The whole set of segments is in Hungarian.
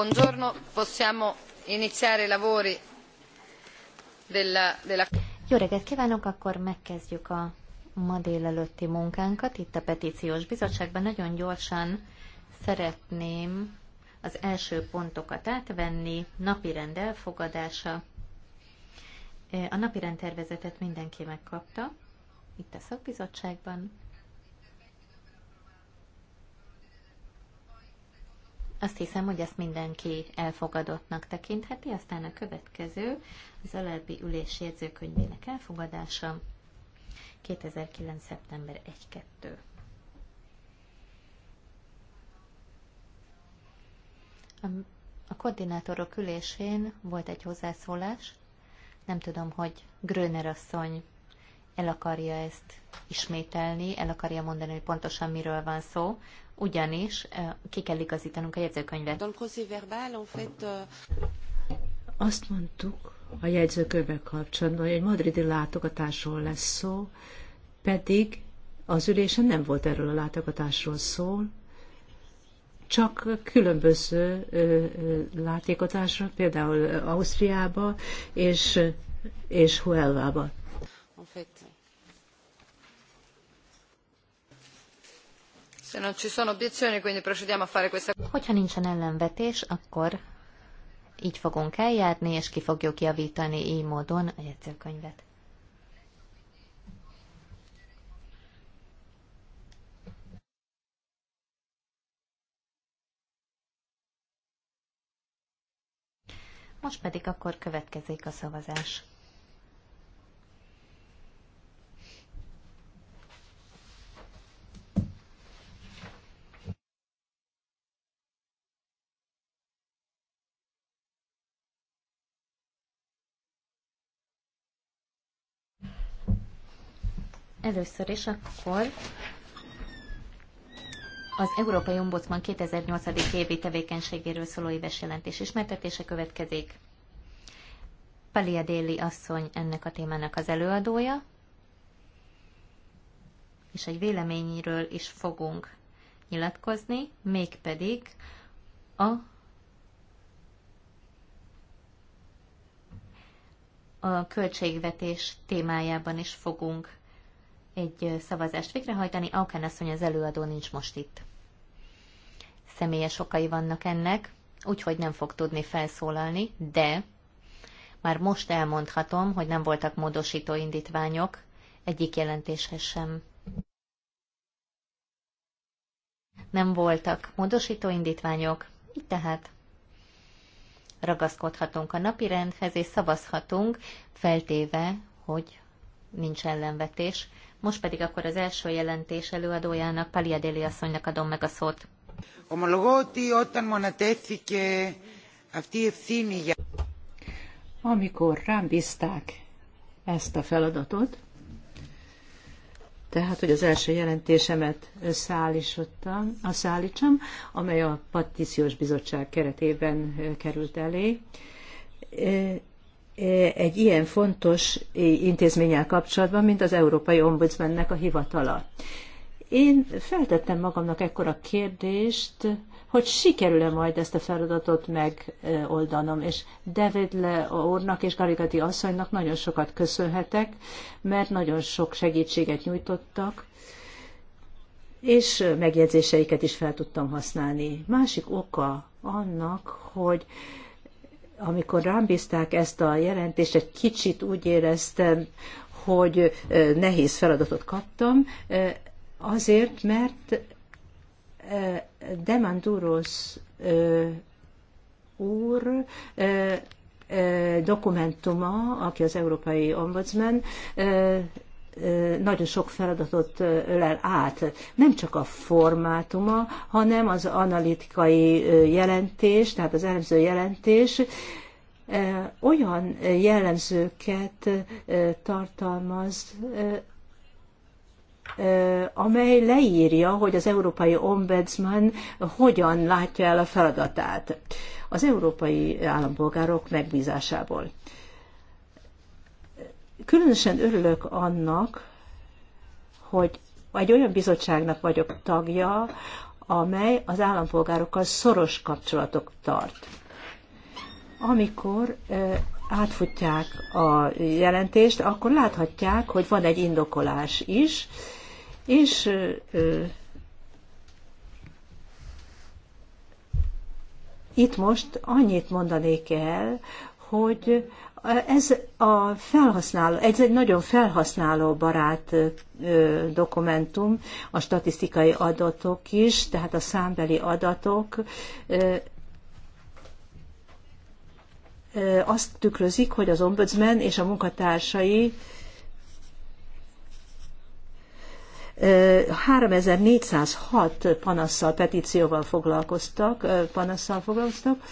Buongiorno, possiamo iniziare i lavori della, della... Jó reggelt kívánok, akkor megkezdjük a ma délelőtti munkánkat itt a petíciós bizottságban. Nagyon gyorsan szeretném az első pontokat átvenni, napirend elfogadása. E, a napirend tervezetet mindenki megkapta itt a szakbizottságban. Azt hiszem, hogy ezt mindenki elfogadottnak tekintheti, aztán a következő az alábbi ülés jegyzőkönyvének elfogadása 2009. szeptember 1-2. A koordinátorok ülésén volt egy hozzászólás, nem tudom, hogy Gröner asszony el akarja ezt ismételni, el akarja mondani, hogy pontosan miről van szó, ugyanis eh, ki kell igazítanunk a jegyzőkönyvet. Euh, Azt mondtuk a jegyzőkönyvek kapcsolatban, hogy egy madridi látogatásról lesz szó, pedig az ülésen nem volt erről a látogatásról szó, csak különböző látogatásra, például Ausztriába és, és Huelvába. En fait, Hogyha nincsen ellenvetés, akkor így fogunk eljárni, és ki fogjuk javítani így módon a jegyzőkönyvet. Most pedig akkor következik a szavazás. Először is akkor az Európai Ombudsman 2008. évi tevékenységéről szóló éves jelentés ismertetése következik. Palia Déli asszony ennek a témának az előadója, és egy véleményről is fogunk nyilatkozni, mégpedig a a költségvetés témájában is fogunk egy szavazást végrehajtani. Auken asszony az előadó nincs most itt. Személyes okai vannak ennek, úgyhogy nem fog tudni felszólalni, de már most elmondhatom, hogy nem voltak módosító indítványok egyik jelentéshez sem. Nem voltak módosító indítványok, így tehát ragaszkodhatunk a napirendhez, és szavazhatunk, feltéve, hogy nincs ellenvetés most pedig akkor az első jelentés előadójának, Pali Adéli asszonynak adom meg a szót. Amikor rám bízták ezt a feladatot, tehát, hogy az első jelentésemet összeállítottam, összeállítsam, amely a Patíciós Bizottság keretében került elé egy ilyen fontos intézménnyel kapcsolatban, mint az Európai Ombudsmannek a hivatala. Én feltettem magamnak ekkor a kérdést, hogy sikerül-e majd ezt a feladatot megoldanom. És David Le úrnak és Garigati asszonynak nagyon sokat köszönhetek, mert nagyon sok segítséget nyújtottak, és megjegyzéseiket is fel tudtam használni. Másik oka annak, hogy amikor rám bízták ezt a jelentést, egy kicsit úgy éreztem, hogy nehéz feladatot kaptam, azért, mert Demanduros úr dokumentuma, aki az Európai Ombudsman, nagyon sok feladatot ölel át. Nem csak a formátuma, hanem az analitikai jelentés, tehát az elemző jelentés olyan jellemzőket tartalmaz, amely leírja, hogy az Európai Ombudsman hogyan látja el a feladatát az európai állampolgárok megbízásából. Különösen örülök annak, hogy egy olyan bizottságnak vagyok tagja, amely az állampolgárokkal szoros kapcsolatok tart. Amikor átfutják a jelentést, akkor láthatják, hogy van egy indokolás is, és itt most annyit mondanék el, hogy ez a felhasználó, ez egy nagyon felhasználó barát dokumentum, a statisztikai adatok is, tehát a számbeli adatok azt tükrözik, hogy az ombudsman és a munkatársai 3406 panasszal, petícióval foglalkoztak, panasszal foglalkoztak,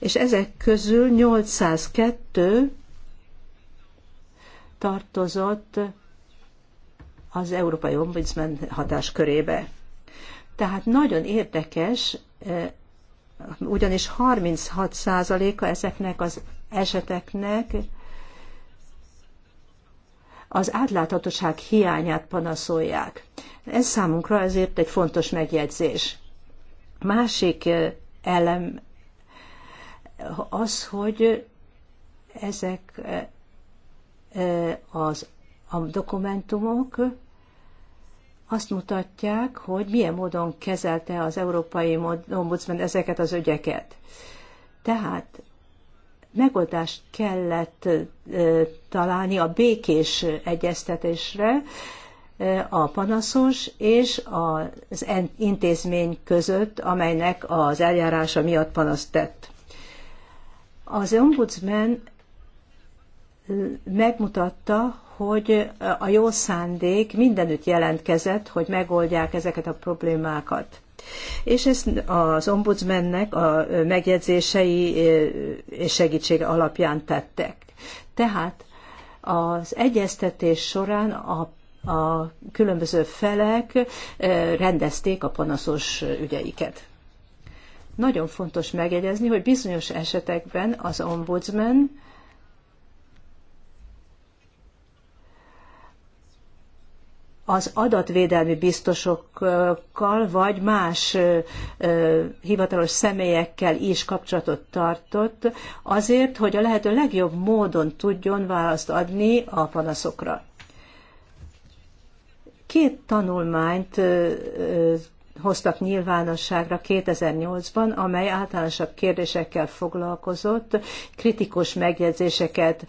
és ezek közül 802 tartozott az Európai Ombudsman hatáskörébe. Tehát nagyon érdekes, e, ugyanis 36%-a ezeknek az eseteknek az átláthatóság hiányát panaszolják. Ez számunkra ezért egy fontos megjegyzés. Másik e, elem az, hogy ezek e, e, az, a dokumentumok azt mutatják, hogy milyen módon kezelte az Európai Ombudsman ezeket az ügyeket. Tehát megoldást kellett e, találni a békés egyeztetésre a panaszos és az intézmény között, amelynek az eljárása miatt panaszt tett. Az ombudsman megmutatta, hogy a jó szándék mindenütt jelentkezett, hogy megoldják ezeket a problémákat. És ez az ombudsmannek a megjegyzései és segítsége alapján tettek. Tehát az egyeztetés során a, a különböző felek eh, rendezték a panaszos ügyeiket. Nagyon fontos megjegyezni, hogy bizonyos esetekben az ombudsman az adatvédelmi biztosokkal vagy más hivatalos személyekkel is kapcsolatot tartott, azért, hogy a lehető legjobb módon tudjon választ adni a panaszokra. Két tanulmányt hoztak nyilvánosságra 2008-ban, amely általánosabb kérdésekkel foglalkozott, kritikus megjegyzéseket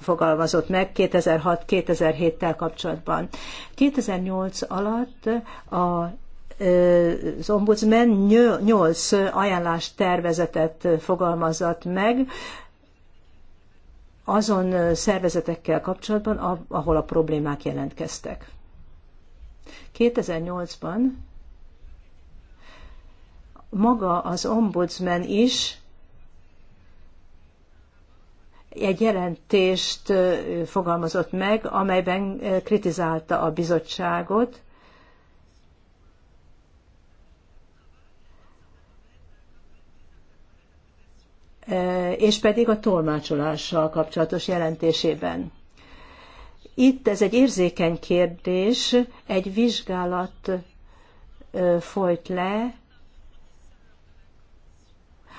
fogalmazott meg 2006-2007-tel kapcsolatban. 2008 alatt a az ombudsman nyolc ajánlás tervezetet fogalmazott meg azon szervezetekkel kapcsolatban, ahol a problémák jelentkeztek. 2008-ban maga az ombudsman is egy jelentést fogalmazott meg, amelyben kritizálta a bizottságot, és pedig a tolmácsolással kapcsolatos jelentésében itt ez egy érzékeny kérdés, egy vizsgálat folyt le,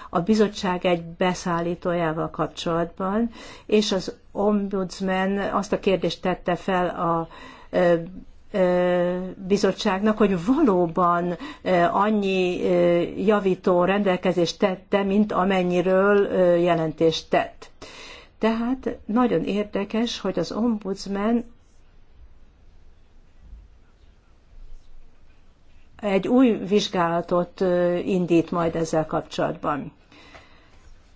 a bizottság egy beszállítójával kapcsolatban, és az ombudsman azt a kérdést tette fel a bizottságnak, hogy valóban annyi javító rendelkezést tette, mint amennyiről jelentést tett. Tehát nagyon érdekes, hogy az ombudsman egy új vizsgálatot indít majd ezzel kapcsolatban.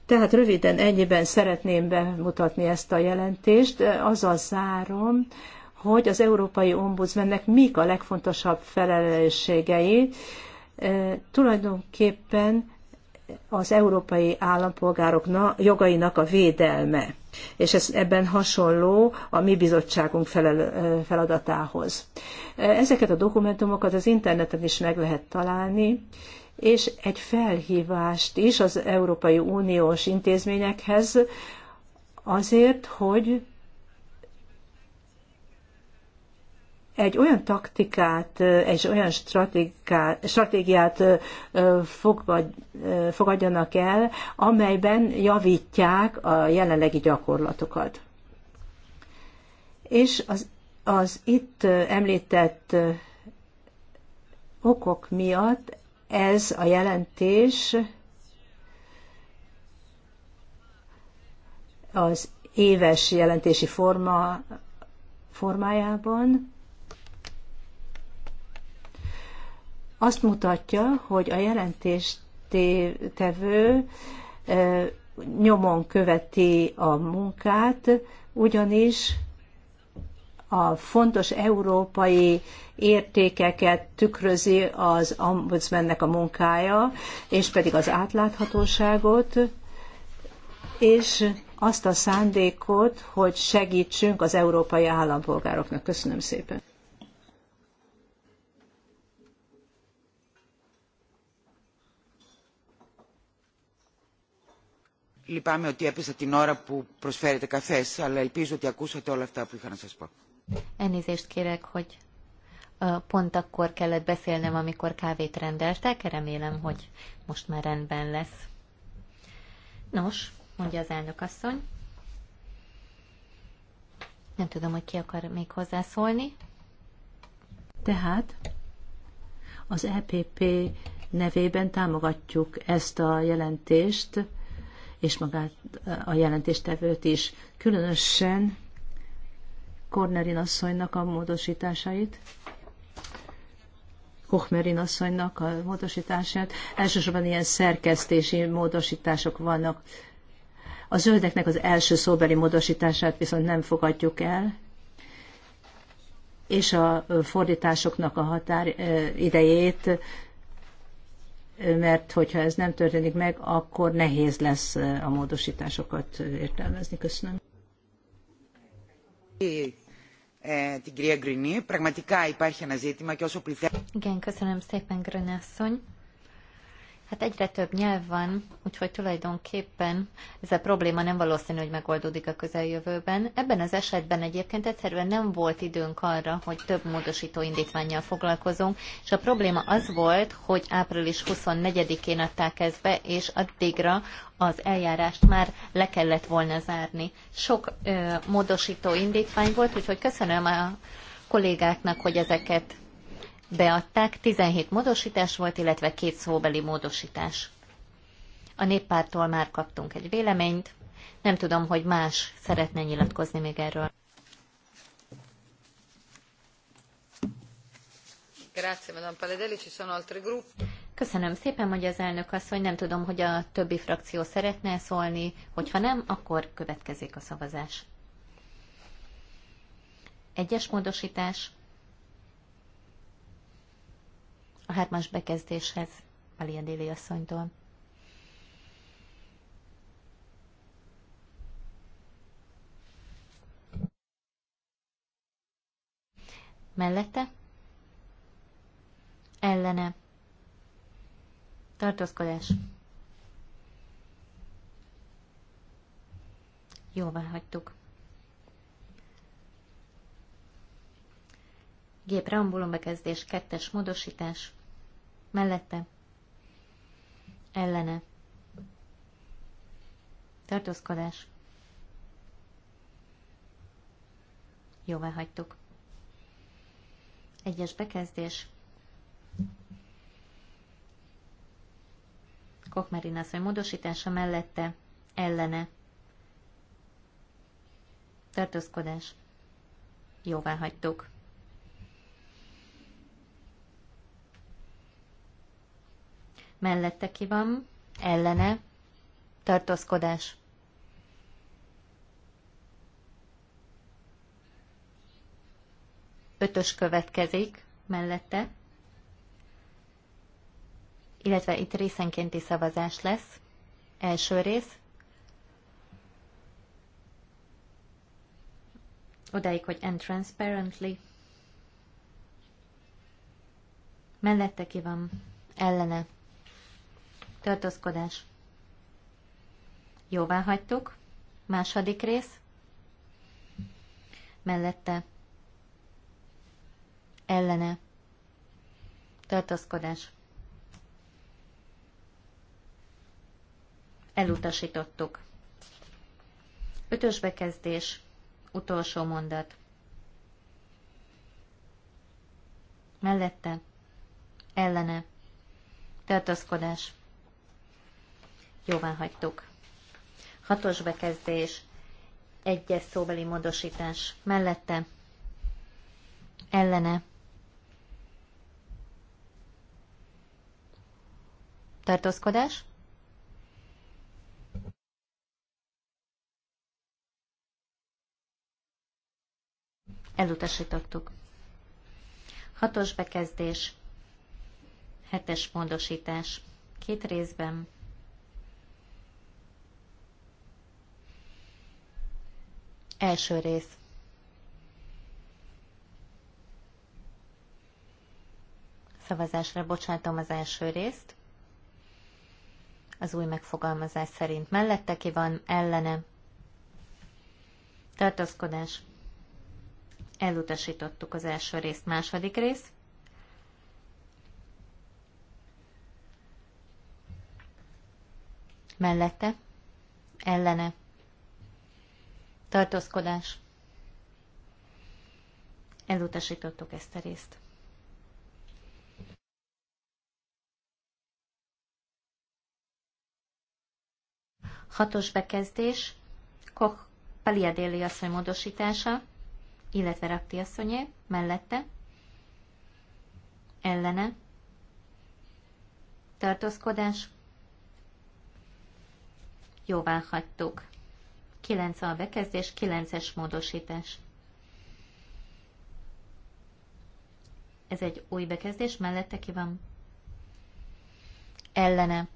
Tehát röviden ennyiben szeretném bemutatni ezt a jelentést. Azzal zárom, hogy az Európai Ombudsmannek mik a legfontosabb felelősségei. Tulajdonképpen az európai állampolgárok jogainak a védelme. És ez ebben hasonló a mi bizottságunk felel, feladatához. Ezeket a dokumentumokat az interneten is meg lehet találni, és egy felhívást is az Európai Uniós intézményekhez azért, hogy egy olyan taktikát, egy olyan stratégiát fogadjanak el, amelyben javítják a jelenlegi gyakorlatokat. És az, az itt említett okok miatt ez a jelentés az éves jelentési forma, formájában azt mutatja, hogy a jelentéstevő nyomon követi a munkát, ugyanis a fontos európai értékeket tükrözi az ombudsmannek a munkája, és pedig az átláthatóságot, és azt a szándékot, hogy segítsünk az európai állampolgároknak. Köszönöm szépen. λυπάμαι ότι έπεσα την ώρα που προσφέρετε καφές, αλλά ελπίζω ότι ακούσατε όλα αυτά που είχα να σας πω. Elnézést kérek, hogy pont akkor kellett beszélnem, amikor kávét rendeltek, remélem, hogy most már rendben lesz. Nos, mondja az elnök asszony. Nem tudom, hogy ki akar még hozzászólni. Tehát az EPP nevében támogatjuk ezt a jelentést, és magát a jelentéstevőt is, különösen Kornerin asszonynak a módosításait, Kochmerin asszonynak a módosítását. Elsősorban ilyen szerkesztési módosítások vannak. A zöldeknek az első szóbeli módosítását viszont nem fogadjuk el, és a fordításoknak a határ idejét mert hogyha ez nem történik meg, akkor nehéz lesz a módosításokat értelmezni. Köszönöm. Igen, köszönöm szépen, Gröne asszony. Hát egyre több nyelv van, úgyhogy tulajdonképpen ez a probléma nem valószínű, hogy megoldódik a közeljövőben. Ebben az esetben egyébként egyszerűen nem volt időnk arra, hogy több módosító indítványjal foglalkozunk, és a probléma az volt, hogy április 24-én adták ezt be, és addigra az eljárást már le kellett volna zárni. Sok ö, módosító indítvány volt, úgyhogy köszönöm a kollégáknak, hogy ezeket beadták, 17 módosítás volt, illetve két szóbeli módosítás. A néppártól már kaptunk egy véleményt, nem tudom, hogy más szeretne nyilatkozni még erről. Köszönöm szépen, hogy az elnök hogy nem tudom, hogy a többi frakció szeretne szólni, hogyha nem, akkor következik a szavazás. Egyes módosítás a hármas bekezdéshez Alia Déli asszonytól. Mellette? Ellene. Tartózkodás. Jóvá hagytuk. Gép Rambulum bekezdés, kettes módosítás mellette, ellene, tartózkodás, jóvá hagytuk. Egyes bekezdés, Kochmerin asszony módosítása mellette, ellene, tartózkodás, jóvá hagytuk. mellette ki van, ellene, tartózkodás. Ötös következik mellette, illetve itt részenkénti szavazás lesz. Első rész. Odáig, hogy and transparently. Mellette ki van. Ellene tartózkodás. Jóvá hagytuk. Második rész. Mellette. Ellene. Tartózkodás. Elutasítottuk. Ötös bekezdés. Utolsó mondat. Mellette. Ellene. Tartózkodás. Jóvá hagytuk. Hatos bekezdés, egyes szóbeli módosítás mellette, ellene, tartózkodás, elutasítottuk. Hatos bekezdés, hetes módosítás, két részben, Első rész. Szavazásra bocsátom az első részt. Az új megfogalmazás szerint mellette ki van, ellene. Tartózkodás. Elutasítottuk az első részt, második rész. Mellette, ellene, Tartózkodás. Elutasítottuk ezt a részt. Hatos bekezdés. Koch Paliadéli asszony módosítása, illetve Rakti asszonyé, mellette, ellene, tartózkodás, jóvá hagytuk. 9 a bekezdés, 9-es módosítás. Ez egy új bekezdés, mellette ki van? Ellene.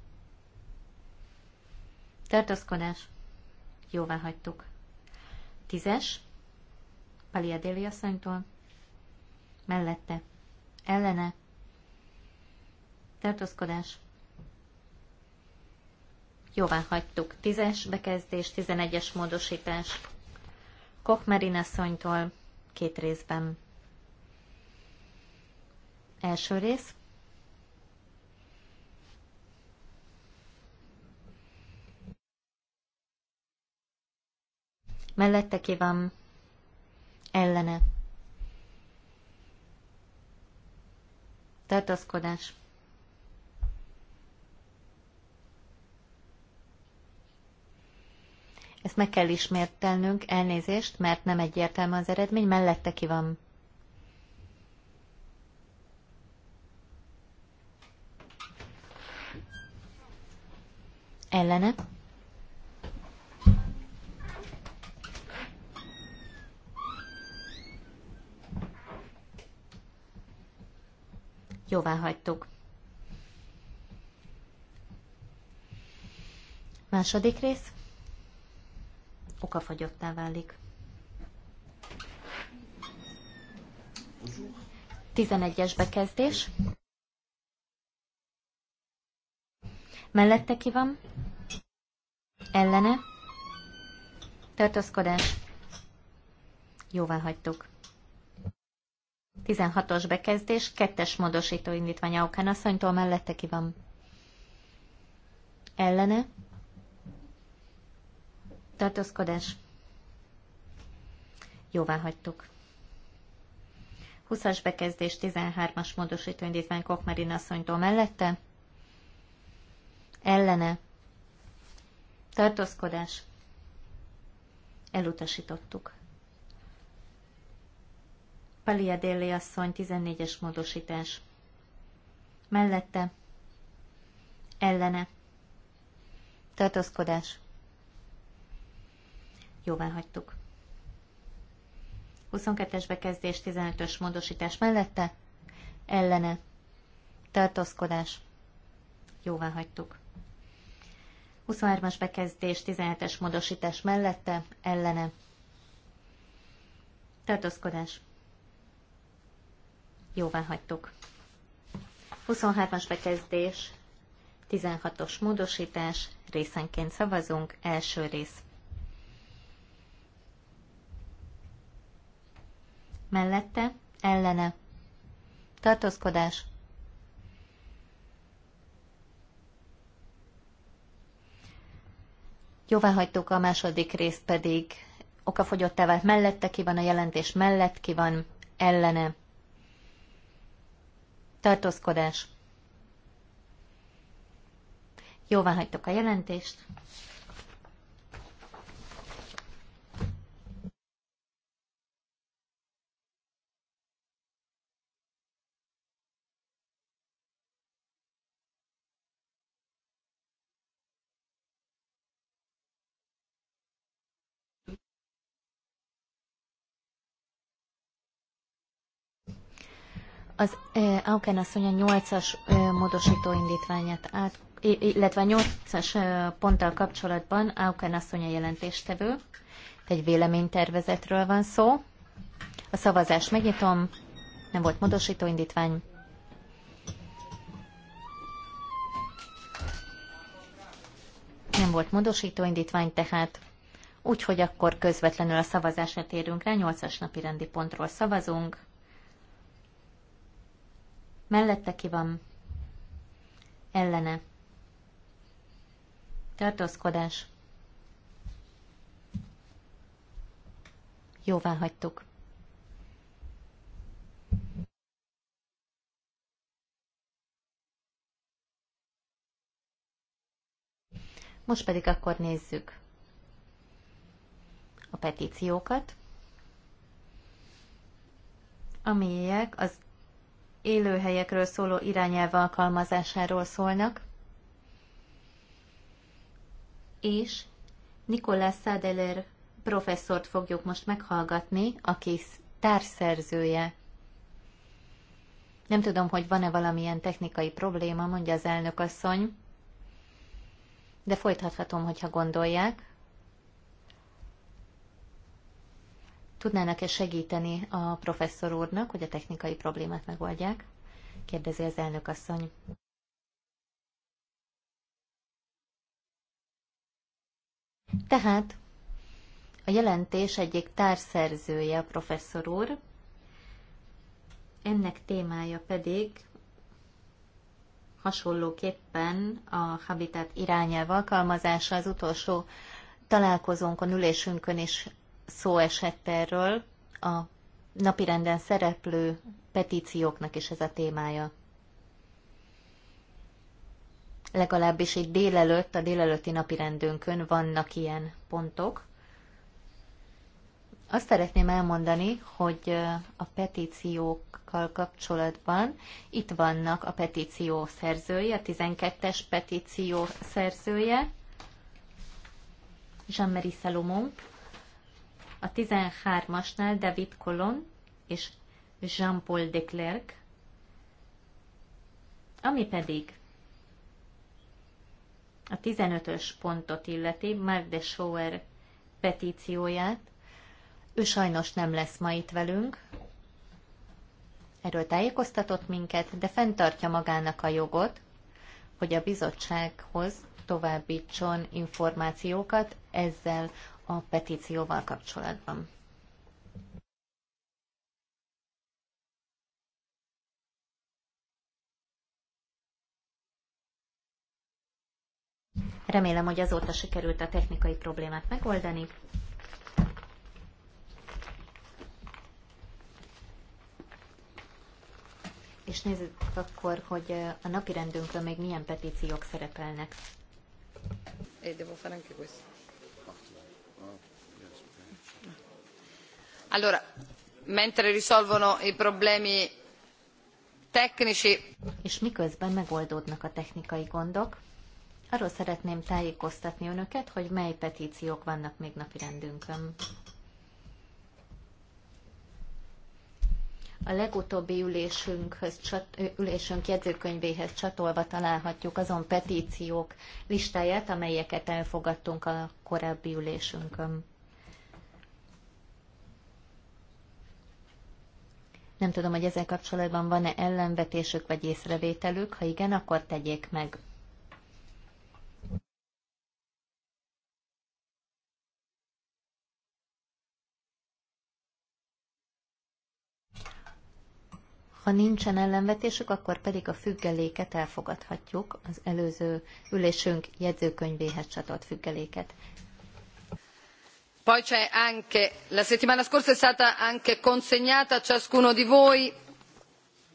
Tartózkodás. Jóvá hagytuk. Tízes. Palia Déli asszonytól. Mellette. Ellene. Tartózkodás. Jóvá hagytuk. tízes bekezdés, tizenegyes módosítás. Kochmerin asszonytól két részben. Első rész. Mellette ki van ellene. Tartaszkodás. Ezt meg kell ismételnünk, elnézést, mert nem egyértelmű az eredmény, mellette ki van. Ellene. Jóvá hagytuk. Második rész okafagyottá válik. 11-es bekezdés. Mellette ki van? Ellene? Tartózkodás? Jóvá hagytuk. 16-os bekezdés, kettes módosító indítvány okán asszonytól mellette ki van. Ellene? tartózkodás, jóvá hagytuk. 20-as bekezdés 13-as módosító indítvány Kokmerin asszonytól mellette, ellene, tartózkodás, elutasítottuk. Palia Déli asszony 14-es módosítás. Mellette. Ellene. Tartózkodás. Jóvá hagytuk. 22-es bekezdés, 15-ös módosítás mellette, ellene, tartózkodás, jóvá hagytuk. 23-as bekezdés, 17-es módosítás mellette, ellene, tartózkodás, jóvá hagytuk. 23-as bekezdés, 16-os módosítás, részenként szavazunk, első rész mellette, ellene, tartózkodás. Jóvá hagytuk a második részt pedig okafogyott vált mellette, ki van a jelentés mellett, ki van ellene. Tartózkodás. Jóvá a jelentést. Az Auken asszony a 8-as módosító indítványát át, illetve a 8-as ponttal kapcsolatban Auken asszony a jelentéstevő. Egy véleménytervezetről van szó. A szavazás megnyitom. Nem volt módosító indítvány. Nem volt módosító indítvány, tehát úgyhogy akkor közvetlenül a szavazásra térünk rá, 8-as napi rendi pontról szavazunk. Mellette ki van? Ellene. Tartózkodás. Jóvá hagytuk. Most pedig akkor nézzük a petíciókat, amelyek az élőhelyekről szóló irányelv alkalmazásáról szólnak, és Nicolas Sadeler professzort fogjuk most meghallgatni, aki társszerzője. Nem tudom, hogy van-e valamilyen technikai probléma, mondja az elnök asszony, de folytathatom, hogyha gondolják. Tudnának-e segíteni a professzor úrnak, hogy a technikai problémát megoldják? kérdezi az elnök asszony. Tehát a jelentés egyik társzerzője a professzor úr, ennek témája pedig hasonlóképpen a Habitat irányelv alkalmazása az utolsó találkozónkon, ülésünkön is szó esett erről, a napirenden szereplő petícióknak is ez a témája. Legalábbis itt délelőtt, a délelőtti napirendünkön vannak ilyen pontok. Azt szeretném elmondani, hogy a petíciókkal kapcsolatban itt vannak a petíció szerzője, a 12-es petíció szerzője, Jean-Marie a 13-asnál David Colon és Jean-Paul de Klerk, ami pedig a 15-ös pontot illeti, Mark de Schauer petícióját. Ő sajnos nem lesz ma itt velünk, erről tájékoztatott minket, de fenntartja magának a jogot, hogy a bizottsághoz továbbítson információkat ezzel a petícióval kapcsolatban. Remélem, hogy azóta sikerült a technikai problémát megoldani. És nézzük akkor, hogy a rendünkön még milyen petíciók szerepelnek. E devo fare anche questo. Allora, mentre risolvono i problemi tecnici... És miközben megoldódnak a technikai gondok, arról szeretném tájékoztatni önöket, hogy mely petíciók vannak még napirendünkön. A legutóbbi ülésünkhöz, ülésünk jegyzőkönyvéhez csatolva találhatjuk azon petíciók listáját, amelyeket elfogadtunk a korábbi ülésünkön. Nem tudom, hogy ezzel kapcsolatban van-e ellenvetésük vagy észrevételük, ha igen, akkor tegyék meg. Ha nincsen ellenvetésük, akkor pedig a függeléket elfogadhatjuk, az előző ülésünk jegyzőkönyvéhez csatolt függeléket poi la settimana scorsa è stata anche consegnata a ciascuno di voi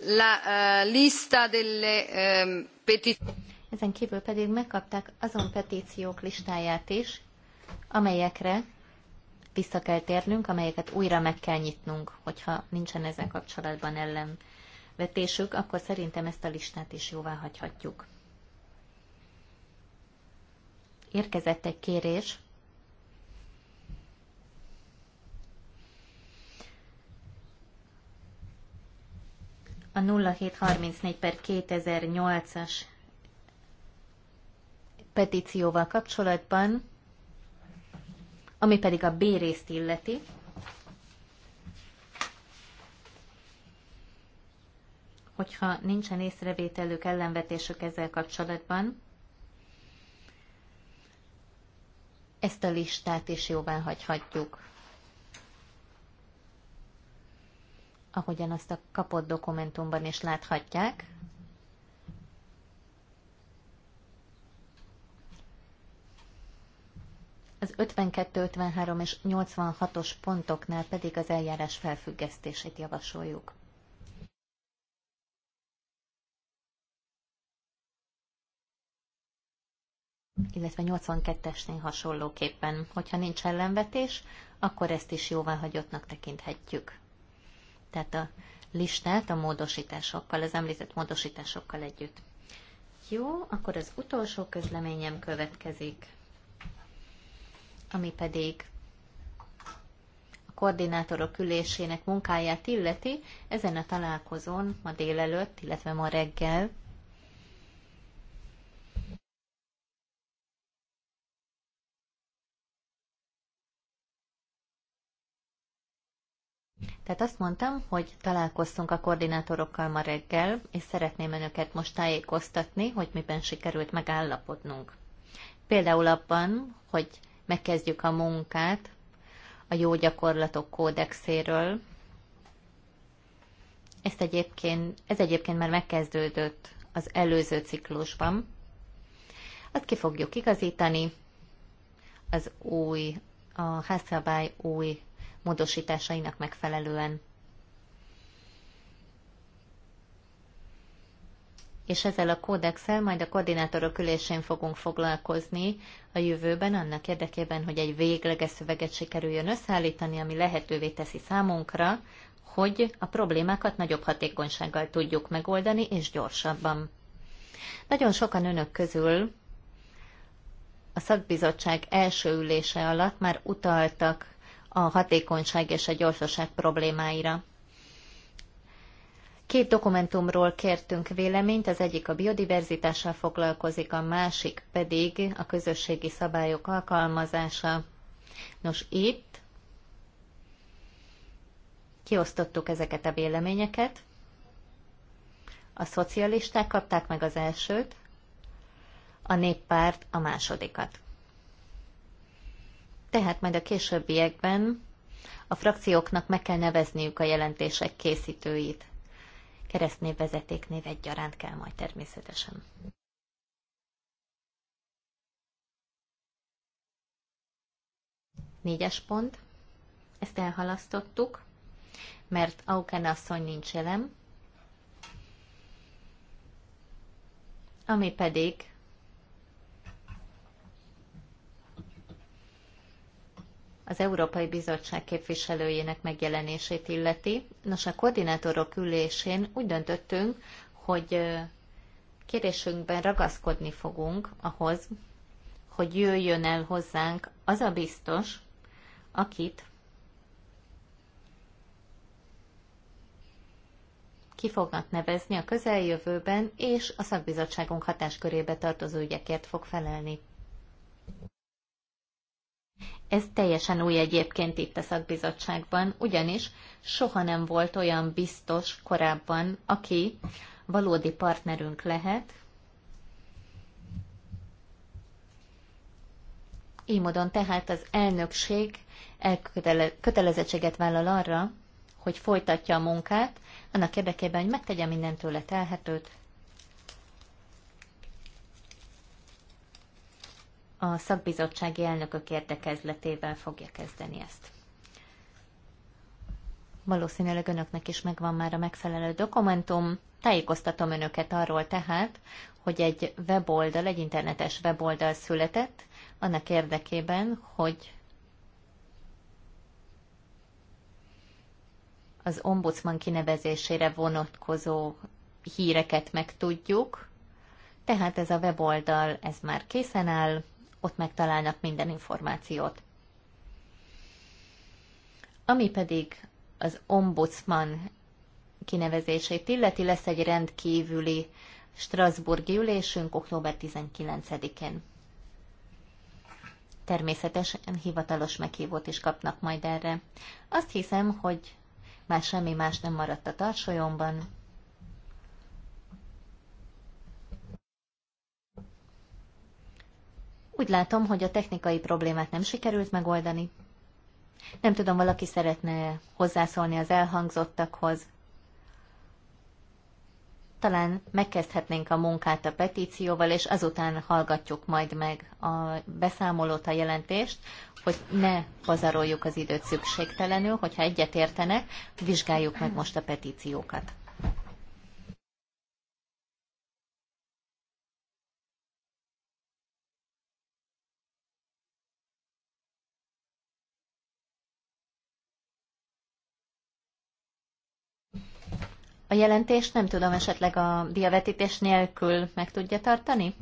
la eh, lista delle ehm, petizioni. Ezen kívül pedig megkapták azon petíciók listáját is, amelyekre vissza kell térnünk, amelyeket újra meg kell nyitnunk, hogyha nincsen ezzel kapcsolatban ellenvetésük, akkor szerintem ezt a listát is jóvá hagyhatjuk. Érkezett egy kérés a 0734 per 2008-as petícióval kapcsolatban, ami pedig a B részt illeti, hogyha nincsen észrevételük, ellenvetésük ezzel kapcsolatban, ezt a listát is jóvá hagyhatjuk. ahogyan azt a kapott dokumentumban is láthatják. Az 52, 53 és 86-os pontoknál pedig az eljárás felfüggesztését javasoljuk. illetve 82-esnél hasonlóképpen. Hogyha nincs ellenvetés, akkor ezt is hagyottnak tekinthetjük tehát a listát a módosításokkal, az említett módosításokkal együtt. Jó, akkor az utolsó közleményem következik, ami pedig a koordinátorok ülésének munkáját illeti. Ezen a találkozón ma délelőtt, illetve ma reggel Tehát azt mondtam, hogy találkoztunk a koordinátorokkal ma reggel, és szeretném önöket most tájékoztatni, hogy miben sikerült megállapodnunk. Például abban, hogy megkezdjük a munkát a jó gyakorlatok kódexéről. Ezt egyébként, ez egyébként már megkezdődött az előző ciklusban. Azt ki fogjuk igazítani az új, a házszabály új módosításainak megfelelően. És ezzel a kódexel majd a koordinátorok ülésén fogunk foglalkozni a jövőben, annak érdekében, hogy egy végleges szöveget sikerüljön összeállítani, ami lehetővé teszi számunkra, hogy a problémákat nagyobb hatékonysággal tudjuk megoldani, és gyorsabban. Nagyon sokan önök közül a szakbizottság első ülése alatt már utaltak a hatékonyság és a gyorsaság problémáira. Két dokumentumról kértünk véleményt, az egyik a biodiverzitással foglalkozik, a másik pedig a közösségi szabályok alkalmazása. Nos, itt kiosztottuk ezeket a véleményeket. A szocialisták kapták meg az elsőt, a néppárt a másodikat tehát majd a későbbiekben a frakcióknak meg kell nevezniük a jelentések készítőit. Keresztnév vezetéknév egyaránt kell majd természetesen. Négyes pont. Ezt elhalasztottuk, mert Aukene asszony nincs jelen, ami pedig az Európai Bizottság képviselőjének megjelenését illeti. Nos, a koordinátorok ülésén úgy döntöttünk, hogy kérésünkben ragaszkodni fogunk ahhoz, hogy jöjjön el hozzánk az a biztos, akit ki fognak nevezni a közeljövőben, és a szakbizottságunk hatáskörébe tartozó ügyekért fog felelni. Ez teljesen új egyébként itt a szakbizottságban, ugyanis soha nem volt olyan biztos korábban, aki valódi partnerünk lehet. Így módon tehát az elnökség kötelezettséget vállal arra, hogy folytatja a munkát, annak érdekében, hogy megtegye mindent tőle telhetőt, a szakbizottsági elnökök érdekezletével fogja kezdeni ezt. Valószínűleg önöknek is megvan már a megfelelő dokumentum. Tájékoztatom önöket arról tehát, hogy egy weboldal, egy internetes weboldal született, annak érdekében, hogy az ombudsman kinevezésére vonatkozó híreket megtudjuk. Tehát ez a weboldal, ez már készen áll, ott megtalálnak minden információt. Ami pedig az ombudsman kinevezését illeti, lesz egy rendkívüli Strasburgi ülésünk október 19-én. Természetesen hivatalos meghívót is kapnak majd erre. Azt hiszem, hogy már semmi más nem maradt a tarsolyomban. Úgy látom, hogy a technikai problémát nem sikerült megoldani. Nem tudom, valaki szeretne hozzászólni az elhangzottakhoz. Talán megkezdhetnénk a munkát a petícióval, és azután hallgatjuk majd meg a beszámolót, a jelentést, hogy ne pazaroljuk az időt szükségtelenül, hogyha értenek, vizsgáljuk meg most a petíciókat. A jelentést nem tudom, esetleg a diavetítés nélkül meg tudja tartani?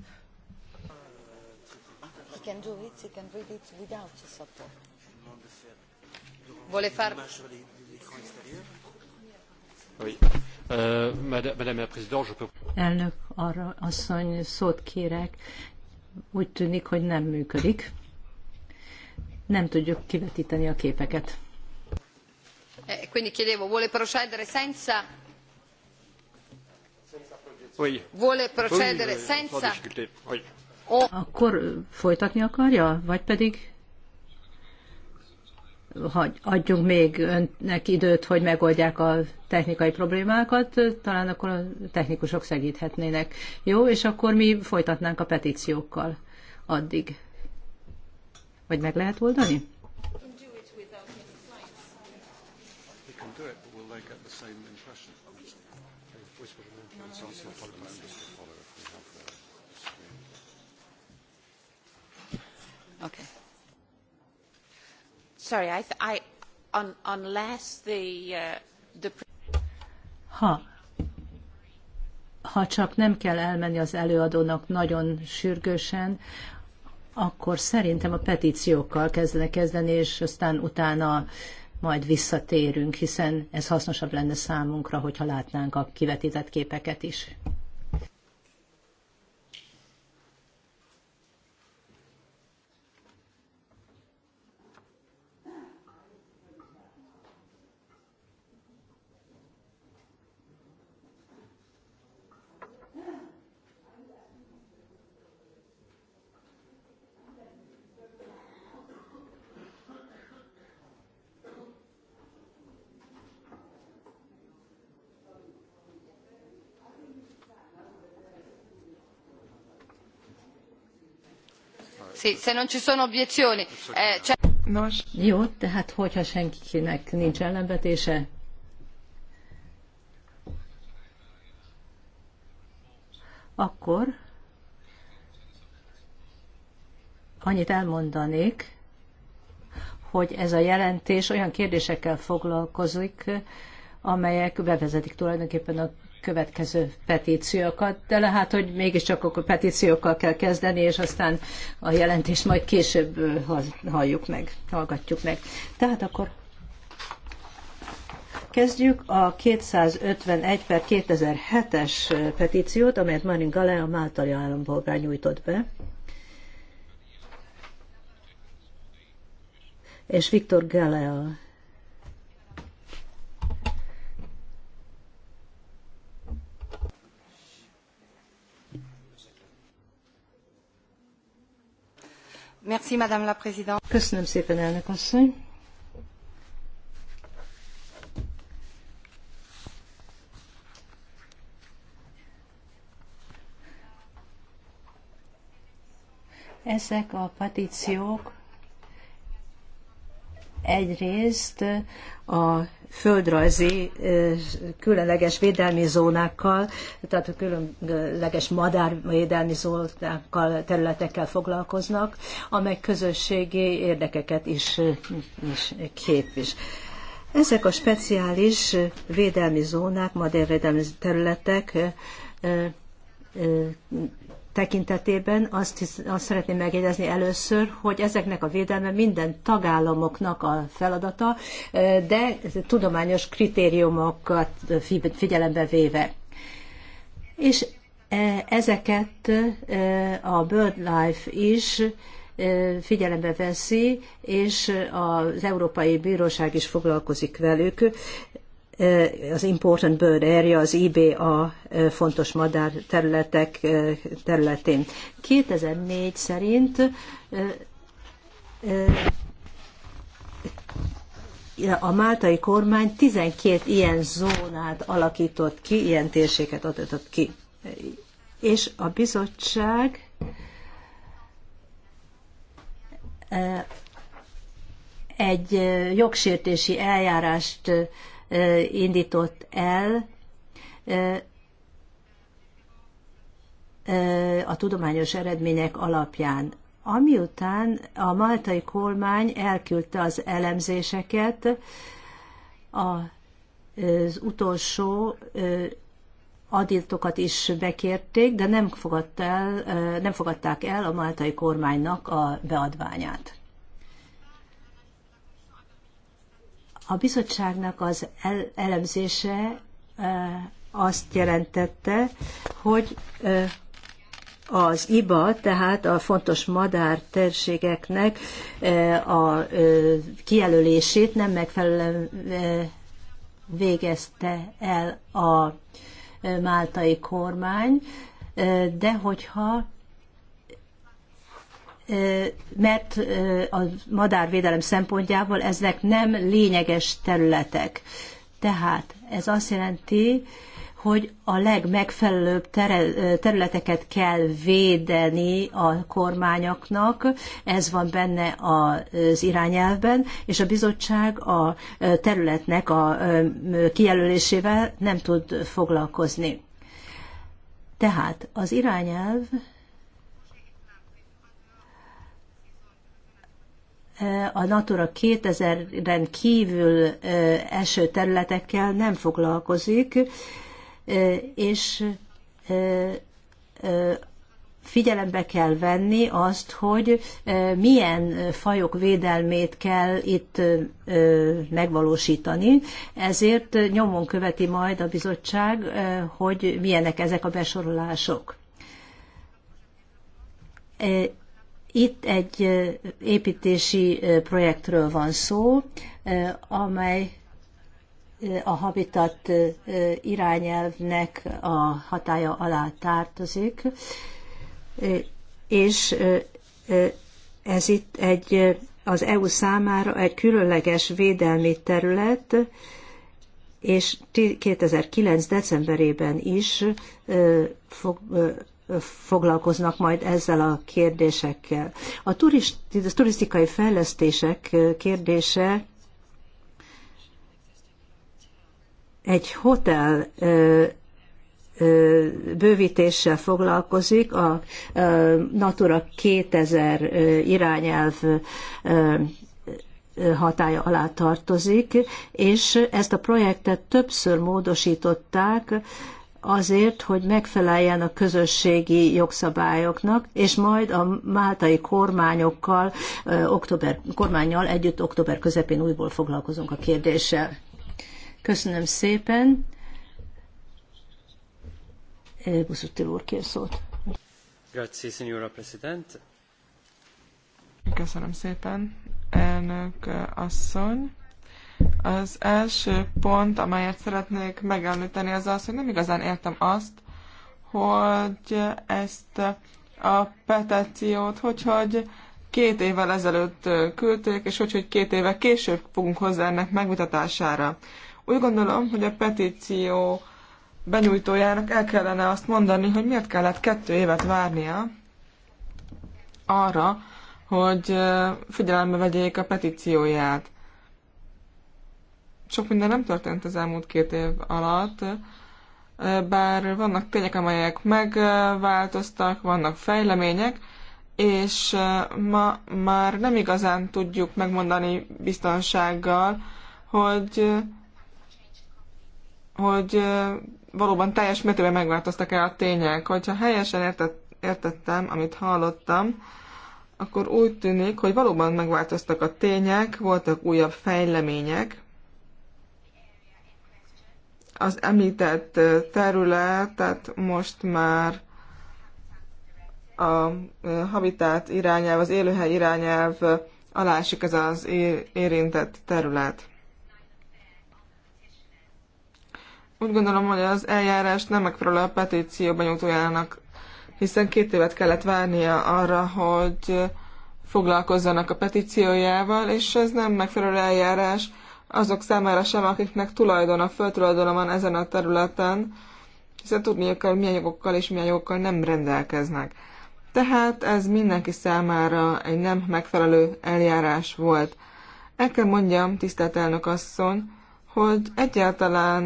Euh, Elnök arra asszony, szót kérek. Úgy tűnik, hogy nem működik. Nem tudjuk kivetíteni a képeket. Eh, quindi chiedevo, vuole procedere senza Vuole procedere senza... Akkor folytatni akarja, vagy pedig hagy, adjunk még önnek időt, hogy megoldják a technikai problémákat, talán akkor a technikusok segíthetnének. Jó, és akkor mi folytatnánk a petíciókkal addig. Vagy meg lehet oldani? Ha ha csak nem kell elmenni az előadónak nagyon sürgősen, akkor szerintem a petíciókkal kezdene kezdeni, és aztán utána majd visszatérünk, hiszen ez hasznosabb lenne számunkra, hogyha látnánk a kivetített képeket is. se non ci sono obiezioni. Eh, cioè... Nos. Jó, tehát hogyha senkinek nincs ellenvetése, akkor annyit elmondanék, hogy ez a jelentés olyan kérdésekkel foglalkozik, amelyek bevezetik tulajdonképpen a következő petíciókat, de lehet, hogy mégiscsak akkor petíciókkal kell kezdeni, és aztán a jelentést majd később halljuk meg, hallgatjuk meg. Tehát akkor Kezdjük a 251 per 2007-es petíciót, amelyet Marin Gale a Máltai állampolgár nyújtott be. És Viktor Gale a Merci, Madame la Présidente. Köszönöm szépen, elnök asszony. Ezek a petíciók Egyrészt a földrajzi különleges védelmi zónákkal, tehát a különleges madárvédelmi zónákkal, területekkel foglalkoznak, amely közösségi érdekeket is, is képvis. Ezek a speciális védelmi zónák, madárvédelmi területek tekintetében azt, hisz, azt szeretném megjegyezni először, hogy ezeknek a védelme minden tagállamoknak a feladata, de tudományos kritériumokat figyelembe véve. És e, ezeket a BirdLife is figyelembe veszi, és az Európai Bíróság is foglalkozik velük, az Important Bird Area, az IBA fontos madár területek területén. 2004 szerint a máltai kormány 12 ilyen zónát alakított ki, ilyen térséget adott ki. És a bizottság egy jogsértési eljárást indított el a tudományos eredmények alapján. Amiután a maltai kormány elküldte az elemzéseket, az utolsó adiltokat is bekérték, de nem, fogadta el, nem fogadták el a maltai kormánynak a beadványát. A bizottságnak az elemzése azt jelentette, hogy az IBA, tehát a fontos madár térségeknek a kijelölését nem megfelelően végezte el a máltai kormány, de hogyha mert a madárvédelem szempontjából ezek nem lényeges területek. Tehát ez azt jelenti, hogy a legmegfelelőbb területeket kell védeni a kormányoknak, ez van benne az irányelvben, és a bizottság a területnek a kijelölésével nem tud foglalkozni. Tehát az irányelv a Natura 2000-en kívül eső területekkel nem foglalkozik, és figyelembe kell venni azt, hogy milyen fajok védelmét kell itt megvalósítani. Ezért nyomon követi majd a bizottság, hogy milyenek ezek a besorolások itt egy építési projektről van szó, amely a Habitat irányelvnek a hatája alá tartozik, és ez itt egy, az EU számára egy különleges védelmi terület, és 2009. decemberében is fog, foglalkoznak majd ezzel a kérdésekkel. A turist, turisztikai fejlesztések kérdése egy hotel bővítéssel foglalkozik a Natura 2000 irányelv hatája alá tartozik, és ezt a projektet többször módosították, azért, hogy megfeleljen a közösségi jogszabályoknak, és majd a máltai kormányokkal, október, kormányjal együtt október közepén újból foglalkozunk a kérdéssel. Köszönöm szépen. Buszutil úr kér szót. Grazie, signora President. Köszönöm szépen, elnök asszony. Az első pont, amelyet szeretnék megemlíteni, az az, hogy nem igazán értem azt, hogy ezt a petíciót, hogy, hogy két évvel ezelőtt küldték, és hogy, hogy két éve később fogunk hozzá ennek megmutatására. Úgy gondolom, hogy a petíció benyújtójának el kellene azt mondani, hogy miért kellett kettő évet várnia arra, hogy figyelembe vegyék a petícióját sok minden nem történt az elmúlt két év alatt, bár vannak tények, amelyek megváltoztak, vannak fejlemények, és ma már nem igazán tudjuk megmondani biztonsággal, hogy, hogy valóban teljes mértékben megváltoztak-e a tények. Hogyha helyesen értett, értettem, amit hallottam, akkor úgy tűnik, hogy valóban megváltoztak a tények, voltak újabb fejlemények, az említett területet most már a habitát irányelv, az élőhely irányelv alá esik ez az érintett terület. Úgy gondolom, hogy az eljárás nem megfelelő a petíció benyújtójának, hiszen két évet kellett várnia arra, hogy foglalkozzanak a petíciójával, és ez nem megfelelő eljárás azok számára sem, akiknek a földtulajdona van ezen a területen, hiszen tudniuk kell, milyen jogokkal és milyen jogokkal nem rendelkeznek. Tehát ez mindenki számára egy nem megfelelő eljárás volt. El kell mondjam, tisztelt elnök asszony, hogy egyáltalán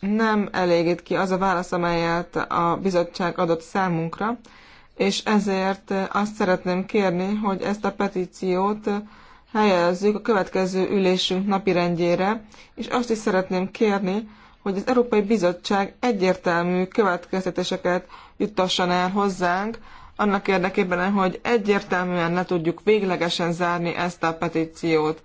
nem elégít ki az a válasz, amelyet a bizottság adott számunkra, és ezért azt szeretném kérni, hogy ezt a petíciót helyezzük a következő ülésünk napirendjére, és azt is szeretném kérni, hogy az Európai Bizottság egyértelmű következtetéseket juttasson el hozzánk, annak érdekében, hogy egyértelműen le tudjuk véglegesen zárni ezt a petíciót.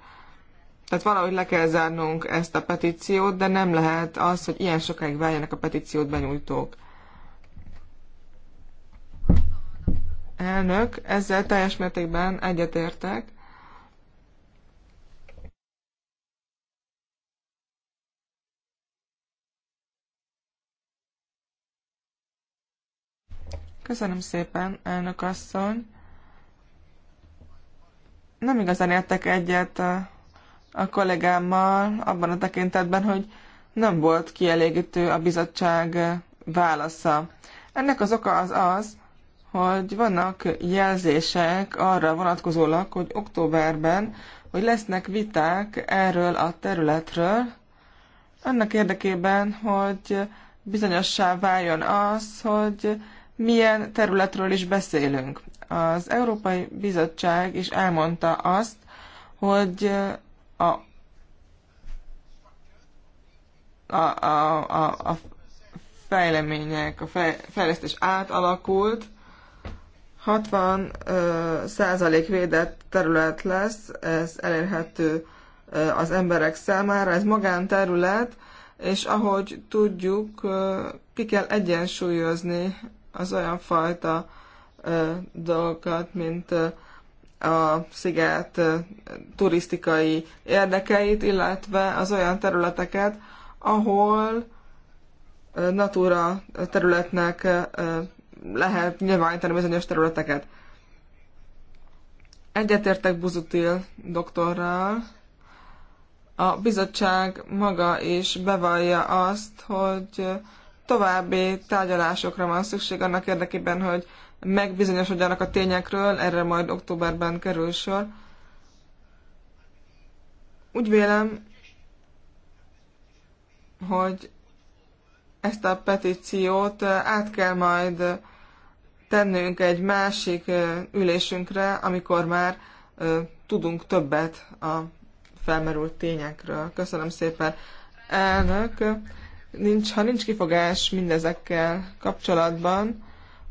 Tehát valahogy le kell zárnunk ezt a petíciót, de nem lehet az, hogy ilyen sokáig váljanak a petíciót benyújtók. Elnök, ezzel teljes mértékben egyetértek. Köszönöm szépen, elnök asszony. Nem igazán értek egyet a kollégámmal abban a tekintetben, hogy nem volt kielégítő a bizottság válasza. Ennek az oka az az, hogy vannak jelzések arra vonatkozólag, hogy októberben, hogy lesznek viták erről a területről, annak érdekében, hogy bizonyossá váljon az, hogy milyen területről is beszélünk. Az Európai Bizottság is elmondta azt, hogy a, a, a, a, a fejlemények, a fej, fejlesztés átalakult, 60 százalék védett terület lesz, ez elérhető az emberek számára, ez magánterület, és ahogy tudjuk, ki kell egyensúlyozni az olyan fajta ö, dolgokat, mint ö, a sziget ö, turisztikai érdekeit, illetve az olyan területeket, ahol ö, Natura területnek ö, lehet nyilvánítani bizonyos területeket. Egyetértek Buzutil doktorral. A bizottság maga is bevallja azt, hogy további tárgyalásokra van szükség annak érdekében, hogy megbizonyosodjanak a tényekről, erre majd októberben kerül sor. Úgy vélem, hogy ezt a petíciót át kell majd tennünk egy másik ülésünkre, amikor már tudunk többet a felmerült tényekről. Köszönöm szépen, elnök! nincs, ha nincs kifogás mindezekkel kapcsolatban,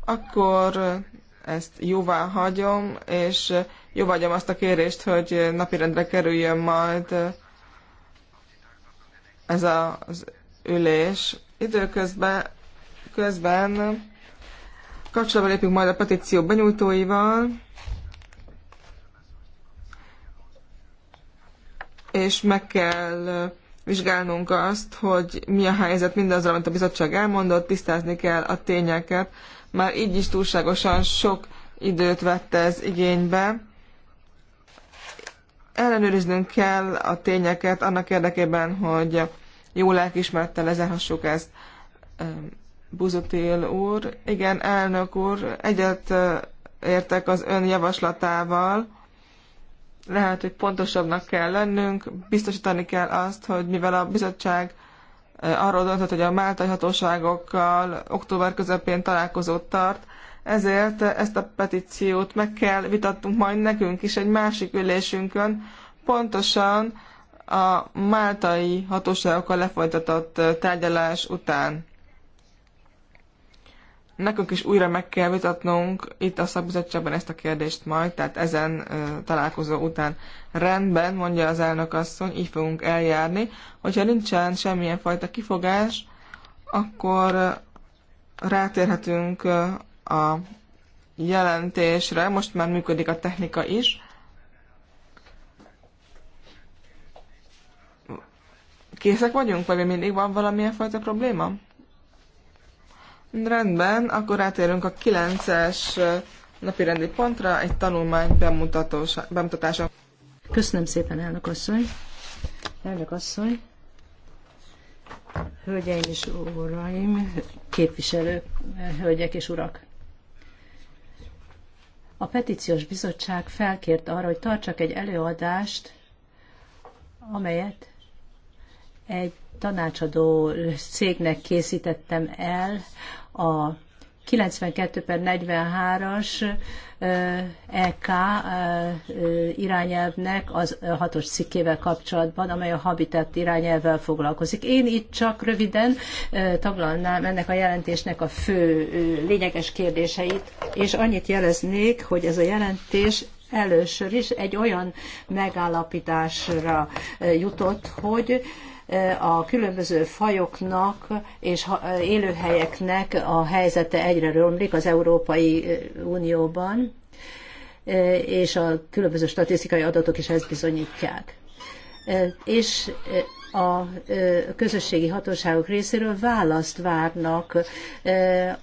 akkor ezt jóvá hagyom, és jóvá hagyom azt a kérést, hogy napirendre kerüljön majd ez az ülés. Időközben közben kapcsolatban lépünk majd a petíció benyújtóival, és meg kell vizsgálnunk azt, hogy mi a helyzet mindazzal, amit a bizottság elmondott, tisztázni kell a tényeket. Már így is túlságosan sok időt vette ez igénybe. Ellenőriznünk kell a tényeket annak érdekében, hogy jó lelkismerettel lezárhassuk ezt. Buzutél úr, igen, elnök úr, egyet értek az ön javaslatával, lehet, hogy pontosabbnak kell lennünk, biztosítani kell azt, hogy mivel a bizottság arról döntött, hogy a máltai hatóságokkal október közepén találkozót tart, ezért ezt a petíciót meg kell vitatnunk majd nekünk is egy másik ülésünkön, pontosan a máltai hatóságokkal lefolytatott tárgyalás után. Nekünk is újra meg kell vitatnunk itt a szakbizottságban ezt a kérdést majd, tehát ezen találkozó után rendben, mondja az elnök asszony, így fogunk eljárni. Hogyha nincsen semmilyen fajta kifogás, akkor rátérhetünk a jelentésre, most már működik a technika is. Készek vagyunk, vagy mindig van valamilyen fajta probléma? Rendben, akkor átérünk a 9-es napi rendi pontra, egy tanulmány bemutatása. Köszönöm szépen, elnök asszony. Elnök asszony. Hölgyeim és uraim, képviselők, hölgyek és urak. A petíciós bizottság felkért arra, hogy tartsak egy előadást, amelyet egy tanácsadó cégnek készítettem el a 92 per 43-as EK irányelvnek az hatos cikkével kapcsolatban, amely a habitat irányelvvel foglalkozik. Én itt csak röviden taglalnám ennek a jelentésnek a fő lényeges kérdéseit, és annyit jeleznék, hogy ez a jelentés először is egy olyan megállapításra jutott, hogy a különböző fajoknak és élőhelyeknek a helyzete egyre romlik az Európai Unióban, és a különböző statisztikai adatok is ezt bizonyítják. És a közösségi hatóságok részéről választ várnak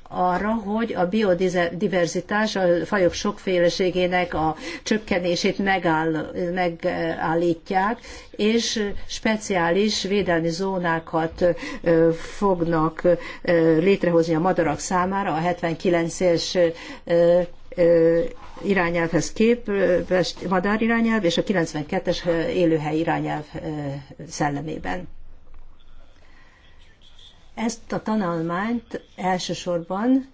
arra, hogy a biodiverzitás, a fajok sokféleségének a csökkenését megáll, megállítják, és speciális védelmi zónákat fognak létrehozni a madarak számára a 79-es irányelvhez képest madár irányelv és a 92-es élőhely irányelv szellemében. Ezt a tanulmányt elsősorban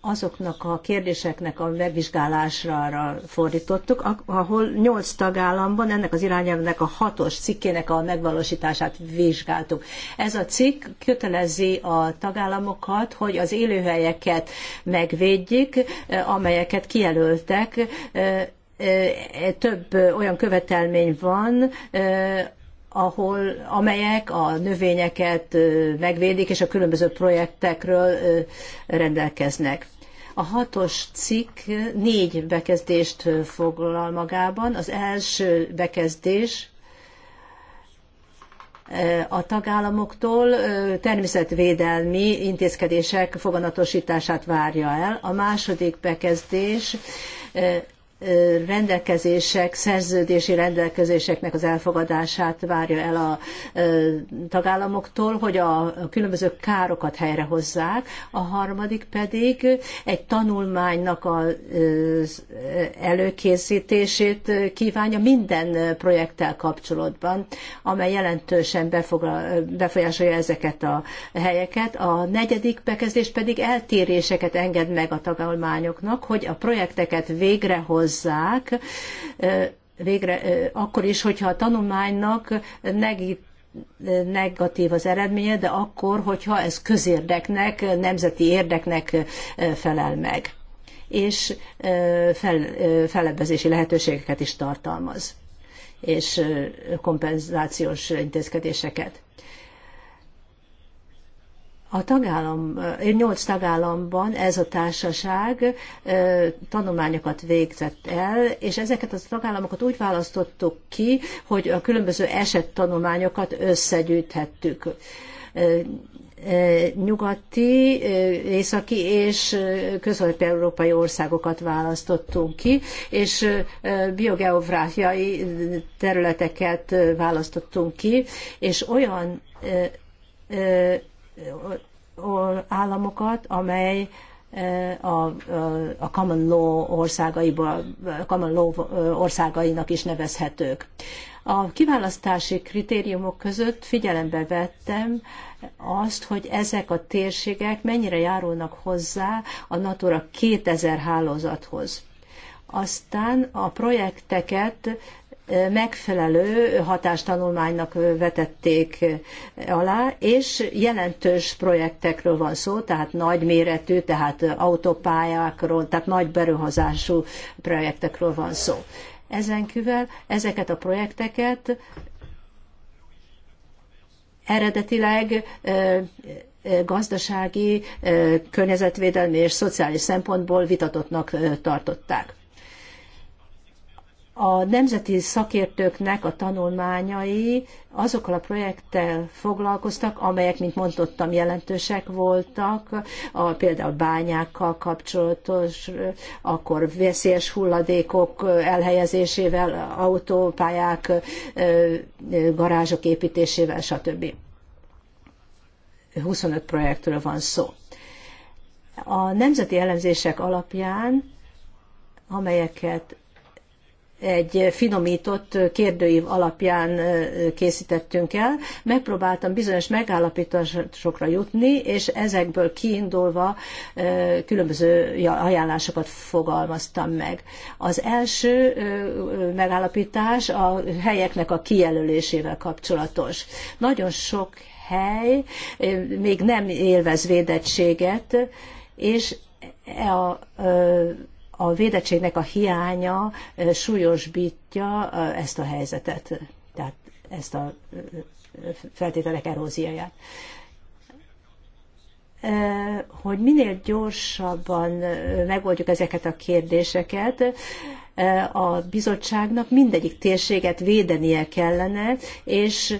azoknak a kérdéseknek a megvizsgálásra fordítottuk, ahol nyolc tagállamban ennek az irányelvnek a hatos cikkének a megvalósítását vizsgáltuk. Ez a cikk kötelezi a tagállamokat, hogy az élőhelyeket megvédjék, amelyeket kijelöltek, több olyan követelmény van, ahol, amelyek a növényeket megvédik, és a különböző projektekről rendelkeznek. A hatos cikk négy bekezdést foglal magában. Az első bekezdés a tagállamoktól természetvédelmi intézkedések foganatosítását várja el. A második bekezdés rendelkezések, szerződési rendelkezéseknek az elfogadását várja el a tagállamoktól, hogy a különböző károkat helyrehozzák, a harmadik pedig egy tanulmánynak az előkészítését kívánja minden projekttel kapcsolatban, amely jelentősen befolyásolja ezeket a helyeket. A negyedik bekezdés pedig eltéréseket enged meg a tagállamoknak, hogy a projekteket végrehoz hozzák, végre, akkor is, hogyha a tanulmánynak negít negatív az eredménye, de akkor, hogyha ez közérdeknek, nemzeti érdeknek felel meg, és fel, felebbezési lehetőségeket is tartalmaz, és kompenzációs intézkedéseket. A tagállam, eh, nyolc tagállamban ez a társaság eh, tanulmányokat végzett el, és ezeket a tagállamokat úgy választottuk ki, hogy a különböző esettanulmányokat összegyűjthettük eh, nyugati, északi és közép-európai országokat választottunk ki, és biogeográfiai területeket választottunk ki, és olyan államokat, amely eh, a, eh, a common law országaiba, common law eh, országainak is nevezhetők. A kiválasztási kritériumok között figyelembe vettem azt, hogy ezek a térségek mennyire járulnak hozzá a Natura 2000 hálózathoz. Aztán a projekteket megfelelő hatástanulmánynak vetették alá, és jelentős projektekről van szó, tehát nagy méretű, tehát autópályákról, tehát nagy beruházású projektekről van szó. Ezen kívül ezeket a projekteket eredetileg gazdasági, környezetvédelmi és szociális szempontból vitatottnak tartották a nemzeti szakértőknek a tanulmányai azokkal a projekttel foglalkoztak, amelyek, mint mondottam, jelentősek voltak, a, például bányákkal kapcsolatos, akkor veszélyes hulladékok elhelyezésével, autópályák, garázsok építésével, stb. 25 projektről van szó. A nemzeti elemzések alapján, amelyeket egy finomított kérdőív alapján készítettünk el. Megpróbáltam bizonyos megállapításokra jutni, és ezekből kiindulva különböző ajánlásokat fogalmaztam meg. Az első megállapítás a helyeknek a kijelölésével kapcsolatos. Nagyon sok hely még nem élvez védettséget, és e a a védettségnek a hiánya súlyosbítja ezt a helyzetet, tehát ezt a feltételek erózióját hogy minél gyorsabban megoldjuk ezeket a kérdéseket, a bizottságnak mindegyik térséget védenie kellene, és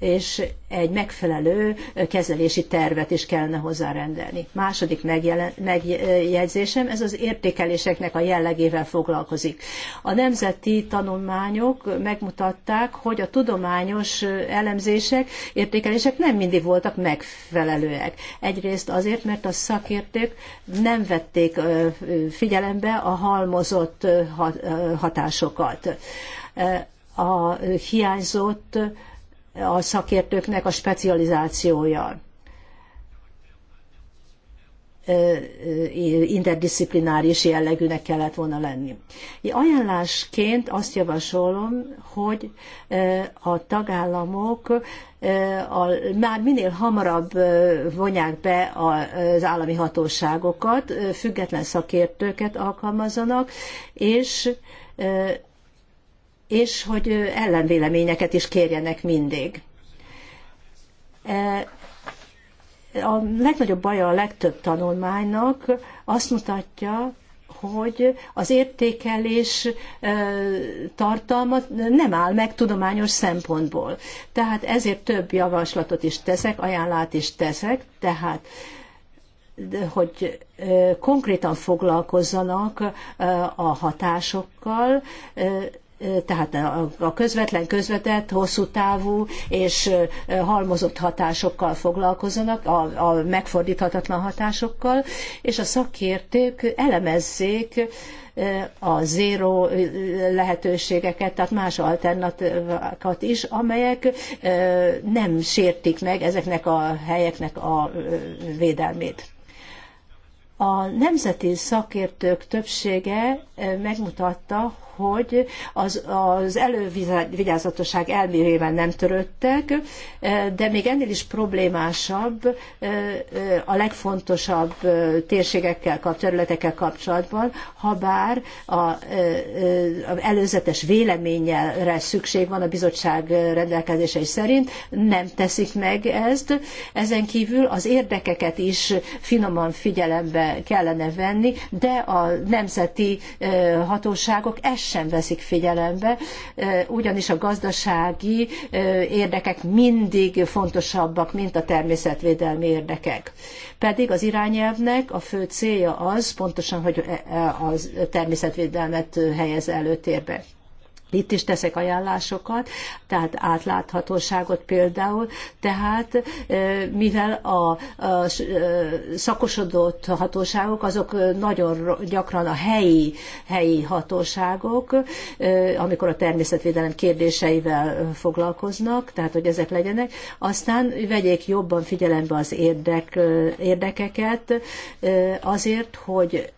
és egy megfelelő kezelési tervet is kellene hozzárendelni. Második megjelen, megjegyzésem, ez az értékeléseknek a jellegével foglalkozik. A nemzeti tanulmányok megmutatták, hogy a tudományos elemzések, értékelések nem mindig voltak megfelelőek. Egyrészt azért, mert a szakértők nem vették figyelembe a halmozott hatásokat. A hiányzott a szakértőknek a specializációja interdisziplináris jellegűnek kellett volna lenni. Ajánlásként azt javasolom, hogy a tagállamok a, már minél hamarabb vonják be az állami hatóságokat, független szakértőket alkalmazanak, és és hogy ellenvéleményeket is kérjenek mindig. E, a legnagyobb baja a legtöbb tanulmánynak azt mutatja, hogy az értékelés tartalma nem áll meg tudományos szempontból. Tehát ezért több javaslatot is teszek, ajánlát is teszek, tehát hogy konkrétan foglalkozzanak a hatásokkal, tehát a közvetlen közvetett, hosszú távú és halmozott hatásokkal foglalkozanak, a, a megfordíthatatlan hatásokkal, és a szakértők elemezzék a zéró lehetőségeket, tehát más alternatívákat is, amelyek nem sértik meg ezeknek a helyeknek a védelmét. A nemzeti szakértők többsége megmutatta, hogy az, az elővigyázatosság elmérével nem törődtek, e, de még ennél is problémásabb e, e, a legfontosabb térségekkel, területekkel kapcsolatban, ha bár a, előzetes véleményre szükség van a bizottság rendelkezései szerint, nem teszik meg ezt. Ezen kívül az érdekeket is finoman figyelembe kellene venni, de a nemzeti hatóságok ezt sem veszik figyelembe, ugyanis a gazdasági érdekek mindig fontosabbak, mint a természetvédelmi érdekek. Pedig az irányelvnek a fő célja az pontosan, hogy e, e, a természetvédelmet helyez előtérbe. Itt is teszek ajánlásokat, tehát átláthatóságot például, tehát mivel a, szakosodott hatóságok, azok nagyon gyakran a helyi, helyi hatóságok, amikor a természetvédelem kérdéseivel foglalkoznak, tehát hogy ezek legyenek, aztán vegyék jobban figyelembe az érdek, érdekeket azért, hogy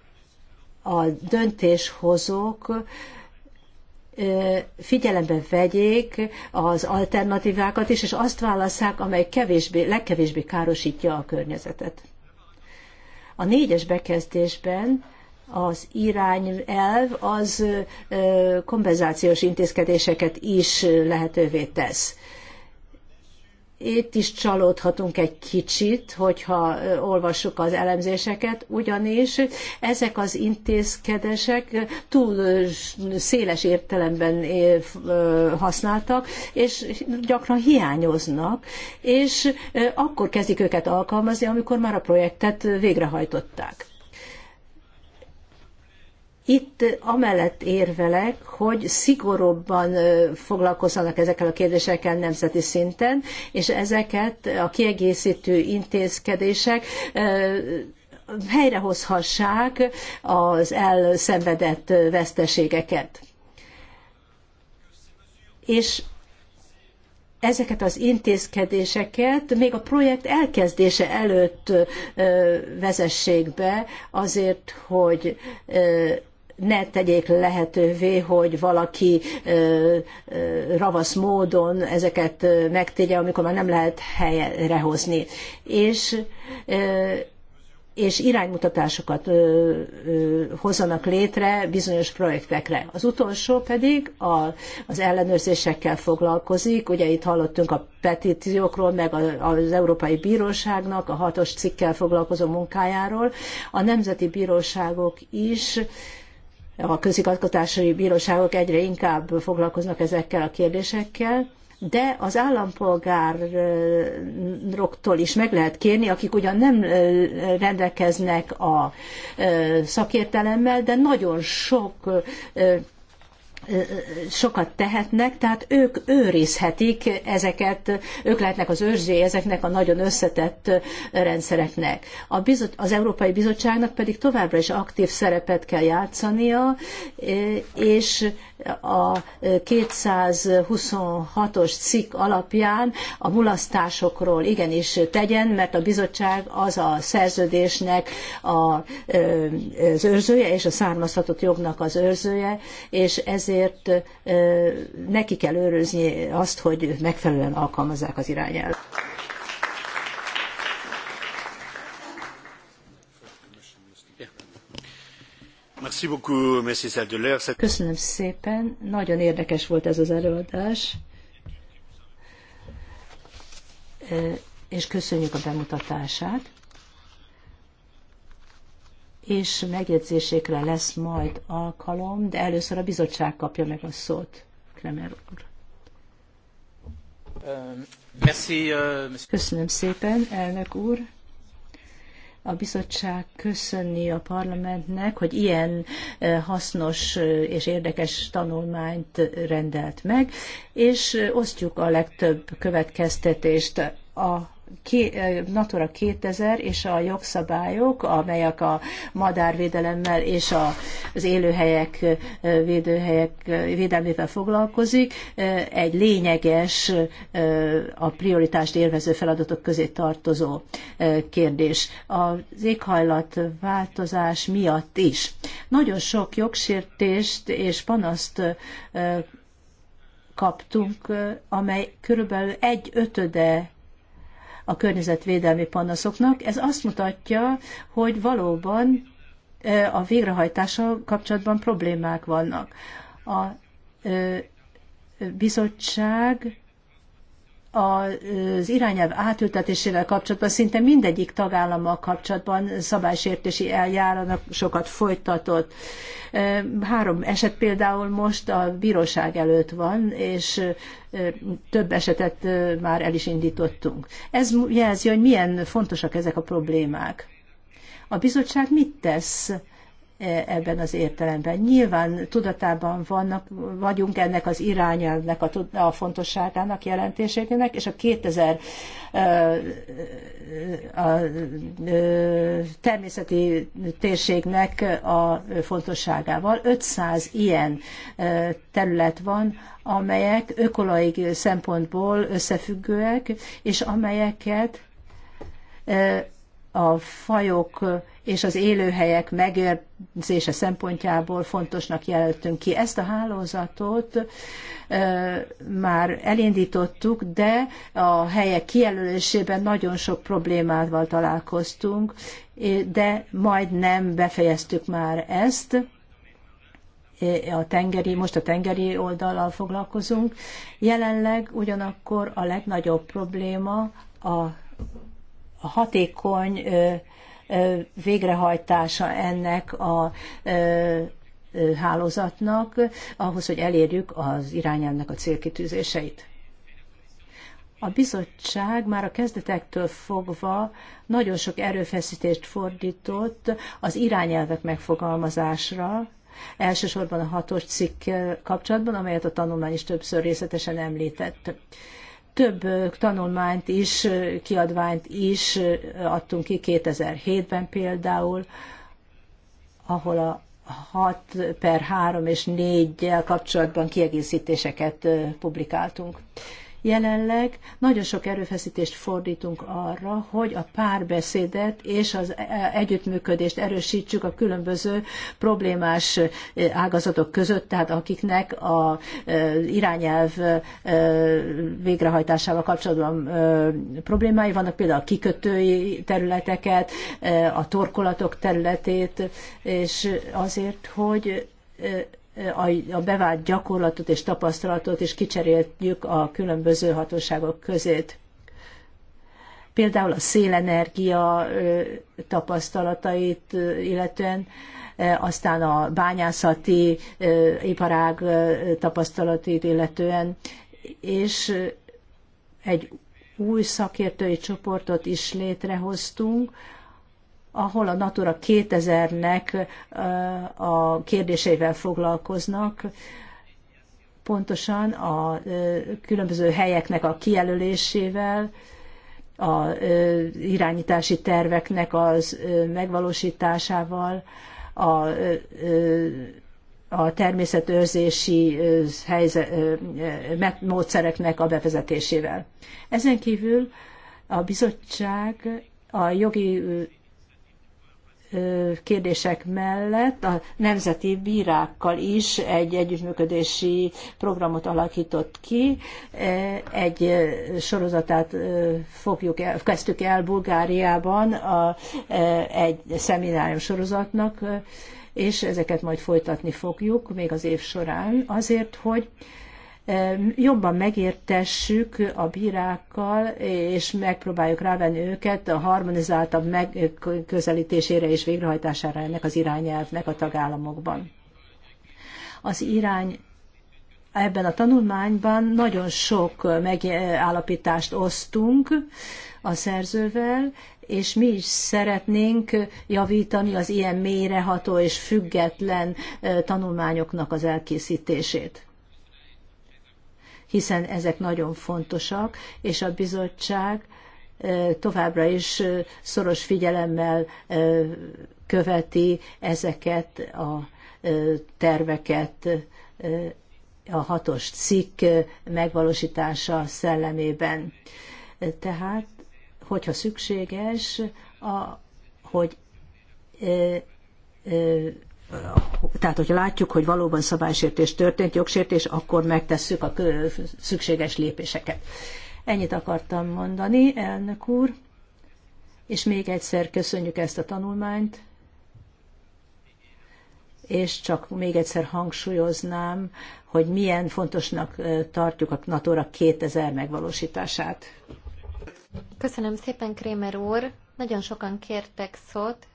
a döntéshozók figyelembe vegyék az alternatívákat is, és azt válasszák, amely kevésbé, legkevésbé károsítja a környezetet. A négyes bekezdésben az irányelv az kompenzációs intézkedéseket is lehetővé tesz itt is csalódhatunk egy kicsit, hogyha olvassuk az elemzéseket, ugyanis ezek az intézkedések túl széles értelemben használtak, és gyakran hiányoznak, és akkor kezdik őket alkalmazni, amikor már a projektet végrehajtották itt amellett érvelek, hogy szigorúbban foglalkozzanak ezekkel a kérdésekkel nemzeti szinten, és ezeket a kiegészítő intézkedések helyrehozhassák az elszenvedett veszteségeket. És ezeket az intézkedéseket még a projekt elkezdése előtt vezessék be azért, hogy ne tegyék lehetővé, hogy valaki ravasz módon ezeket megtegye, amikor már nem lehet helyrehozni. És és iránymutatásokat ö, ö, hozzanak létre bizonyos projektekre. Az utolsó pedig a, az ellenőrzésekkel foglalkozik. Ugye itt hallottunk a petíciókról, meg az Európai Bíróságnak a hatos cikkel foglalkozó munkájáról. A nemzeti bíróságok is ö, a közigazgatási bíróságok egyre inkább foglalkoznak ezekkel a kérdésekkel, de az állampolgároktól is meg lehet kérni, akik ugyan nem rendelkeznek a szakértelemmel, de nagyon sok sokat tehetnek, tehát ők őrizhetik ezeket, ők lehetnek az őrzői ezeknek a nagyon összetett rendszereknek. A bizot, az Európai Bizottságnak pedig továbbra is aktív szerepet kell játszania, és a 226-os cikk alapján a mulasztásokról igenis tegyen, mert a bizottság az a szerződésnek a, az őrzője és a származhatott jognak az őrzője, és ezért neki kell őrözni azt, hogy megfelelően alkalmazzák az irányelvet. Köszönöm szépen, nagyon érdekes volt ez az előadás, és köszönjük a bemutatását, és megjegyzésekre lesz majd alkalom, de először a bizottság kapja meg a szót, Kremer úr. Köszönöm szépen, elnök úr a bizottság köszönni a parlamentnek, hogy ilyen eh, hasznos eh, és érdekes tanulmányt eh, rendelt meg, és osztjuk a legtöbb következtetést a Natura 2000 és a jogszabályok, amelyek a madárvédelemmel és az élőhelyek, védőhelyek védelmével foglalkozik, egy lényeges, a prioritást élvező feladatok közé tartozó kérdés. Az éghajlatváltozás miatt is. Nagyon sok jogsértést és panaszt kaptunk, amely körülbelül egy ötöde a környezetvédelmi panaszoknak. Ez azt mutatja, hogy valóban a végrehajtással kapcsolatban problémák vannak. A bizottság az irányelv átültetésével kapcsolatban szinte mindegyik tagállammal kapcsolatban szabálysértési eljárásokat folytatott. Három eset például most a bíróság előtt van, és több esetet már el is indítottunk. Ez jelzi, hogy milyen fontosak ezek a problémák. A bizottság mit tesz ebben az értelemben. Nyilván tudatában vannak, vagyunk ennek az irányelvnek a, a fontosságának, jelentésének, és a 2000 a, a, természeti térségnek a fontosságával. 500 ilyen terület van, amelyek ökológiai szempontból összefüggőek, és amelyeket a fajok és az élőhelyek megőrzése szempontjából fontosnak jelöltünk ki. Ezt a hálózatot már elindítottuk, de a helyek kijelölésében nagyon sok problémával találkoztunk, de majdnem befejeztük már ezt a tengeri, most a tengeri oldallal foglalkozunk. Jelenleg ugyanakkor a legnagyobb probléma a hatékony végrehajtása ennek a hálózatnak, ahhoz, hogy elérjük az irányelvnek a célkitűzéseit. A bizottság már a kezdetektől fogva nagyon sok erőfeszítést fordított az irányelvek megfogalmazásra, elsősorban a hatos cikk kapcsolatban, amelyet a tanulmány is többször részletesen említett több tanulmányt is, kiadványt is adtunk ki 2007-ben például, ahol a 6 per 3 és 4 kapcsolatban kiegészítéseket publikáltunk. Jelenleg nagyon sok erőfeszítést fordítunk arra, hogy a párbeszédet és az e- e- együttműködést erősítsük a különböző problémás e, ágazatok között, tehát akiknek a irányelv végrehajtásával kapcsolatban problémái vannak, például a kikötői területeket, a torkolatok területét, és azért, hogy a bevált gyakorlatot és tapasztalatot, és kicseréljük a különböző hatóságok között. Például a szélenergia tapasztalatait illetően, aztán a bányászati iparág tapasztalatait illetően, és egy új szakértői csoportot is létrehoztunk, ahol a Natura 2000-nek a kérdéseivel foglalkoznak, pontosan a különböző helyeknek a kijelölésével, a irányítási terveknek az megvalósításával, a, a természetőrzési helyzet, módszereknek a bevezetésével. Ezen kívül a bizottság a jogi kérdések mellett a nemzeti bírákkal is egy együttműködési programot alakított ki. Egy sorozatát fogjuk el, kezdtük el Bulgáriában a, egy szeminárium sorozatnak, és ezeket majd folytatni fogjuk még az év során, azért, hogy jobban megértessük a bírákkal, és megpróbáljuk rávenni őket a harmonizáltabb megközelítésére és végrehajtására ennek az irányelvnek a tagállamokban. Az irány ebben a tanulmányban nagyon sok megállapítást osztunk a szerzővel, és mi is szeretnénk javítani az ilyen mélyreható és független tanulmányoknak az elkészítését hiszen ezek nagyon fontosak, és a bizottság továbbra is szoros figyelemmel követi ezeket a terveket a hatos cikk megvalósítása szellemében. Tehát, hogyha szükséges, a, hogy tehát, hogyha látjuk, hogy valóban szabálysértés történt, jogsértés, akkor megtesszük a szükséges lépéseket. Ennyit akartam mondani, elnök úr, és még egyszer köszönjük ezt a tanulmányt, és csak még egyszer hangsúlyoznám, hogy milyen fontosnak tartjuk a Natura 2000 megvalósítását. Köszönöm szépen, Krémer úr! Nagyon sokan kértek szót,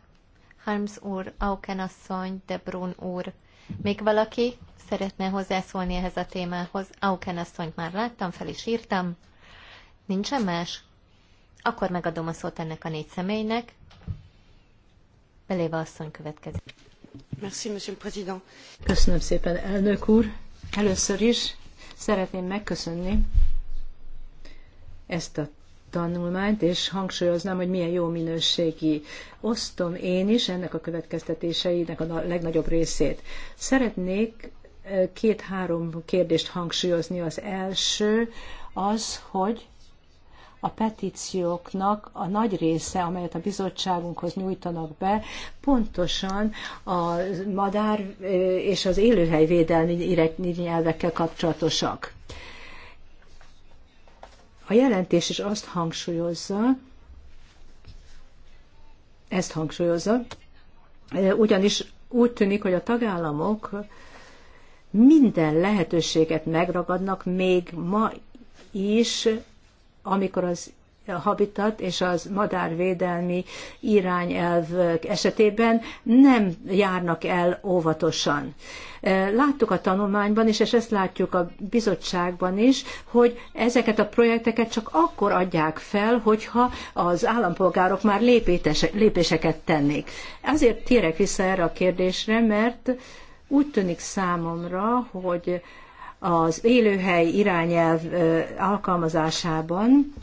Harms úr, Auken asszony, De Brun úr. Még valaki szeretne hozzászólni ehhez a témához? Auken asszonyt már láttam, fel is írtam. Nincsen más? Akkor megadom a szót ennek a négy személynek. Beléve asszony következik. Merci, monsieur le président. Köszönöm szépen, elnök úr. Először is szeretném megköszönni ezt a tanulmányt, és hangsúlyoznám, hogy milyen jó minőségi. Osztom én is ennek a következtetéseinek a legnagyobb részét. Szeretnék két-három kérdést hangsúlyozni. Az első az, hogy a petícióknak a nagy része, amelyet a bizottságunkhoz nyújtanak be, pontosan a madár és az élőhelyvédelmi irányelvekkel kapcsolatosak. A jelentés is azt hangsúlyozza, ezt hangsúlyozza, e, ugyanis úgy tűnik, hogy a tagállamok minden lehetőséget megragadnak még ma is, amikor az habitat és az madárvédelmi irányelv esetében nem járnak el óvatosan. E, láttuk a tanulmányban is, és ezt látjuk a bizottságban is, hogy ezeket a projekteket csak akkor adják fel, hogyha az állampolgárok már lépéseket tennék. Azért térek vissza erre a kérdésre, mert úgy tűnik számomra, hogy az élőhely irányelv e, alkalmazásában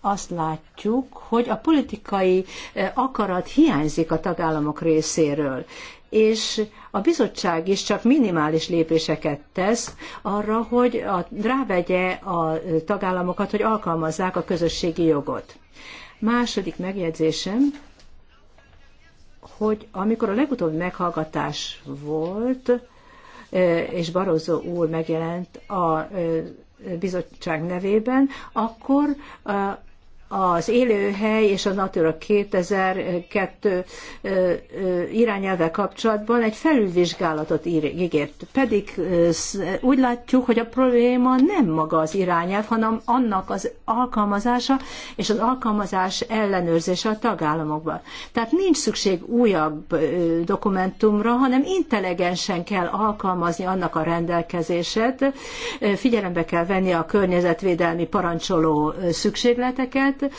azt látjuk, hogy a politikai eh, akarat hiányzik a tagállamok részéről és a bizottság is csak minimális lépéseket tesz arra, hogy a, rávegye a eh, tagállamokat, hogy alkalmazzák a közösségi jogot. Második megjegyzésem, hogy amikor a legutóbbi meghallgatás volt, eh, és Barozó úr megjelent a bizottság nevében, akkor az élőhely és a Natura 2002 irányelve kapcsolatban egy felülvizsgálatot ígért. Pedig úgy látjuk, hogy a probléma nem maga az irányelv, hanem annak az alkalmazása és az alkalmazás ellenőrzése a tagállamokban. Tehát nincs szükség újabb dokumentumra, hanem intelligensen kell alkalmazni annak a rendelkezését, figyelembe kell venni a környezetvédelmi parancsoló szükségleteket, ezeket,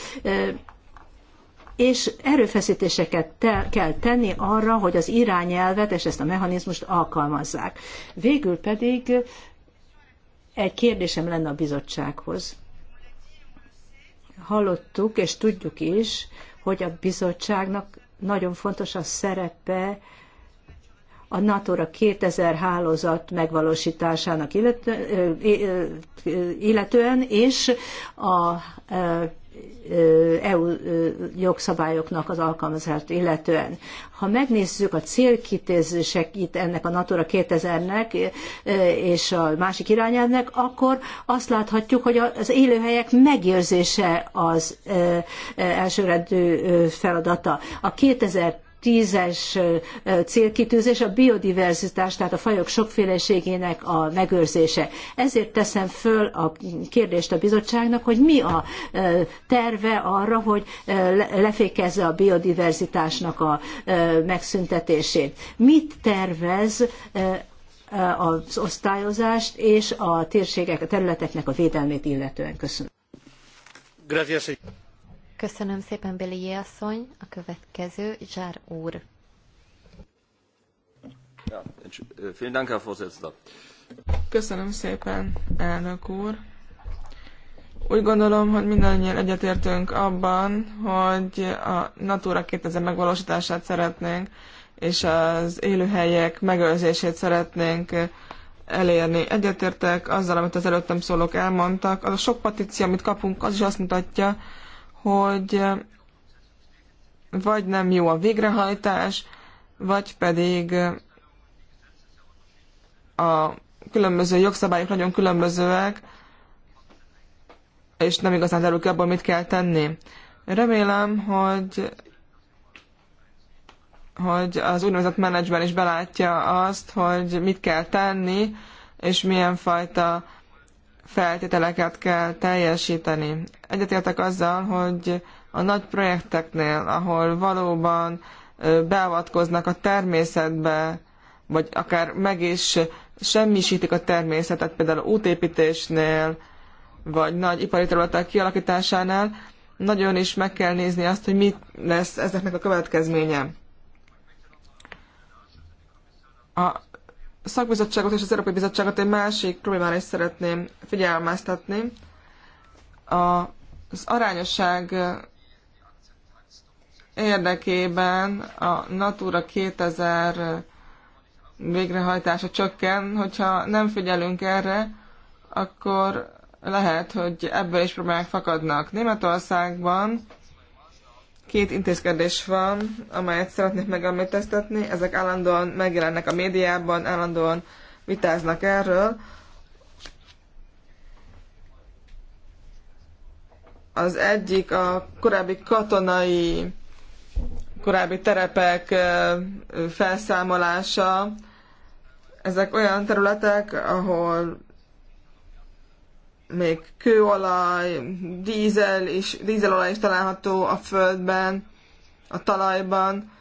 és erőfeszítéseket te, kell tenni arra, hogy az irányelvet és ezt a mechanizmust alkalmazzák. Végül pedig egy kérdésem lenne a bizottsághoz. Hallottuk, és tudjuk is, hogy a bizottságnak nagyon fontos a szerepe a NATO-ra 2000 hálózat megvalósításának illetően, és a EU jogszabályoknak az alkalmazását illetően. Ha megnézzük a célkitézések itt ennek a Natura 2000-nek és a másik irányelvnek, akkor azt láthatjuk, hogy az élőhelyek megőrzése az elsőrendű feladata. A 2000 tízes célkitűzés a biodiverzitás, tehát a fajok sokféleségének a megőrzése. Ezért teszem föl a kérdést a bizottságnak, hogy mi a terve arra, hogy lefékezze a biodiverzitásnak a megszüntetését. Mit tervez az osztályozást és a térségek, a területeknek a védelmét illetően. Köszönöm. Gracias. Köszönöm szépen, Béli asszony. A következő, Zsár úr. Köszönöm szépen, elnök úr. Úgy gondolom, hogy mindannyian egyetértünk abban, hogy a Natura 2000 megvalósítását szeretnénk, és az élőhelyek megőrzését szeretnénk elérni. Egyetértek azzal, amit az előttem szólók elmondtak. Az a sok petíció, amit kapunk, az is azt mutatja, hogy vagy nem jó a végrehajtás, vagy pedig a különböző jogszabályok nagyon különbözőek, és nem igazán derül ki abból, mit kell tenni. Remélem, hogy hogy az úgynevezett menedzsben is belátja azt, hogy mit kell tenni, és milyen fajta feltételeket kell teljesíteni. Egyetértek azzal, hogy a nagy projekteknél, ahol valóban beavatkoznak a természetbe, vagy akár meg is semmisítik a természetet, például útépítésnél, vagy nagy ipari területek kialakításánál, nagyon is meg kell nézni azt, hogy mit lesz ezeknek a következménye. A szakbizottságot és az Európai Bizottságot egy másik problémára is szeretném figyelmeztetni. Az arányosság érdekében a Natura 2000 végrehajtása csökken, hogyha nem figyelünk erre, akkor lehet, hogy ebből is problémák fakadnak. Németországban Két intézkedés van, amelyet szeretnék megemlékeztetni. Ezek állandóan megjelennek a médiában, állandóan vitáznak erről. Az egyik a korábbi katonai, korábbi terepek felszámolása. Ezek olyan területek, ahol még kőolaj, dízel is, dízelolaj is található a földben, a talajban,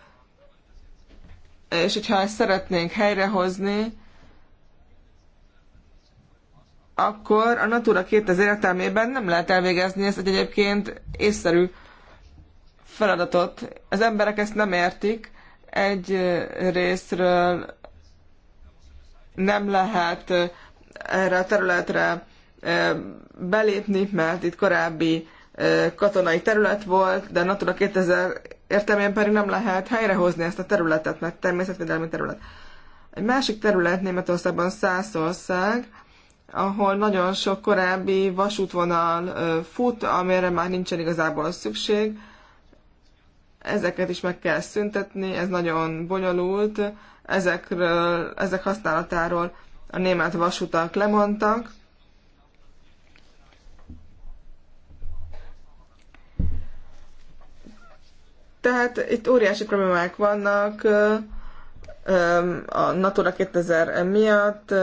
és hogyha ezt szeretnénk helyrehozni, akkor a Natura 2000 értelmében nem lehet elvégezni ezt egy egyébként észszerű feladatot. Az emberek ezt nem értik. Egy részről nem lehet eh, erre a területre belépni, mert itt korábbi katonai terület volt, de Natura 2000 értelmében pedig nem lehet helyrehozni ezt a területet, mert természetvédelmi terület. Egy másik terület Németországban Szászország, ahol nagyon sok korábbi vasútvonal fut, amire már nincsen igazából szükség. Ezeket is meg kell szüntetni, ez nagyon bonyolult. Ezekről, ezek használatáról a német vasutak lemondtak, Tehát itt óriási problémák vannak a Natura 2000 miatt,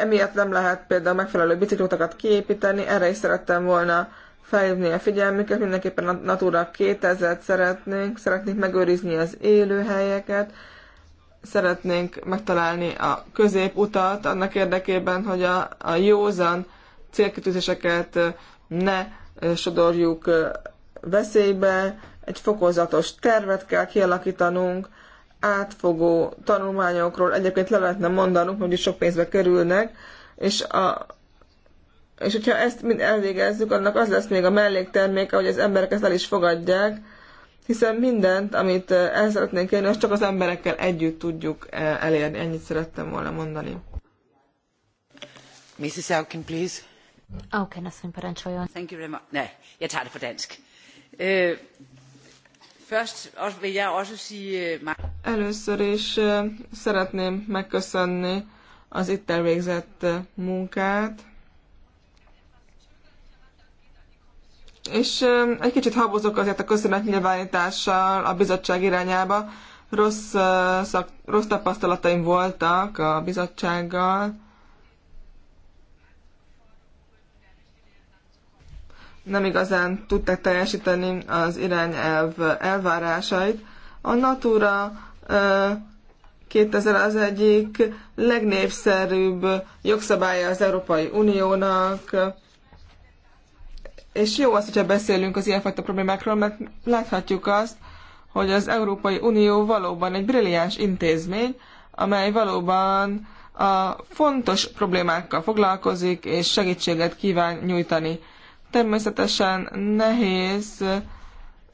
emiatt nem lehet például megfelelő biciklotakat kiépíteni, erre is szerettem volna felhívni a figyelmüket, mindenképpen a Natura 2000-et szeretnénk, szeretnénk megőrizni az élőhelyeket, szeretnénk megtalálni a középutat annak érdekében, hogy a, a józan célkitűzéseket ne sodorjuk veszélybe, egy fokozatos tervet kell kialakítanunk, átfogó tanulmányokról egyébként le lehetne mondanunk, hogy sok pénzbe kerülnek, és, a, és hogyha ezt mind elvégezzük, annak az lesz még a mellékterméke, hogy az emberek ezt el is fogadják, hiszen mindent, amit eh, el szeretnénk érni, azt csak az emberekkel együtt tudjuk eh, elérni. Ennyit szerettem volna mondani. Mrs. Elkin, please. Auken, asszony, parancsoljon. Thank you very much. Ne, jeg tager det dansk. Øh, øh, Először is szeretném megköszönni az itt elvégzett munkát. És egy kicsit habozok azért a köszönetnyilvánítással a bizottság irányába. Rossz, szak, rossz tapasztalataim voltak a bizottsággal, nem igazán tudták teljesíteni az irányelv elvárásait. A Natura 2000 az egyik legnépszerűbb jogszabálya az Európai Uniónak, és jó az, hogyha beszélünk az ilyenfajta problémákról, mert láthatjuk azt, hogy az Európai Unió valóban egy brilliáns intézmény, amely valóban a fontos problémákkal foglalkozik, és segítséget kíván nyújtani Természetesen nehéz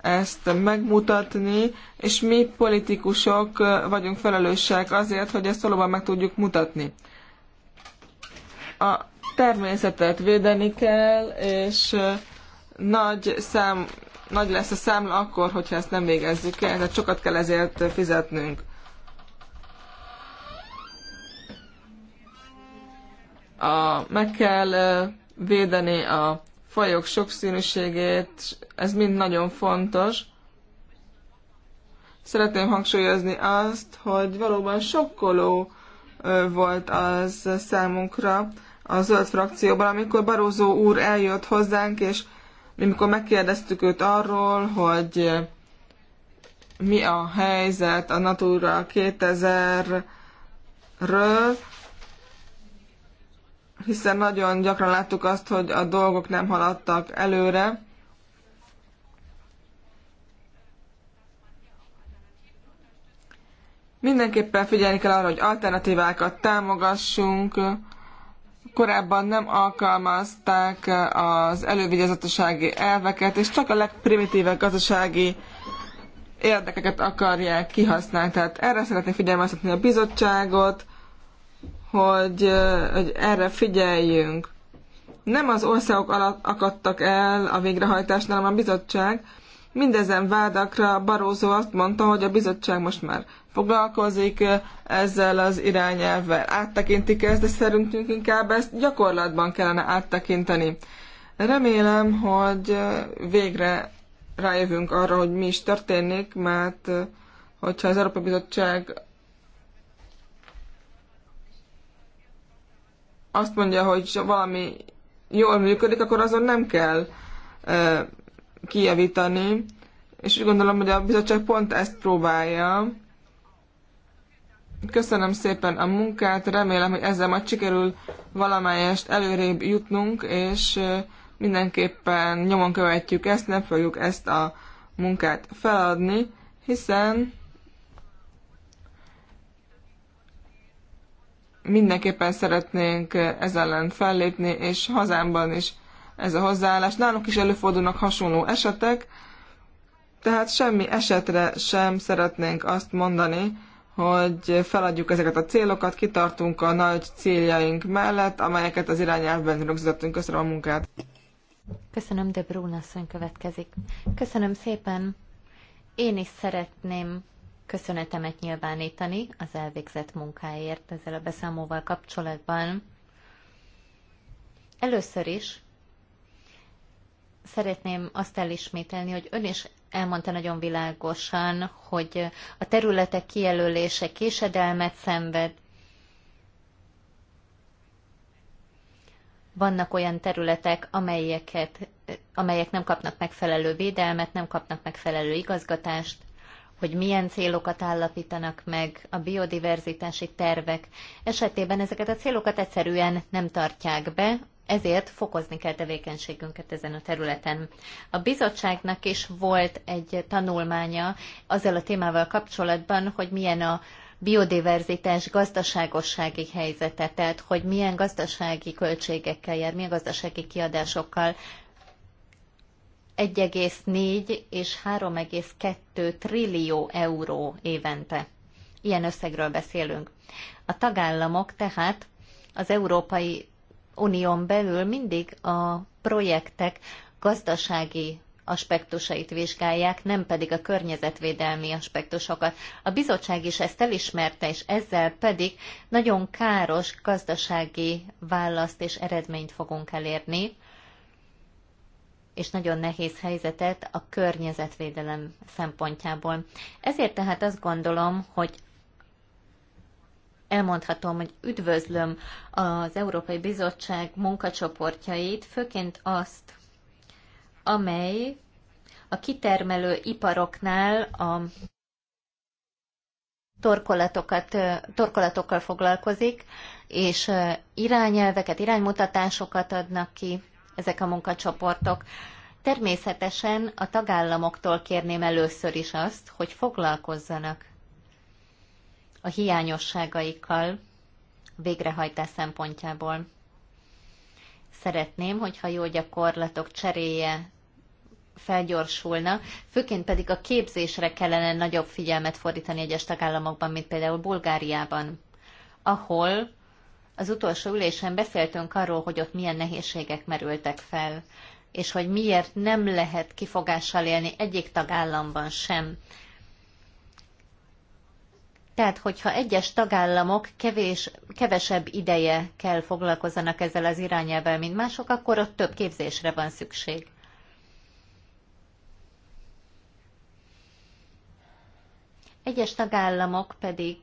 ezt megmutatni, és mi politikusok vagyunk felelősek azért, hogy ezt valóban meg tudjuk mutatni. A természetet védeni kell, és nagy, szám, nagy lesz a számla akkor, hogyha ezt nem végezzük el, tehát sokat kell ezért fizetnünk. A, meg kell védeni a fajok sokszínűségét, ez mind nagyon fontos. Szeretném hangsúlyozni azt, hogy valóban sokkoló volt az számunkra a zöld frakcióban, amikor Barózó úr eljött hozzánk, és amikor megkérdeztük őt arról, hogy mi a helyzet a Natura 2000-ről, hiszen nagyon gyakran láttuk azt, hogy a dolgok nem haladtak előre. Mindenképpen figyelni kell arra, hogy alternatívákat támogassunk. Korábban nem alkalmazták az elővigyázatossági elveket, és csak a legprimitívebb gazdasági érdekeket akarják kihasználni. Tehát erre szeretnék figyelmeztetni a bizottságot, hogy, hogy erre figyeljünk. Nem az országok alatt akadtak el a végrehajtásnál, hanem a bizottság. Mindezen vádakra Barózó azt mondta, hogy a bizottság most már foglalkozik ezzel az irányelvvel. Áttekintik ezt, de szerintünk inkább ezt gyakorlatban kellene áttekinteni. Remélem, hogy végre rájövünk arra, hogy mi is történik, mert hogyha az Európai Bizottság azt mondja, hogy valami jól működik, akkor azon nem kell e, kijavítani. És úgy gondolom, hogy a bizottság pont ezt próbálja. Köszönöm szépen a munkát, remélem, hogy ezzel majd sikerül valamelyest előrébb jutnunk, és mindenképpen nyomon követjük ezt, nem fogjuk ezt a munkát feladni, hiszen mindenképpen szeretnénk ez ellen fellépni, és hazámban is ez a hozzáállás. Nálunk is előfordulnak hasonló esetek, tehát semmi esetre sem szeretnénk azt mondani, hogy feladjuk ezeket a célokat, kitartunk a nagy céljaink mellett, amelyeket az irányelvben rögzítettünk. Köszönöm a munkát! Köszönöm, de Brunasszony következik. Köszönöm szépen! Én is szeretném köszönetemet nyilvánítani az elvégzett munkáért ezzel a beszámolóval kapcsolatban. Először is szeretném azt elismételni, hogy ön is elmondta nagyon világosan, hogy a területek kijelölése késedelmet szenved, vannak olyan területek, amelyeket, amelyek nem kapnak megfelelő védelmet, nem kapnak megfelelő igazgatást, hogy milyen célokat állapítanak meg a biodiverzitási tervek esetében ezeket a célokat egyszerűen nem tartják be, ezért fokozni kell tevékenységünket ezen a területen. A bizottságnak is volt egy tanulmánya azzal a témával kapcsolatban, hogy milyen a biodiverzitás gazdaságossági helyzete, tehát hogy milyen gazdasági költségekkel jár, milyen gazdasági kiadásokkal 1,4 és 3,2 trillió euró évente. Ilyen összegről beszélünk. A tagállamok tehát az Európai Unión belül mindig a projektek gazdasági aspektusait vizsgálják, nem pedig a környezetvédelmi aspektusokat. A bizottság is ezt elismerte, és ezzel pedig nagyon káros gazdasági választ és eredményt fogunk elérni, és nagyon nehéz helyzetet a környezetvédelem szempontjából. Ezért tehát azt gondolom, hogy elmondhatom, hogy üdvözlöm az Európai Bizottság munkacsoportjait, főként azt, amely a kitermelő iparoknál a torkolatokat, torkolatokkal foglalkozik, és irányelveket, iránymutatásokat adnak ki, ezek a munkacsoportok. Természetesen a tagállamoktól kérném először is azt, hogy foglalkozzanak a hiányosságaikkal végrehajtás szempontjából. Szeretném, hogyha jó gyakorlatok cseréje felgyorsulna, főként pedig a képzésre kellene nagyobb figyelmet fordítani egyes tagállamokban, mint például Bulgáriában, ahol az utolsó ülésen beszéltünk arról, hogy ott milyen nehézségek merültek fel, és hogy miért nem lehet kifogással élni egyik tagállamban sem. Tehát, hogyha egyes tagállamok kevés, kevesebb ideje kell foglalkozzanak ezzel az irányával, mint mások, akkor ott több képzésre van szükség. Egyes tagállamok pedig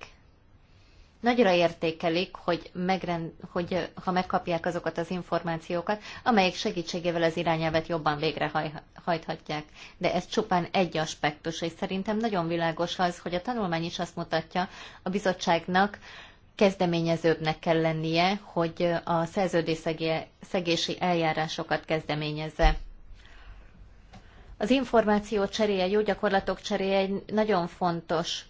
nagyra értékelik, hogy, megrend, hogy ha megkapják azokat az információkat, amelyek segítségével az irányelvet jobban végrehajthatják. De ez csupán egy aspektus, és szerintem nagyon világos az, hogy a tanulmány is azt mutatja a bizottságnak, kezdeményezőbbnek kell lennie, hogy a szerződésszegési eljárásokat kezdeményezze. Az információ cseréje, jó gyakorlatok cseréje egy nagyon fontos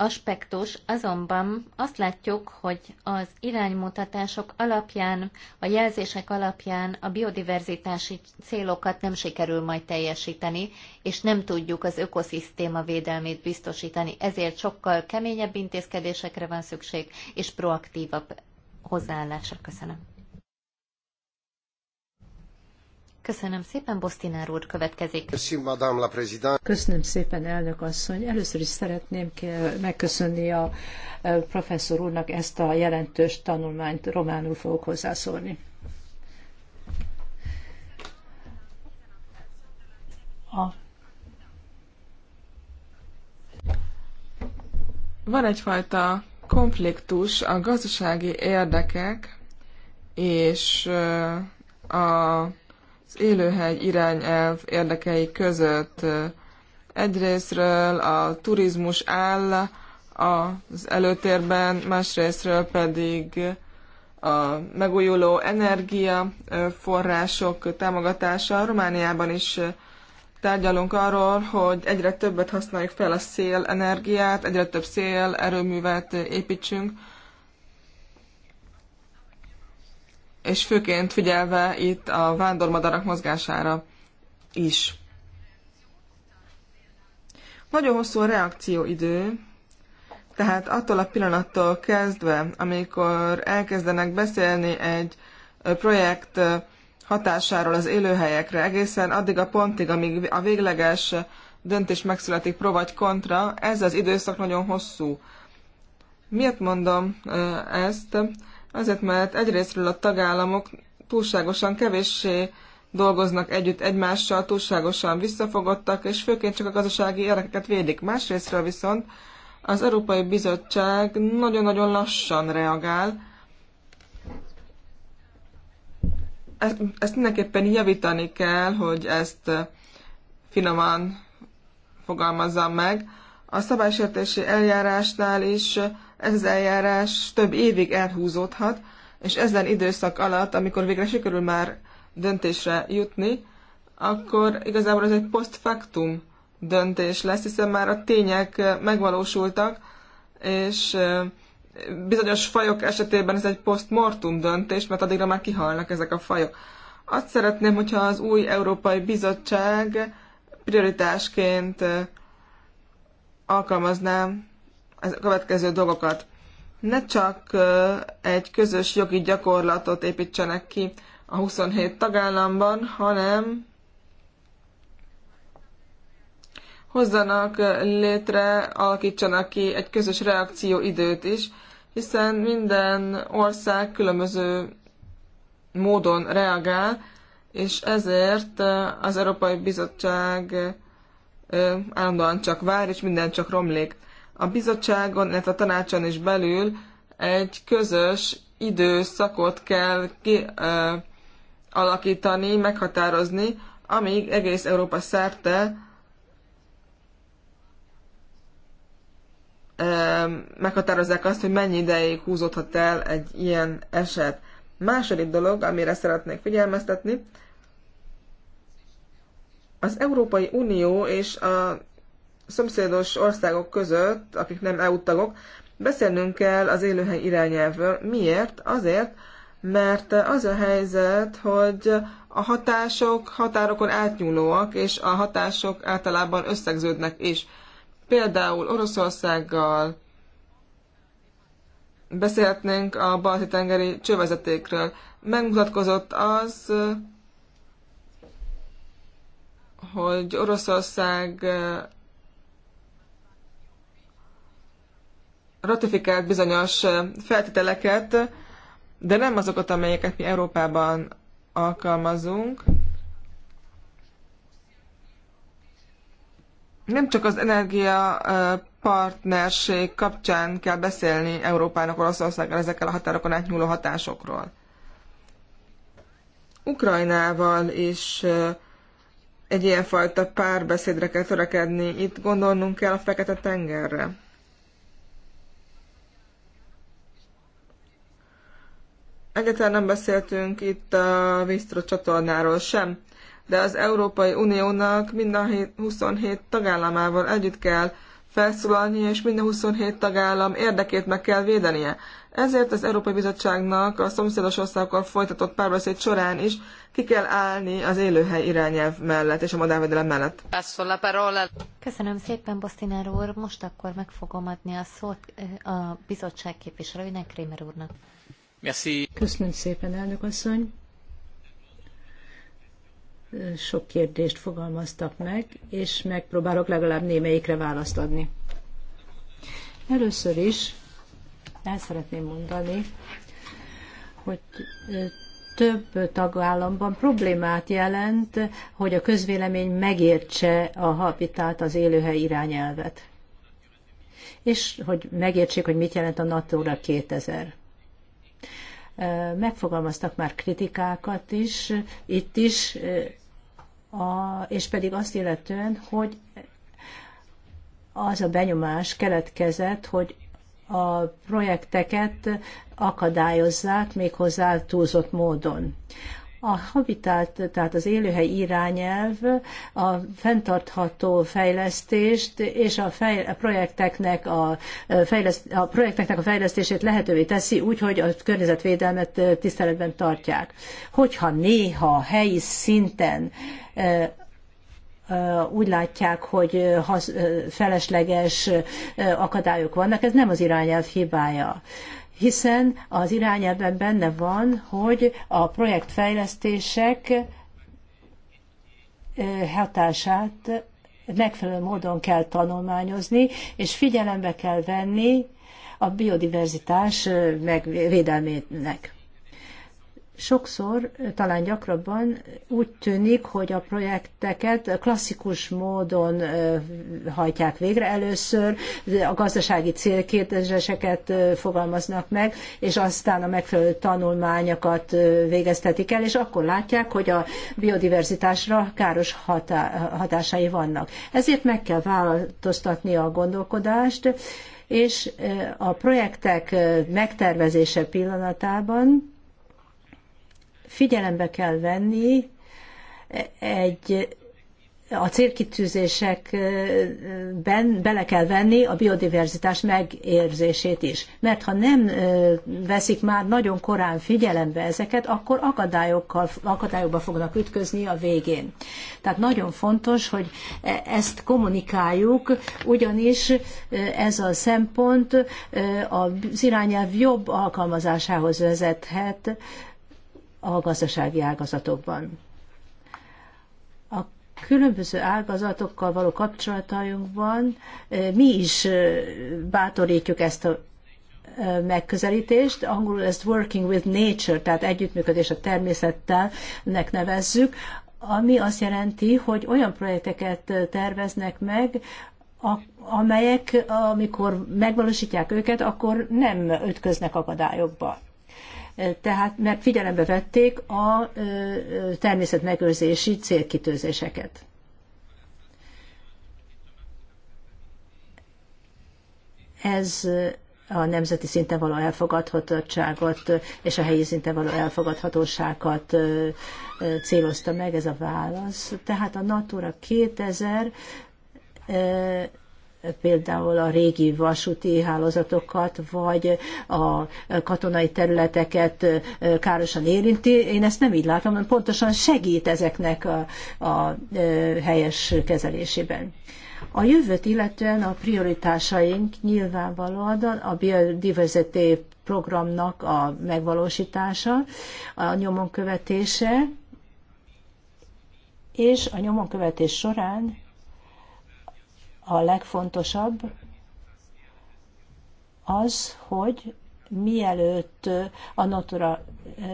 aspektus, azonban azt látjuk, hogy az iránymutatások alapján, a jelzések alapján a biodiverzitási célokat nem sikerül majd teljesíteni, és nem tudjuk az ökoszisztéma védelmét biztosítani. Ezért sokkal keményebb intézkedésekre van szükség, és proaktívabb hozzáállásra. Köszönöm. Köszönöm szépen, Bosztinár úr következik. Köszönöm szépen, elnök asszony. Először is szeretném megköszönni a e, professzor úrnak ezt a jelentős tanulmányt. Románul fogok hozzászólni. A Van egyfajta konfliktus a gazdasági érdekek és e, a az élőhely irányelv érdekei között. Egyrésztről a turizmus áll az előtérben, másrésztről pedig a megújuló energia források támogatása. Romániában is tárgyalunk arról, hogy egyre többet használjuk fel a szélenergiát, egyre több szélerőművet építsünk, és főként figyelve itt a vándormadarak mozgására is. Nagyon hosszú a reakcióidő, tehát attól a pillanattól kezdve, amikor elkezdenek beszélni egy projekt hatásáról az élőhelyekre, egészen addig a pontig, amíg a végleges döntés megszületik pro vagy kontra, ez az időszak nagyon hosszú. Miért mondom ezt? Azért, mert egyrésztről a tagállamok túlságosan kevéssé dolgoznak együtt egymással, túlságosan visszafogottak, és főként csak a gazdasági érdekeket védik. Másrésztről viszont az Európai Bizottság nagyon-nagyon lassan reagál. Ezt, ezt mindenképpen javítani kell, hogy ezt eh, finoman fogalmazzam meg. A szabálysértési eljárásnál is ez az eljárás több évig elhúzódhat, és ezen időszak alatt, amikor végre sikerül már döntésre jutni, akkor igazából ez egy post factum döntés lesz, hiszen már a tények eh, megvalósultak, és eh, bizonyos fajok esetében ez egy post-mortum döntés, mert addigra már kihalnak ezek a fajok. Azt szeretném, hogyha az új Európai Bizottság prioritásként eh, alkalmaznám a következő dolgokat. Ne csak egy közös jogi gyakorlatot építsenek ki a 27 tagállamban, hanem hozzanak létre, alakítsanak ki egy közös reakcióidőt is, hiszen minden ország különböző módon reagál, és ezért az Európai Bizottság állandóan csak vár, és minden csak romlik a bizottságon, illetve a tanácson is belül egy közös időszakot kell ki, ö, alakítani, meghatározni, amíg egész Európa szerte meghatározzák azt, hogy mennyi ideig húzódhat el egy ilyen eset. Második dolog, amire szeretnék figyelmeztetni, az Európai Unió és a szomszédos országok között, akik nem EU tagok, beszélnünk kell az élőhely irányelvről. Miért? Azért, mert az a helyzet, hogy a hatások határokon átnyúlóak, és a hatások általában összegződnek is. Például Oroszországgal beszélhetnénk a balti-tengeri csővezetékről. Megmutatkozott az, hogy Oroszország ratifikált bizonyos feltételeket, de nem azokat, amelyeket mi Európában alkalmazunk. Nem csak az energia partnerség kapcsán kell beszélni Európának Oroszországgal ezekkel a határokon átnyúló hatásokról. Ukrajnával is egy ilyenfajta párbeszédre kell törekedni. Itt gondolnunk kell a Fekete-tengerre. Egyáltalán nem beszéltünk itt a Vistro csatornáról sem, de az Európai Uniónak mind a 27 tagállamával együtt kell felszólalni, és minden 27 tagállam érdekét meg kell védenie. Ezért az Európai Bizottságnak a szomszédos országokkal folytatott párbeszéd során is ki kell állni az élőhely irányelv mellett és a madárvédelem mellett. Köszönöm szépen, Bosztinár úr. Most akkor meg fogom adni a szót a bizottság képviselőinek, Krémer úrnak. Merci. Köszönöm szépen, elnök asszony. Sok kérdést fogalmaztak meg, és megpróbálok legalább némelyikre választ adni. Először is el szeretném mondani, hogy több tagállamban problémát jelent, hogy a közvélemény megértse a habitát, az élőhely irányelvet. És hogy megértsék, hogy mit jelent a Natura 2000 megfogalmaztak már kritikákat is, itt is, a, és pedig azt illetően, hogy az a benyomás keletkezett, hogy a projekteket akadályozzák méghozzá túlzott módon. A habitat, tehát az élőhely irányelv a fenntartható fejlesztést és a, fej, a, projekteknek, a, fejleszt, a projekteknek a fejlesztését lehetővé teszi úgyhogy a környezetvédelmet tiszteletben tartják. Hogyha néha helyi szinten úgy látják, hogy felesleges akadályok vannak, ez nem az irányelv hibája hiszen az irányelvben benne van, hogy a projektfejlesztések hatását megfelelő módon kell tanulmányozni, és figyelembe kell venni a biodiverzitás megvédelmének sokszor, talán gyakrabban úgy tűnik, hogy a projekteket klasszikus módon hajtják végre. Először a gazdasági célkérdéseket fogalmaznak meg, és aztán a megfelelő tanulmányokat végeztetik el, és akkor látják, hogy a biodiverzitásra káros hatásai vannak. Ezért meg kell változtatni a gondolkodást, és a projektek megtervezése pillanatában figyelembe kell venni egy a célkitűzésekben bele kell venni a biodiverzitás megérzését is. Mert ha nem veszik már nagyon korán figyelembe ezeket, akkor akadályokkal, akadályokba fognak ütközni a végén. Tehát nagyon fontos, hogy e, ezt kommunikáljuk, ugyanis ez a szempont az irányelv jobb alkalmazásához vezethet, a gazdasági ágazatokban. A különböző ágazatokkal való kapcsolatainkban eh, mi is eh, bátorítjuk ezt a eh, megközelítést, angolul ezt working with nature, tehát együttműködés a természettel nek nevezzük, ami azt jelenti, hogy olyan projekteket terveznek meg, amelyek, amikor megvalósítják őket, akkor nem ütköznek akadályokba tehát mert figyelembe vették a természetmegőrzési célkitőzéseket. Ez a nemzeti szinten való elfogadhatottságot és a helyi szinten való elfogadhatóságot célozta meg ez a válasz. Tehát a Natura 2000 például a régi vasúti hálózatokat, vagy a katonai területeket károsan érinti. Én ezt nem így látom, hanem pontosan segít ezeknek a, a helyes kezelésében. A jövőt illetően a prioritásaink nyilvánvalóan a biodiversity programnak a megvalósítása, a nyomon követése, és a nyomon követés során a legfontosabb az, hogy mielőtt, a Natura,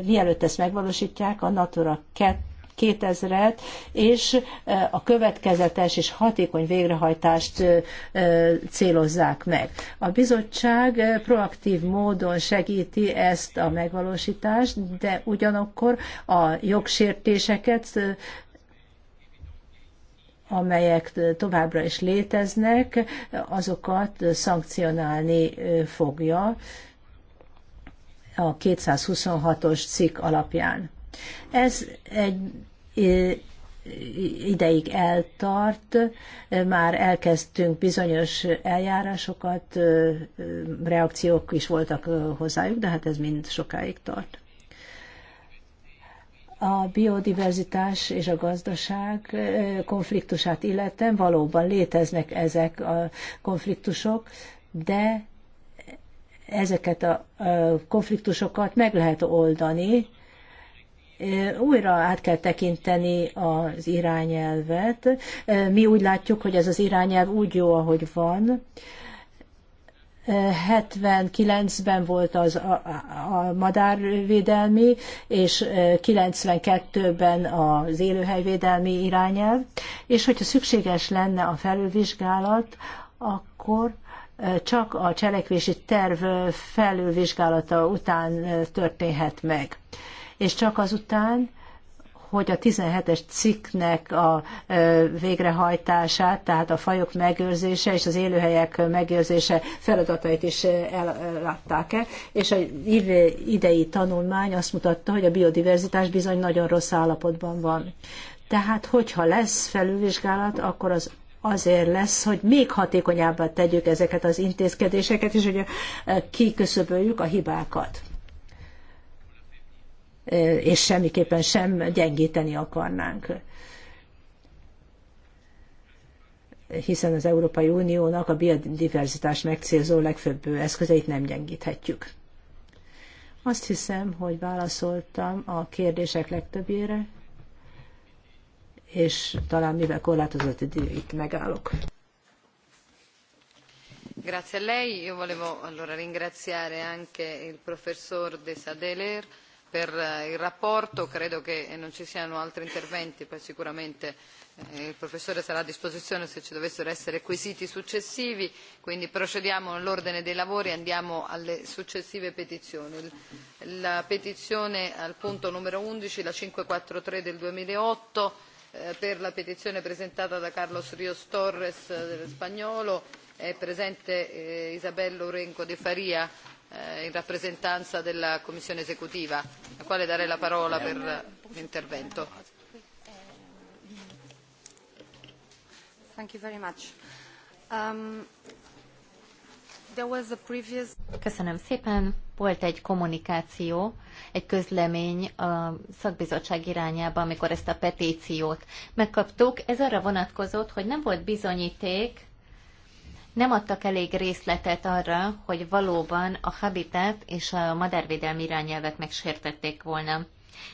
mielőtt ezt megvalósítják, a Natura 2000-et, és e, a következetes és hatékony végrehajtást e, e, célozzák meg. A bizottság proaktív módon segíti ezt a megvalósítást, de ugyanakkor a jogsértéseket amelyek továbbra is léteznek, azokat szankcionálni fogja a 226-os cikk alapján. Ez egy ideig eltart, már elkezdtünk bizonyos eljárásokat, reakciók is voltak hozzájuk, de hát ez mind sokáig tart a biodiverzitás és a gazdaság konfliktusát illetem valóban léteznek ezek a konfliktusok, de ezeket a konfliktusokat meg lehet oldani, újra át kell tekinteni az irányelvet. Mi úgy látjuk, hogy ez az irányelv úgy jó, ahogy van, 79-ben volt az a, a madárvédelmi, és 92-ben az élőhelyvédelmi irányelv, és hogyha szükséges lenne a felülvizsgálat, akkor csak a cselekvési terv felülvizsgálata után történhet meg. És csak azután, hogy a 17-es cikknek a végrehajtását, tehát a fajok megőrzése és az élőhelyek megőrzése feladatait is ellátták-e, és a idei tanulmány azt mutatta, hogy a biodiverzitás bizony nagyon rossz állapotban van. Tehát, hogyha lesz felülvizsgálat, akkor az azért lesz, hogy még hatékonyabbá tegyük ezeket az intézkedéseket, és hogy kiküszöböljük a hibákat és semmiképpen sem gyengíteni akarnánk. Hiszen az Európai Uniónak a biodiverzitás megcélzó legfőbb eszközeit nem gyengíthetjük. Azt hiszem, hogy válaszoltam a kérdések legtöbbjére, és talán mivel korlátozott idő, itt megállok. Grazie a lei, io volevo allora ringraziare anche il professor De Sadeler per eh, il rapporto, credo che non ci siano altri interventi, poi sicuramente eh, il professore sarà a disposizione se ci dovessero essere quesiti successivi, quindi procediamo nell'ordine dei lavori e andiamo alle successive petizioni. La petizione al punto numero 11, la 543 del 2008, eh, per la petizione presentata da Carlos Rios Torres spagnolo, è presente Isabel Orenco de Faria Eh, in rappresentanza della Commissione esecutiva, alla quale darei la parola per l'intervento. Um, Köszönöm szépen. Volt egy kommunikáció, egy közlemény a szakbizottság irányába, amikor ezt a petíciót megkaptuk. Ez arra vonatkozott, hogy nem volt bizonyíték nem adtak elég részletet arra, hogy valóban a habitat és a madárvédelmi irányelvet megsértették volna.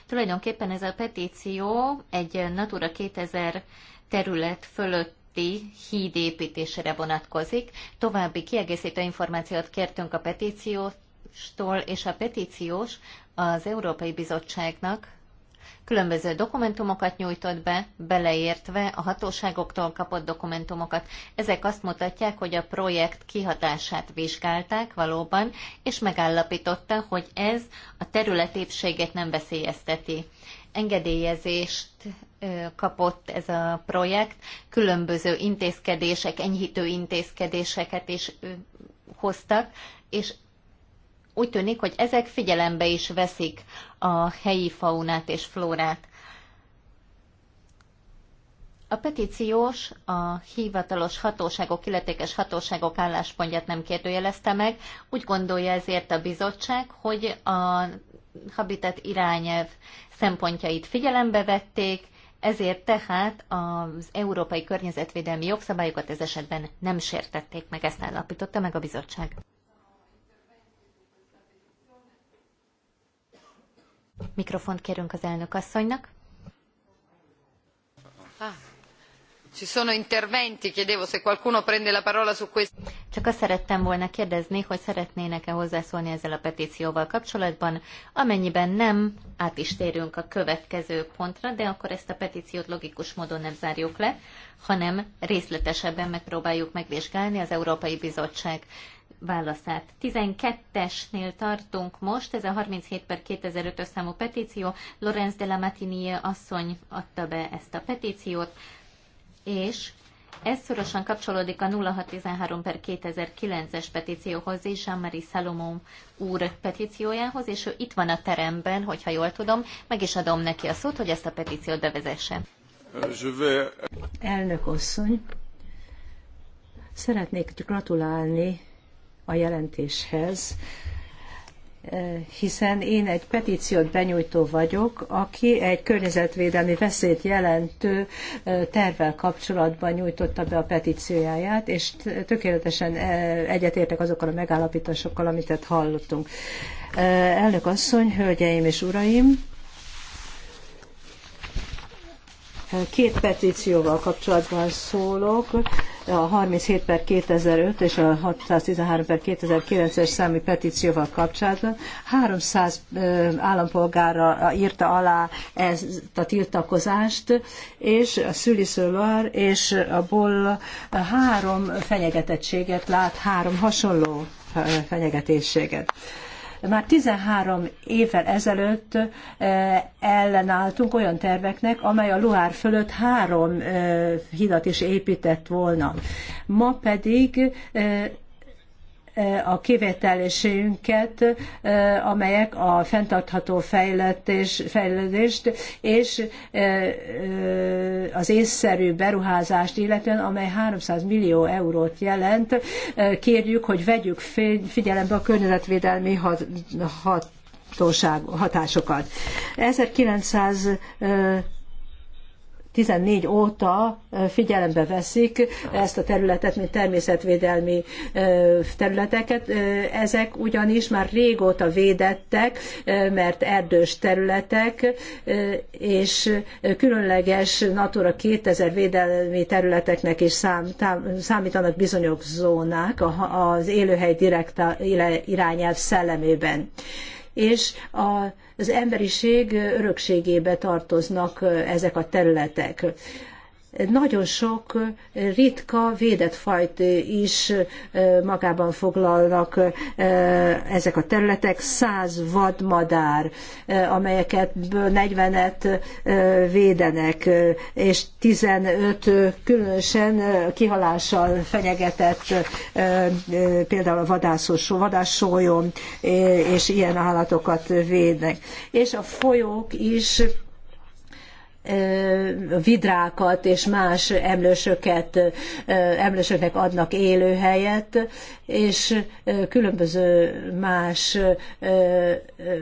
Tulajdonképpen ez a petíció egy Natura 2000 terület híd építésére vonatkozik. További kiegészítő információt kértünk a petíciótól, és a petíciós az Európai Bizottságnak különböző dokumentumokat nyújtott be, beleértve a hatóságoktól kapott dokumentumokat. Ezek azt mutatják, hogy a projekt kihatását vizsgálták valóban, és megállapította, hogy ez a terület épséget nem veszélyezteti. Engedélyezést kapott ez a projekt, különböző intézkedések, enyhítő intézkedéseket is hoztak, és úgy tűnik, hogy ezek figyelembe is veszik a helyi faunát és flórát. A petíciós a hivatalos hatóságok, illetékes hatóságok álláspontját nem kérdőjelezte meg. Úgy gondolja ezért a bizottság, hogy a habitat irányelv szempontjait figyelembe vették, ezért tehát az európai környezetvédelmi jogszabályokat ez esetben nem sértették meg, ezt állapította meg a bizottság. Mikrofont kérünk az elnök asszonynak. Ah, ci sono interventi, chiedevo se qualcuno prende la parola su questo. Csak azt szerettem volna kérdezni, hogy szeretnének-e hozzászólni ezzel a petícióval kapcsolatban. Amennyiben nem, át is térünk a következő pontra, de akkor ezt a petíciót logikus módon nem zárjuk le, hanem részletesebben megpróbáljuk megvizsgálni az Európai Bizottság válaszát. 12-esnél tartunk most, ez a 37 per 2005-ös számú petíció. Lorenz de la Matinie asszony adta be ezt a petíciót, és ez szorosan kapcsolódik a 0613 per 2009-es petícióhoz és Jean-Marie Salomon úr petíciójához, és ő itt van a teremben, hogyha jól tudom, meg is adom neki a szót, hogy ezt a petíciót bevezesse. Elnök asszony, szeretnék gratulálni a jelentéshez, eh, hiszen én egy petíciót benyújtó vagyok, aki egy környezetvédelmi veszélyt jelentő eh, tervvel kapcsolatban nyújtotta be a petícióját, és tökéletesen eh, egyetértek azokkal a megállapításokkal, amit hallottunk. Elnök asszony, hölgyeim és uraim! Két petícióval kapcsolatban szólok a 37 per 2005 és a 613 per 2009-es számú petícióval kapcsolatban 300 állampolgára írta alá ezt a tiltakozást, és a Szüliszölvar és a Bolla három fenyegetettséget lát, három hasonló fenyegetésséget. Már 13 évvel ezelőtt eh, ellenálltunk olyan terveknek, amely a Luhár fölött három eh, hidat is épített volna. Ma pedig eh, a kivételésünket, amelyek a fenntartható fejletés, fejlődést és az észszerű beruházást illetően, amely 300 millió eurót jelent, kérjük, hogy vegyük figyelembe a környezetvédelmi hat, hat hatásokat. 1900 14 óta figyelembe veszik ezt a területet, mint természetvédelmi területeket. Ezek ugyanis már régóta védettek, mert erdős területek, és különleges Natura 2000 védelmi területeknek is számítanak bizonyos zónák az élőhely direkt irányelv szellemében. És a az emberiség örökségébe tartoznak ezek a területek nagyon sok ritka védett fajt is magában foglalnak ezek a területek. Száz vadmadár, amelyeket 40-et védenek, és 15 különösen kihalással fenyegetett, például a vadászos, vadássólyom, és ilyen állatokat védnek. És a folyók is vidrákat és más emlősöket, emlősöknek adnak élőhelyet, és különböző más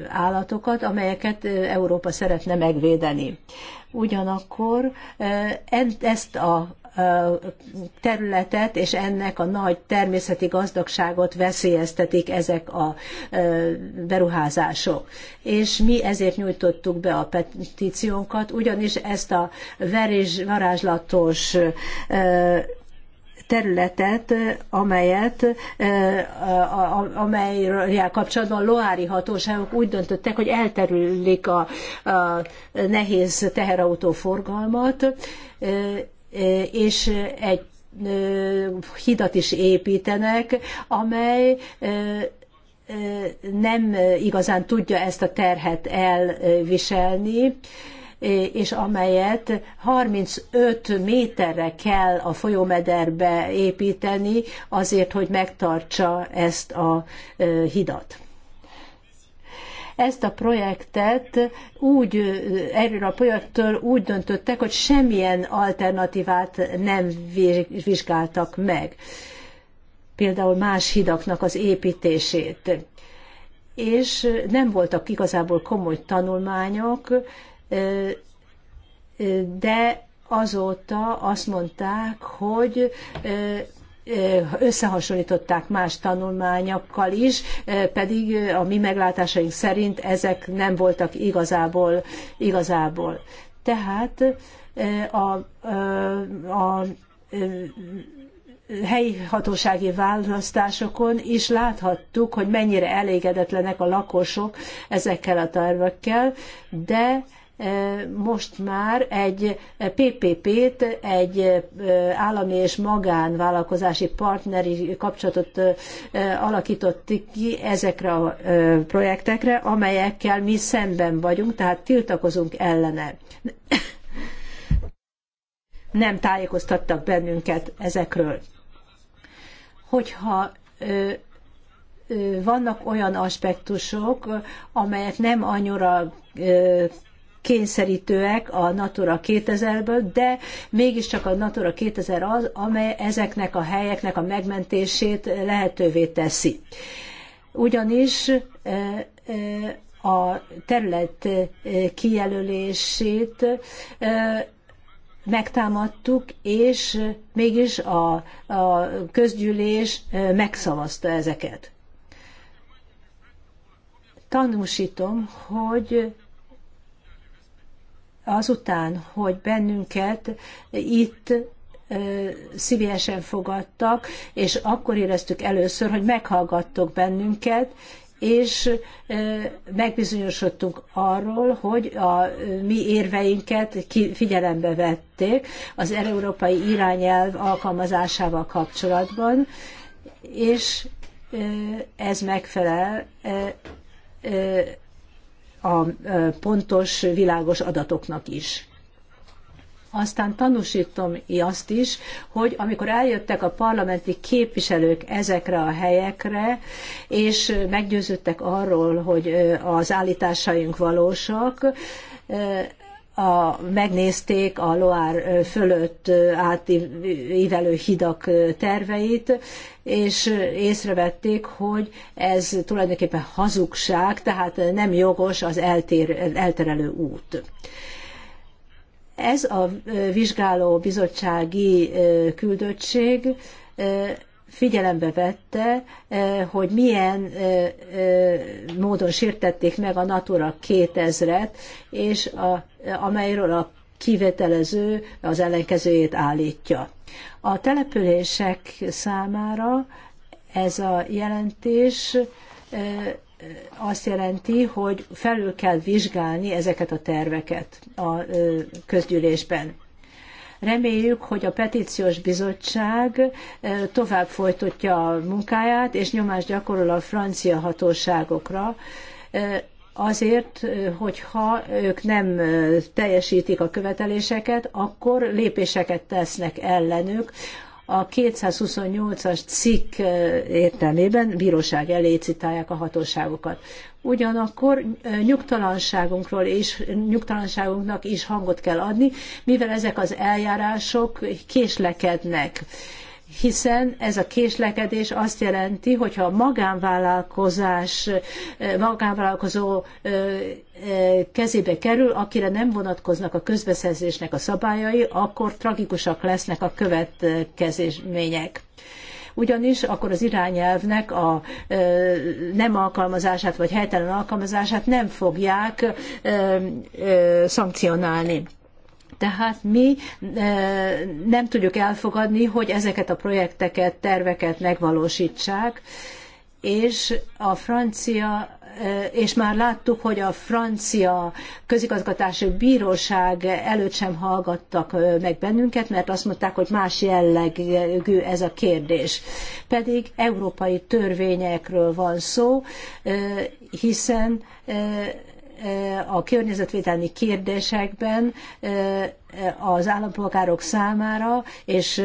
állatokat, amelyeket Európa szeretne megvédeni. Ugyanakkor ezt a területet, és ennek a nagy természeti gazdagságot veszélyeztetik ezek a beruházások. És mi ezért nyújtottuk be a petíciónkat, ugyanis ezt a verés, varázslatos területet, amelyet, amelyel kapcsolatban loári hatóságok úgy döntöttek, hogy elterülik a, a nehéz teherautó forgalmat, és egy hidat is építenek, amely nem igazán tudja ezt a terhet elviselni, és amelyet 35 méterre kell a folyómederbe építeni azért, hogy megtartsa ezt a hidat. Ezt a projektet úgy, erről a projektől úgy döntöttek, hogy semmilyen alternatívát nem vizsgáltak meg. Például más hidaknak az építését. És nem voltak igazából komoly tanulmányok, de azóta azt mondták, hogy összehasonlították más tanulmányokkal is, pedig a mi meglátásaink szerint ezek nem voltak igazából, igazából. Tehát a, a, a helyi hatósági választásokon is láthattuk, hogy mennyire elégedetlenek a lakosok ezekkel a tervekkel, de most már egy PPP-t, egy állami és magánvállalkozási partneri kapcsolatot alakított ki ezekre a projektekre, amelyekkel mi szemben vagyunk, tehát tiltakozunk ellene. Nem tájékoztattak bennünket ezekről. Hogyha vannak olyan aspektusok, amelyek nem annyira kényszerítőek a Natura 2000-ből, de mégiscsak a Natura 2000 az, amely ezeknek a helyeknek a megmentését lehetővé teszi. Ugyanis e, e, a terület e, kijelölését megtámadtuk, és mégis a, a közgyűlés megszavazta ezeket. Tanúsítom, hogy azután, hogy bennünket itt szívesen fogadtak, és akkor éreztük először, hogy meghallgattok bennünket, és megbizonyosodtunk arról, hogy a mi érveinket figyelembe vették az európai irányelv alkalmazásával kapcsolatban, és ez megfelel a pontos, világos adatoknak is. Aztán tanúsítom azt is, hogy amikor eljöttek a parlamenti képviselők ezekre a helyekre, és meggyőződtek arról, hogy az állításaink valósak, a, megnézték a Loár fölött átívelő hidak terveit, és észrevették, hogy ez tulajdonképpen hazugság, tehát nem jogos az eltér, elterelő út. Ez a vizsgáló bizottsági küldöttség figyelembe vette, eh, hogy milyen eh, eh, módon sértették meg a Natura 2000-et, és a, amelyről a kivetelező az ellenkezőjét állítja. A települések számára ez a jelentés azt jelenti, hogy felül kell vizsgálni ezeket a terveket a közgyűlésben. Reméljük, hogy a petíciós bizottság eh, tovább folytatja a munkáját, és nyomást gyakorol a francia hatóságokra, eh, azért, eh, hogy ha ők nem teljesítik a követeléseket, akkor lépéseket tesznek ellenük a 228-as cikk értelmében bíróság elé citálják a hatóságokat ugyanakkor nyugtalanságunkról és nyugtalanságunknak is hangot kell adni, mivel ezek az eljárások késlekednek hiszen ez a késlekedés azt jelenti, hogyha a magánvállalkozás, magánvállalkozó kezébe kerül, akire nem vonatkoznak a közbeszerzésnek a szabályai, akkor tragikusak lesznek a következmények ugyanis akkor az irányelvnek a nem alkalmazását vagy helytelen alkalmazását nem fogják szankcionálni. Tehát mi nem tudjuk elfogadni, hogy ezeket a projekteket, terveket megvalósítsák, és a francia és már láttuk, hogy a francia közigazgatási bíróság előtt sem hallgattak meg bennünket, mert azt mondták, hogy más jellegű ez a kérdés. Pedig európai törvényekről van szó, hiszen a környezetvédelmi kérdésekben az állampolgárok számára és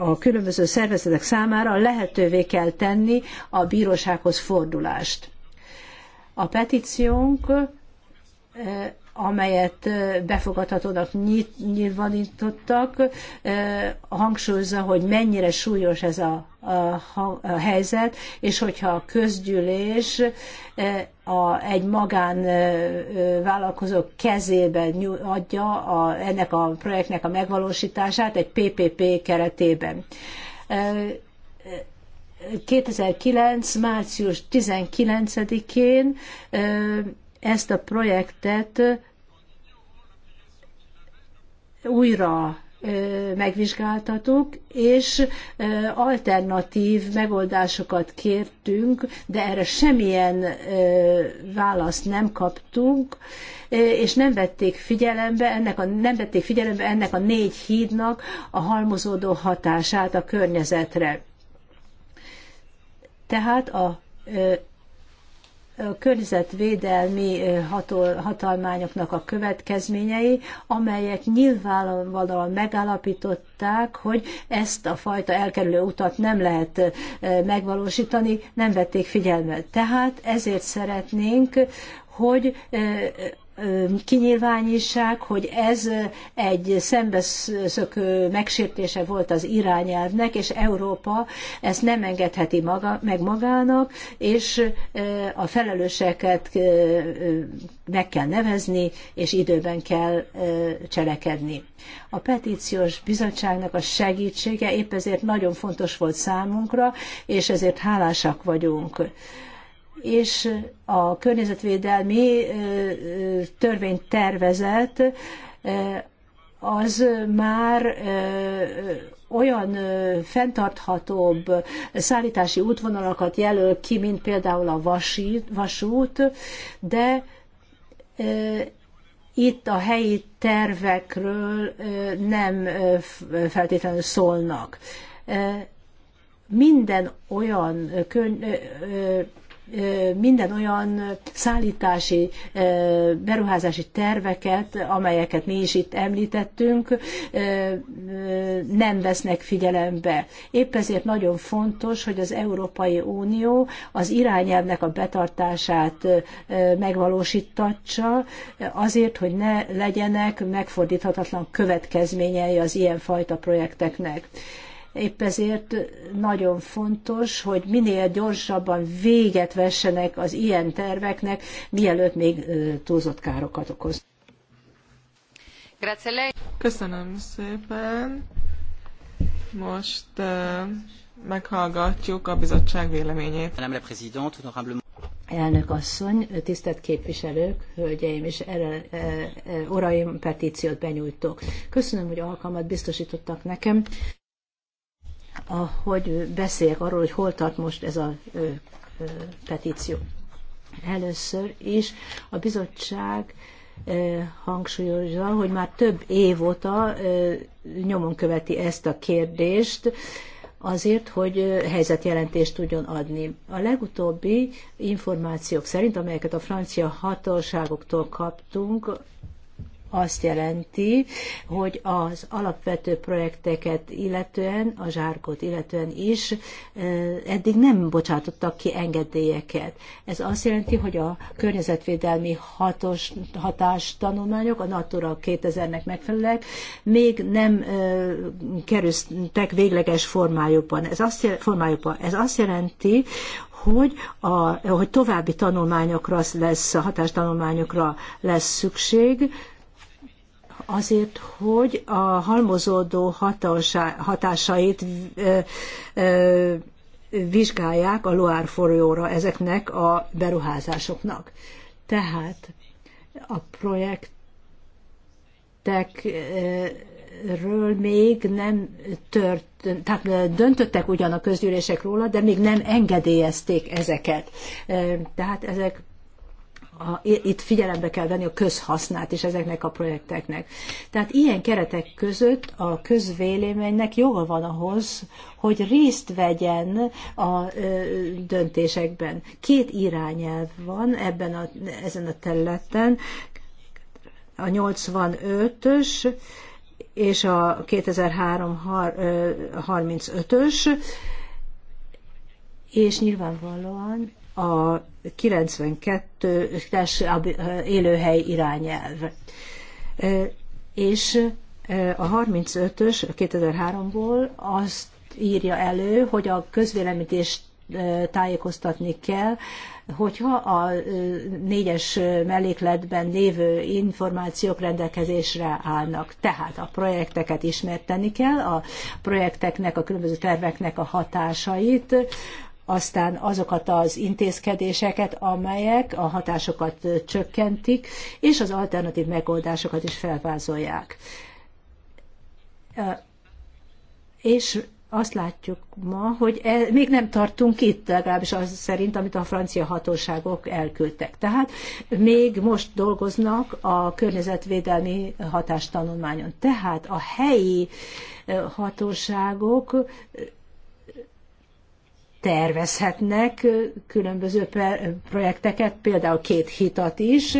a különböző szervezetek számára lehetővé kell tenni a bírósághoz fordulást. A petíciónk, amelyet befogadhatónak nyilvánítottak, hangsúlyozza, hogy mennyire súlyos ez a, a helyzet, és hogyha a közgyűlés a, egy magán vállalkozó kezébe adja a, ennek a projektnek a megvalósítását egy PPP keretében. 2009. március 19-én ezt a projektet újra megvizsgáltatuk, és alternatív megoldásokat kértünk, de erre semmilyen választ nem kaptunk, és nem vették figyelembe ennek a, nem vették figyelembe ennek a négy hídnak a halmozódó hatását a környezetre. Tehát a környezetvédelmi hatalmányoknak a következményei, amelyek nyilvánvalóan megállapították, hogy ezt a fajta elkerülő utat nem lehet megvalósítani, nem vették figyelmet. Tehát ezért szeretnénk, hogy kinyilvánítsák, hogy ez egy szembeszökő megsértése volt az irányelvnek, és Európa ezt nem engedheti maga, meg magának, és a felelőseket meg kell nevezni, és időben kell cselekedni. A petíciós bizottságnak a segítsége épp ezért nagyon fontos volt számunkra, és ezért hálásak vagyunk és a környezetvédelmi törvénytervezet az már olyan fenntarthatóbb szállítási útvonalakat jelöl ki, mint például a vasi, vasút, de itt a helyi tervekről nem feltétlenül szólnak. Minden olyan minden olyan szállítási, beruházási terveket, amelyeket mi is itt említettünk, nem vesznek figyelembe. Épp ezért nagyon fontos, hogy az Európai Unió az irányelvnek a betartását megvalósítatsa, azért, hogy ne legyenek megfordíthatatlan következményei az ilyenfajta projekteknek. Épp ezért nagyon fontos, hogy minél gyorsabban véget vessenek az ilyen terveknek, mielőtt még túlzott károkat okoz. Köszönöm szépen. Most uh, meghallgatjuk a bizottság véleményét. Elnök asszony, tisztelt képviselők, hölgyeim és erre, e, e, uraim, petíciót benyújtok. Köszönöm, hogy alkalmat biztosítottak nekem hogy beszéljek arról, hogy hol tart most ez a petíció. Először is a bizottság hangsúlyozza, hogy már több év óta nyomon követi ezt a kérdést, azért, hogy helyzetjelentést tudjon adni. A legutóbbi információk szerint, amelyeket a francia hatóságoktól kaptunk, azt jelenti, hogy az alapvető projekteket illetően, a zsárkot illetően is eddig nem bocsátottak ki engedélyeket. Ez azt jelenti, hogy a környezetvédelmi hatos, hatástanulmányok a Natura 2000-nek megfelelőek, még nem kerültek végleges formájukban. Ez azt, jel, formájukban. Ez azt jelenti, hogy, a, hogy további tanulmányokra lesz, hatástanulmányokra lesz szükség, azért, hogy a halmozódó hatásait vizsgálják a Loire folyóra ezeknek a beruházásoknak. Tehát a projektekről még nem tört, tehát döntöttek ugyan a közgyűlések róla, de még nem engedélyezték ezeket. Tehát ezek a, itt figyelembe kell venni a közhasznát is ezeknek a projekteknek. Tehát ilyen keretek között a közvéleménynek joga van ahhoz, hogy részt vegyen a ö, döntésekben. Két irányelv van ebben a, ezen a területen, a 85-ös és a 2003-35-ös, és nyilvánvalóan a 92-es élőhely irányelv. És a 35-ös 2003-ból azt írja elő, hogy a közvélemítést tájékoztatni kell, hogyha a négyes mellékletben lévő információk rendelkezésre állnak. Tehát a projekteket ismerteni kell, a projekteknek, a különböző terveknek a hatásait, aztán azokat az intézkedéseket, amelyek a hatásokat csökkentik, és az alternatív megoldásokat is felvázolják. És azt látjuk ma, hogy e, még nem tartunk itt, legalábbis az szerint, amit a francia hatóságok elküldtek. Tehát még most dolgoznak a környezetvédelmi hatástanulmányon. Tehát a helyi hatóságok tervezhetnek különböző projekteket, például két hitat is,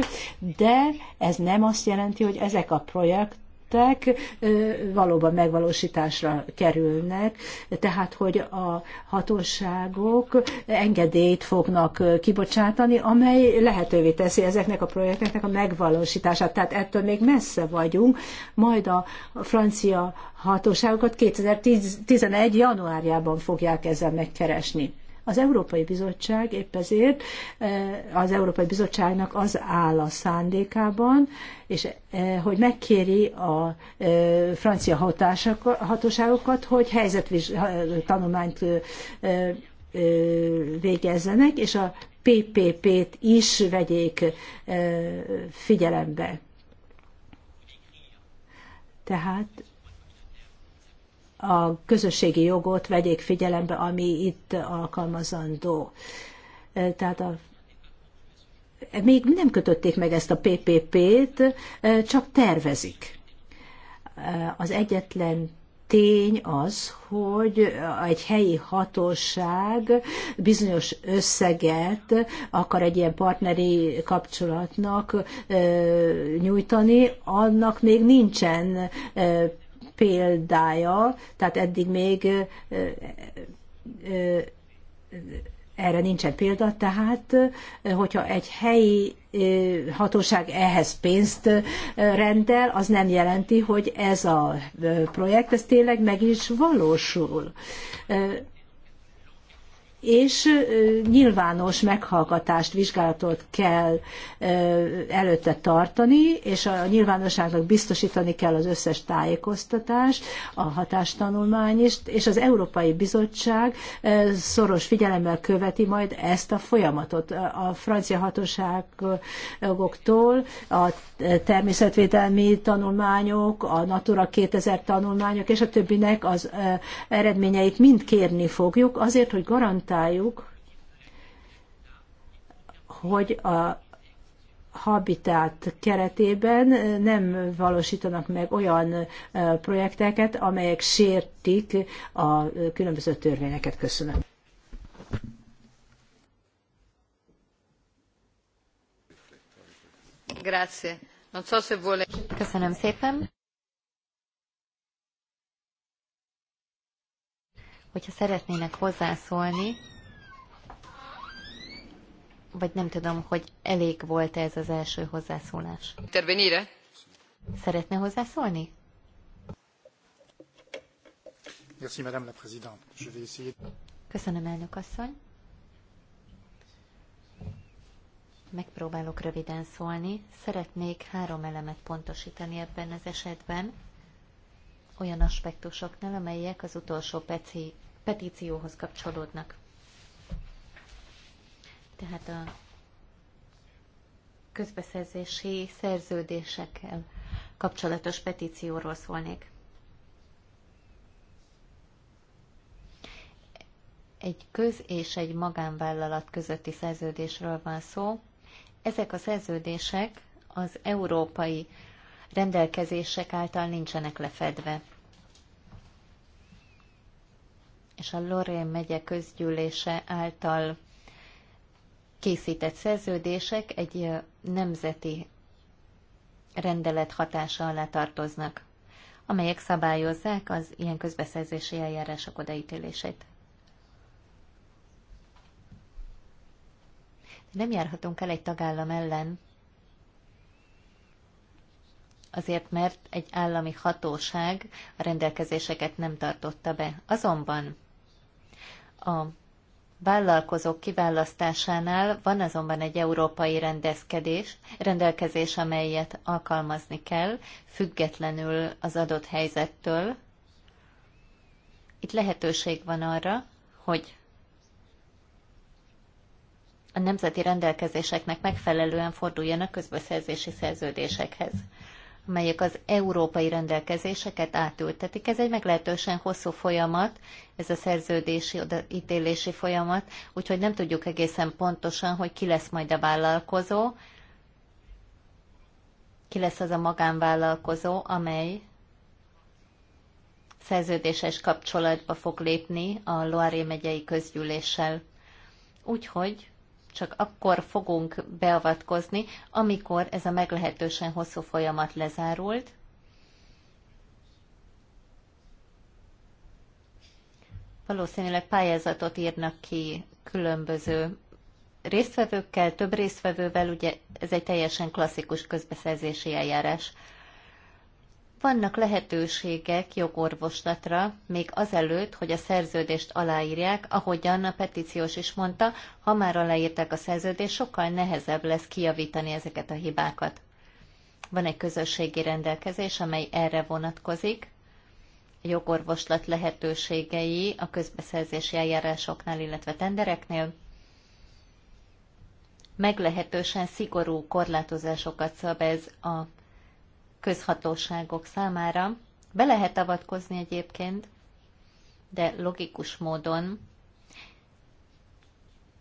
de ez nem azt jelenti, hogy ezek a projekt, projektek valóban megvalósításra kerülnek, tehát hogy a hatóságok engedélyt fognak kibocsátani, amely lehetővé teszi ezeknek a projekteknek a megvalósítását. Tehát ettől még messze vagyunk, majd a francia hatóságokat 2011. januárjában fogják ezzel megkeresni. Az Európai Bizottság épp ezért eh, az Európai Bizottságnak az áll a szándékában, és eh, hogy megkéri a eh, francia hatóságokat, hogy tanulmányt végezzenek, és a PPP-t is vegyék figyelembe. Tehát a közösségi jogot vegyék figyelembe, ami itt alkalmazandó. Tehát a még nem kötötték meg ezt a PPP-t, csak tervezik. Az egyetlen tény az, hogy egy helyi hatóság bizonyos összeget akar egy ilyen partneri kapcsolatnak nyújtani, annak még nincsen példája, tehát eddig még erre nincsen példa, tehát hogyha egy helyi hatóság ehhez pénzt rendel, az nem jelenti, hogy ez a projekt, ez tényleg meg is valósul és nyilvános meghallgatást, vizsgálatot kell előtte tartani, és a nyilvánosságnak biztosítani kell az összes tájékoztatást, a hatástanulmányt, és az Európai Bizottság szoros figyelemmel követi majd ezt a folyamatot a francia hatóságoktól, a természetvédelmi tanulmányok, a Natura 2000 tanulmányok, és a többinek az eredményeit mind kérni fogjuk, azért, hogy garantáljuk, garantáljuk, hogy a habitát keretében nem valósítanak meg olyan projekteket, amelyek sértik a különböző törvényeket. Köszönöm. Grazie. Non so se vuole... Köszönöm szépen. hogyha szeretnének hozzászólni, vagy nem tudom, hogy elég volt -e ez az első hozzászólás. Intervenire? Szeretne hozzászólni? Merci, Madame la Présidente. Je vais essayer... Köszönöm, elnök asszony. Megpróbálok röviden szólni. Szeretnék három elemet pontosítani ebben az esetben olyan aspektusoknál, amelyek az utolsó peci, petícióhoz kapcsolódnak. Tehát a közbeszerzési szerződésekkel kapcsolatos petícióról szólnék. Egy köz- és egy magánvállalat közötti szerződésről van szó. Ezek a szerződések az európai rendelkezések által nincsenek lefedve. És a Lorraine megye közgyűlése által készített szerződések egy nemzeti rendelet hatása alá tartoznak, amelyek szabályozzák az ilyen közbeszerzési eljárások odaítélését. Nem járhatunk el egy tagállam ellen, azért mert egy állami hatóság a rendelkezéseket nem tartotta be. Azonban a vállalkozók kiválasztásánál van azonban egy európai rendezkedés, rendelkezés, amelyet alkalmazni kell, függetlenül az adott helyzettől. Itt lehetőség van arra, hogy a nemzeti rendelkezéseknek megfelelően forduljanak közbeszerzési szerződésekhez melyek az európai rendelkezéseket átültetik. Ez egy meglehetősen hosszú folyamat, ez a szerződési, ítélési folyamat, úgyhogy nem tudjuk egészen pontosan, hogy ki lesz majd a vállalkozó, ki lesz az a magánvállalkozó, amely szerződéses kapcsolatba fog lépni a Loire megyei közgyűléssel. Úgyhogy csak akkor fogunk beavatkozni, amikor ez a meglehetősen hosszú folyamat lezárult, valószínűleg pályázatot írnak ki különböző résztvevőkkel, több résztvevővel, ugye ez egy teljesen klasszikus közbeszerzési eljárás vannak lehetőségek jogorvoslatra, még azelőtt, hogy a szerződést aláírják, ahogyan a petíciós is mondta, ha már aláírták a szerződést, sokkal nehezebb lesz kijavítani ezeket a hibákat. Van egy közösségi rendelkezés, amely erre vonatkozik, a jogorvoslat lehetőségei a közbeszerzési eljárásoknál, illetve tendereknél, meglehetősen szigorú korlátozásokat szab ez a közhatóságok számára. Be lehet avatkozni egyébként, de logikus módon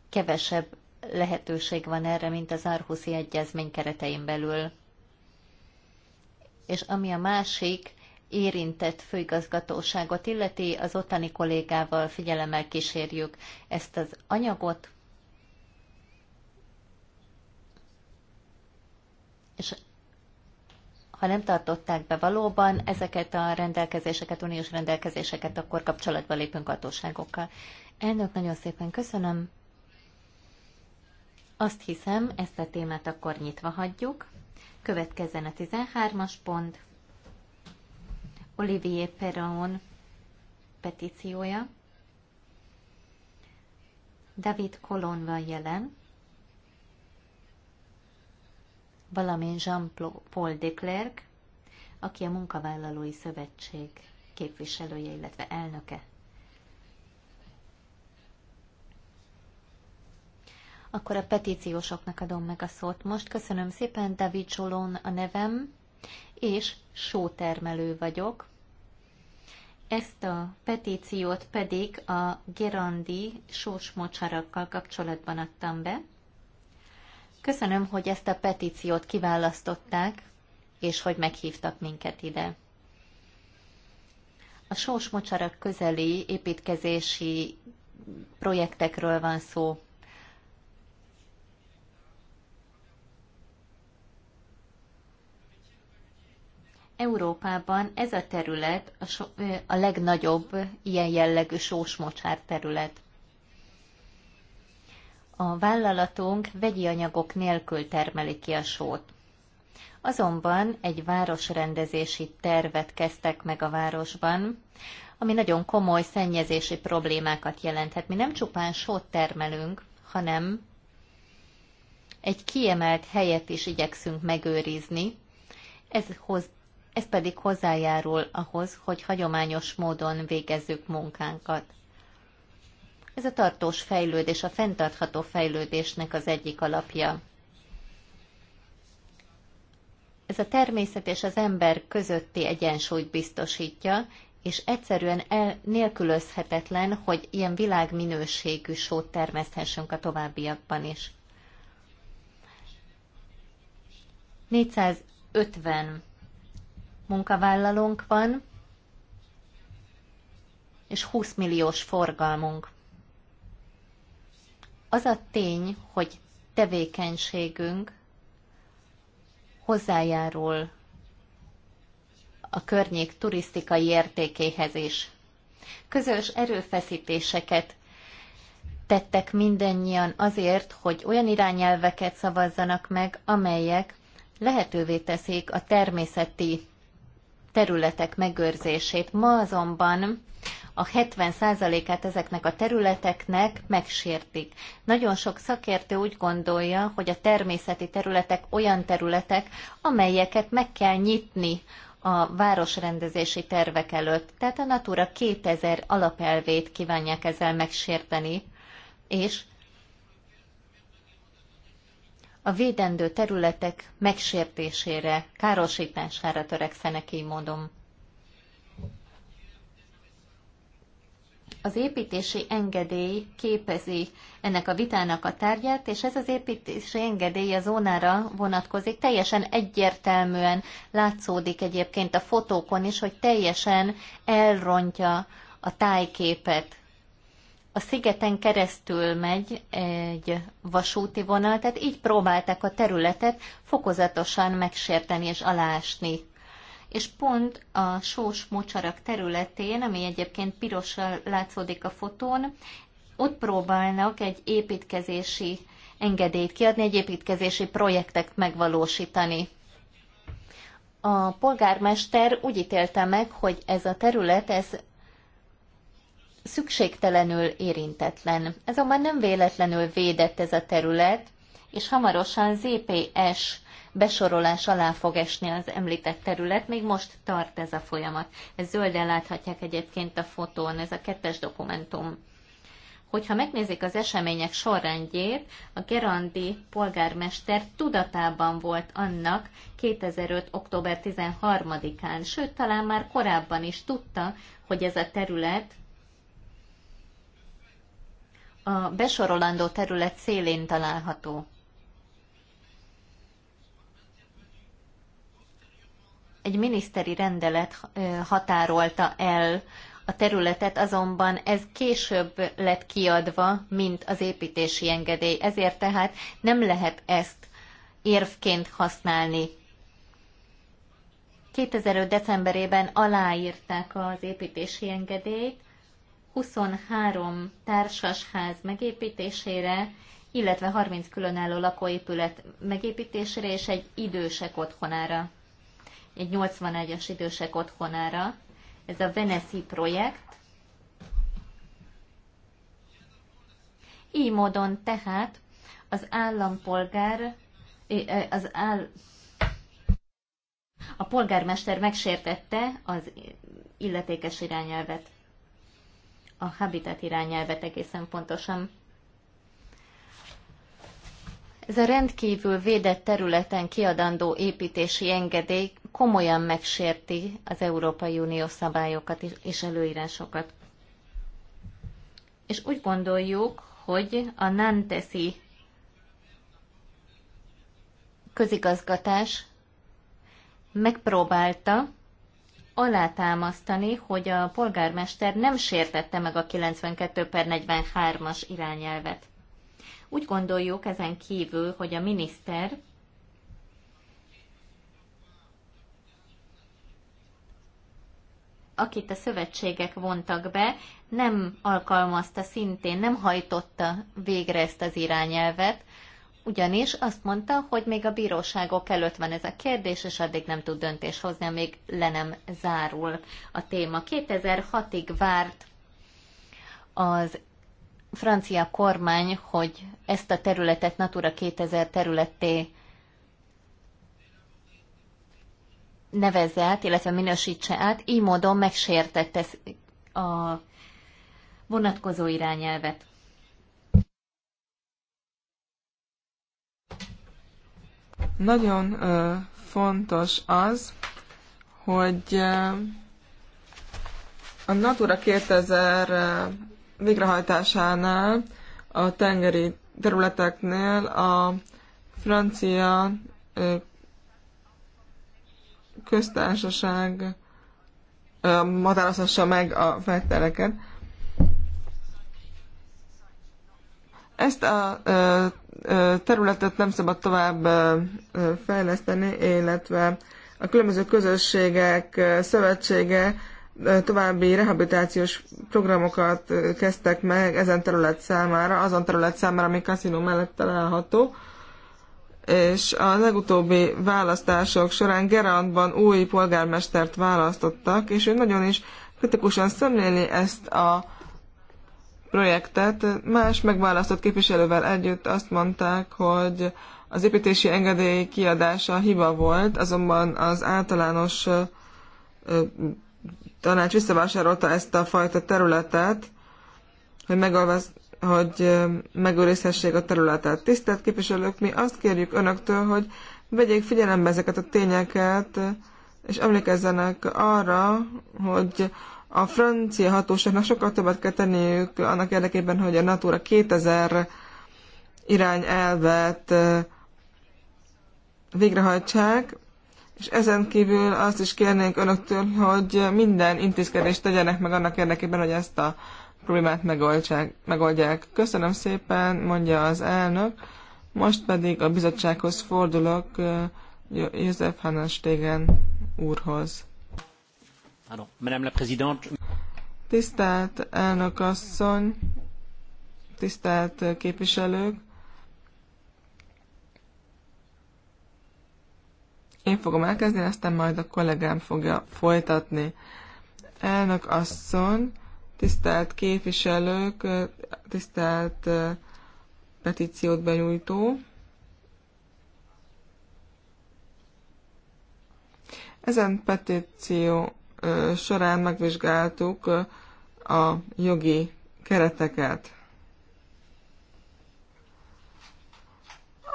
kevesebb lehetőség van erre, mint az Arhuszi Egyezmény keretein belül. És ami a másik érintett főigazgatóságot illeti, az ottani kollégával figyelemmel kísérjük ezt az anyagot, és ha nem tartották be valóban ezeket a rendelkezéseket, uniós rendelkezéseket, akkor kapcsolatba lépünk hatóságokkal. Elnök, nagyon szépen köszönöm. Azt hiszem, ezt a témát akkor nyitva hagyjuk. Következzen a 13-as pont. Olivier Peron petíciója. David Colón van jelen, valamint Jean-Paul De Klerk, aki a Munkavállalói Szövetség képviselője, illetve elnöke. Akkor a petíciósoknak adom meg a szót most. Köszönöm szépen, David Zsolón a nevem, és sótermelő vagyok. Ezt a petíciót pedig a Gerandi sós mocsarakkal kapcsolatban adtam be. Köszönöm, hogy ezt a petíciót kiválasztották, és hogy meghívtak minket ide. A sós mocsarak közeli építkezési projektekről van szó. Európában ez a terület a, so, a legnagyobb ilyen jellegű sósmocsár terület a vállalatunk vegyi anyagok nélkül termeli ki a sót. Azonban egy városrendezési tervet kezdtek meg a városban, ami nagyon komoly szennyezési problémákat jelenthet. Mi nem csupán sót termelünk, hanem egy kiemelt helyet is igyekszünk megőrizni, ez, hoz, ez pedig hozzájárul ahhoz, hogy hagyományos módon végezzük munkánkat. Ez a tartós fejlődés, a fenntartható fejlődésnek az egyik alapja. Ez a természet és az ember közötti egyensúlyt biztosítja, és egyszerűen el, nélkülözhetetlen, hogy ilyen világminőségű sót termeszthessünk a továbbiakban is. 450 munkavállalónk van, és 20 milliós forgalmunk. Az a tény, hogy tevékenységünk hozzájárul a környék turisztikai értékéhez is. Közös erőfeszítéseket tettek mindannyian azért, hogy olyan irányelveket szavazzanak meg, amelyek lehetővé teszik a természeti területek megőrzését. Ma azonban a 70%-át ezeknek a területeknek megsértik. Nagyon sok szakértő úgy gondolja, hogy a természeti területek olyan területek, amelyeket meg kell nyitni a városrendezési tervek előtt. Tehát a Natura 2000 alapelvét kívánják ezzel megsérteni, és a védendő területek megsértésére, károsítására törekszenek, így mondom. az építési engedély képezi ennek a vitának a tárgyát, és ez az építési engedély a zónára vonatkozik. Teljesen egyértelműen látszódik egyébként a fotókon is, hogy teljesen elrontja a tájképet. A szigeten keresztül megy egy vasúti vonal, tehát így próbálták a területet fokozatosan megsérteni és alásni és pont a sós mocsarak területén, ami egyébként pirossal látszódik a fotón, ott próbálnak egy építkezési engedélyt kiadni, egy építkezési projektet megvalósítani. A polgármester úgy ítélte meg, hogy ez a terület, ez szükségtelenül érintetlen. Azonban nem véletlenül védett ez a terület, és hamarosan ZPS besorolás alá fog esni az említett terület. Még most tart ez a folyamat. Ez zölden láthatják egyébként a fotón, ez a kettes dokumentum. Hogyha megnézik az események sorrendjét, a gerandi polgármester tudatában volt annak 2005. október 13-án, sőt talán már korábban is tudta, hogy ez a terület a besorolandó terület szélén található. egy miniszteri rendelet határolta el a területet, azonban ez később lett kiadva, mint az építési engedély. Ezért tehát nem lehet ezt érvként használni. 2005. decemberében aláírták az építési engedélyt 23 társasház megépítésére, illetve 30 különálló lakóépület megépítésére és egy idősek otthonára egy 81-es idősek otthonára. Ez a Veneci projekt. Így módon tehát az állampolgár, az áll, a polgármester megsértette az illetékes irányelvet, a habitat irányelvet egészen pontosan. Ez a rendkívül védett területen kiadandó építési engedély komolyan megsérti az Európai Unió szabályokat és előírásokat. És úgy gondoljuk, hogy a Nanteszi közigazgatás megpróbálta alátámasztani, hogy a polgármester nem sértette meg a 92 per 43-as irányelvet. Úgy gondoljuk ezen kívül, hogy a miniszter akit a szövetségek vontak be, nem alkalmazta szintén, nem hajtotta végre ezt az irányelvet, ugyanis azt mondta, hogy még a bíróságok előtt van ez a kérdés, és addig nem tud döntés hozni, amíg le nem zárul a téma. 2006-ig várt az francia kormány, hogy ezt a területet Natura 2000 területté nevezze át, illetve minősítse át, így módon megsértette a vonatkozó irányelvet. Nagyon ö, fontos az, hogy ö, a Natura 2000 ö, végrehajtásánál, a tengeri területeknél a francia ö, köztársaság határozhassa meg a feltereket. Ezt a ö, ö, területet nem szabad tovább ö, fejleszteni, illetve a különböző közösségek, szövetsége további rehabilitációs programokat kezdtek meg ezen terület számára, azon terület számára, ami kaszinó mellett található és a legutóbbi választások során Gerantban új polgármestert választottak, és ő nagyon is kritikusan szemléli ezt a projektet. Más megválasztott képviselővel együtt azt mondták, hogy az építési engedély kiadása hiba volt, azonban az általános tanács visszavásárolta ezt a fajta területet, hogy hogy megőrizhessék a területet. Tisztelt képviselők, mi azt kérjük önöktől, hogy vegyék figyelembe ezeket a tényeket, és emlékezzenek arra, hogy a francia hatóságnak sokkal többet kell tenniük annak érdekében, hogy a Natura 2000 irány elvet végrehajtsák, és ezen kívül azt is kérnénk önöktől, hogy minden intézkedést tegyenek meg annak érdekében, hogy ezt a problémát megoldják. megoldják. Köszönöm szépen, mondja az elnök. Most pedig a bizottsághoz fordulok József Hannastégen úrhoz. Madame la Présidente. Tisztelt elnök asszony, tisztelt képviselők, én fogom elkezdeni, aztán majd a kollégám fogja folytatni. Elnök asszony, tisztelt képviselők, tisztelt petíciót benyújtó. Ezen petíció során megvizsgáltuk a jogi kereteket.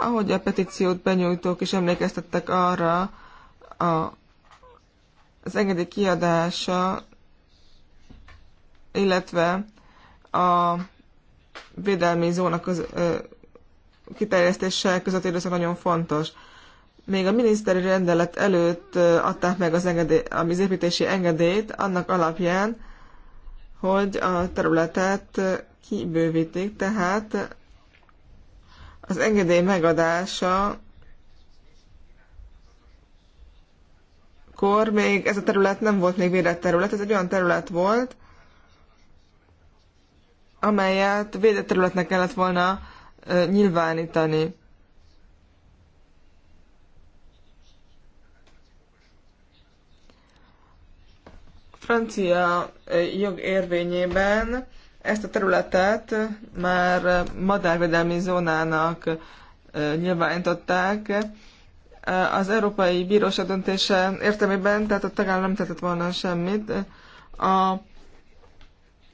Ahogy a petíciót benyújtók is emlékeztettek arra, a, az engedély kiadása illetve a védelmi zónak köz, ö, kiterjesztése közötti időszak nagyon fontos. Még a miniszteri rendelet előtt adták meg az, engedély, az építési engedélyt annak alapján, hogy a területet kibővítik, tehát az engedély megadása kor még ez a terület nem volt még védett terület, ez egy olyan terület volt, amelyet védett területnek kellett volna nyilvánítani. Francia jog érvényében ezt a területet már madárvédelmi zónának nyilvánították. Az Európai Bíróság döntése értelmében, tehát a tagállam nem tehetett volna semmit. A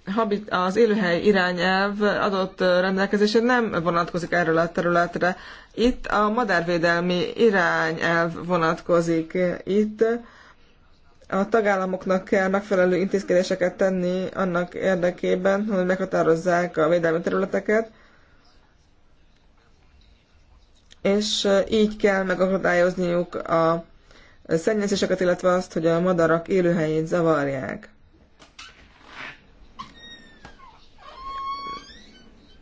habit, az élőhely irányelv adott rendelkezése nem vonatkozik erről a területre. Itt a madárvédelmi irányelv vonatkozik. Itt a tagállamoknak kell megfelelő intézkedéseket tenni annak érdekében, hogy meghatározzák a védelmi területeket, és így kell megakadályozniuk a szennyezéseket, illetve azt, hogy a madarak élőhelyét zavarják.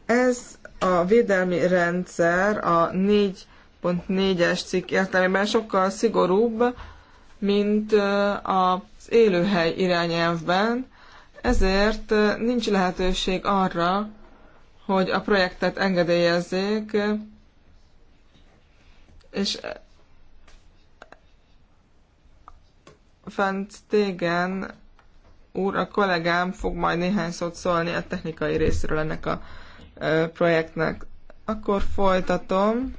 Ez a védelmi rendszer a 4.4-es cikk értelmében sokkal szigorúbb, mint az élőhely irányelvben, ezért nincs lehetőség arra, hogy a projektet engedélyezzék, és Fent Tégen úr, a kollégám fog majd néhány szót szólni a technikai részről ennek a projektnek. Akkor folytatom.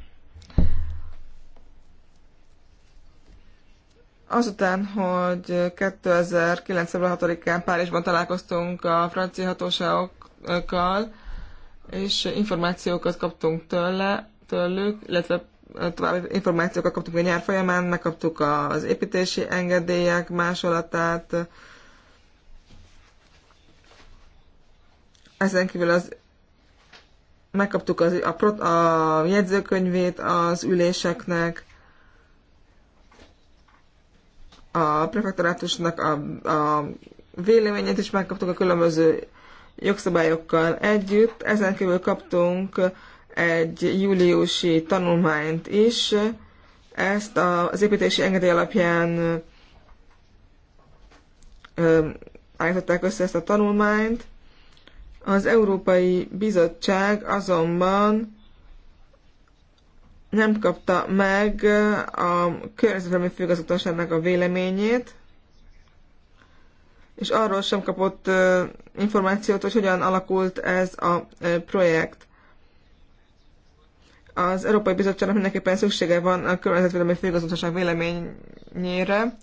Azután, hogy 2009. február 6-án Párizsban találkoztunk a francia hatóságokkal, és információkat kaptunk tőle, tőlük, illetve további információkat kaptunk a nyár folyamán, megkaptuk az építési engedélyek másolatát, ezen kívül az megkaptuk az, a, prot, a jegyzőkönyvét az üléseknek, a prefektorátusnak a, a véleményét is megkaptuk a különböző jogszabályokkal együtt. Ezen kívül kaptunk egy júliusi tanulmányt is. Ezt az építési engedély alapján állították össze ezt a tanulmányt. Az Európai Bizottság azonban nem kapta meg a környezetvédelmi főgazgatóságnak a véleményét, és arról sem kapott információt, hogy hogyan alakult ez a projekt. Az Európai Bizottságnak mindenképpen szüksége van a környezetvédelmi főgazgatóság véleményére,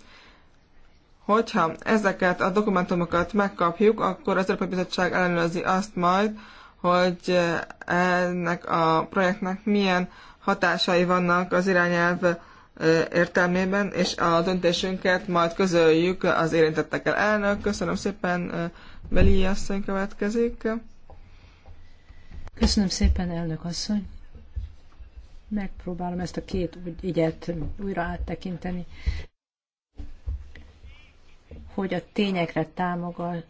Hogyha ezeket a dokumentumokat megkapjuk, akkor az Európai Bizottság ellenőrzi azt majd, hogy ennek a projektnek milyen hatásai vannak az irányelv értelmében, és a döntésünket majd közöljük az érintettekkel. Elnök, köszönöm szépen, Beli asszony következik. Köszönöm szépen, elnök asszony. Megpróbálom ezt a két ügyet újra áttekinteni hogy a tényekre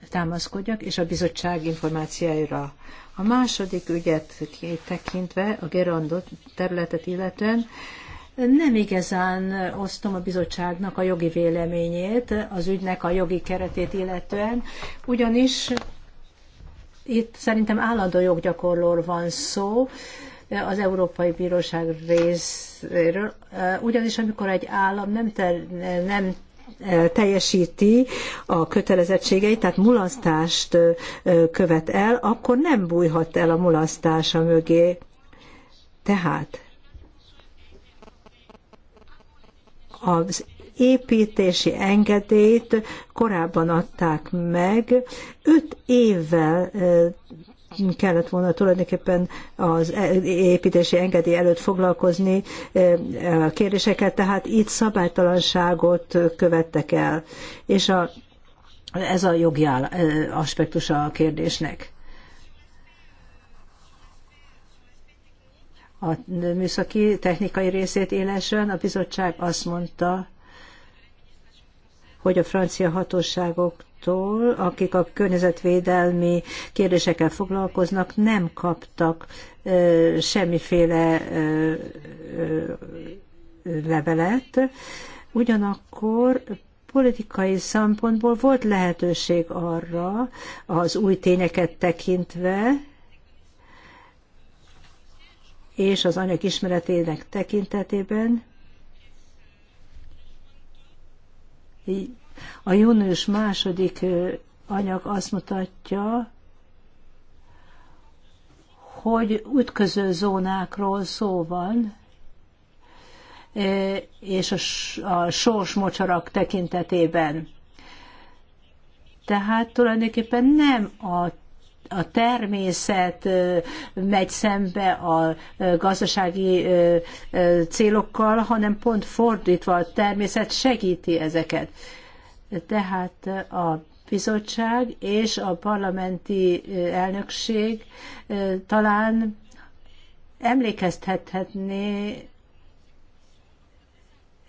támaszkodjak, és a bizottság információira. A második ügyet tekintve, a gerandot területet illetően, nem igazán osztom a bizottságnak a jogi véleményét, az ügynek a jogi keretét illetően, ugyanis itt szerintem állandó joggyakorlóról van szó, az Európai Bíróság részéről, ugyanis amikor egy állam nem, ter, nem teljesíti a kötelezettségeit, tehát mulasztást követ el, akkor nem bújhat el a mulasztása mögé. Tehát az építési engedélyt korábban adták meg, öt évvel kellett volna tulajdonképpen az e- építési engedély előtt foglalkozni e, e, a kérdéseket, tehát itt szabálytalanságot követtek el, és a, ez a jogi aspektusa a kérdésnek. A műszaki technikai részét élesen a bizottság azt mondta, hogy a francia hatóságoktól, akik a környezetvédelmi kérdésekkel foglalkoznak, nem kaptak ö, semmiféle ö, ö, levelet. Ugyanakkor politikai szempontból volt lehetőség arra, az új tényeket tekintve, és az anyag ismeretének tekintetében, a június második anyag azt mutatja, hogy ütköző zónákról szó van, és a sós mocsarak tekintetében. Tehát tulajdonképpen nem a a természet megy szembe a gazdasági célokkal, hanem pont fordítva a természet segíti ezeket. Tehát a bizottság és a parlamenti elnökség talán emlékeztethetné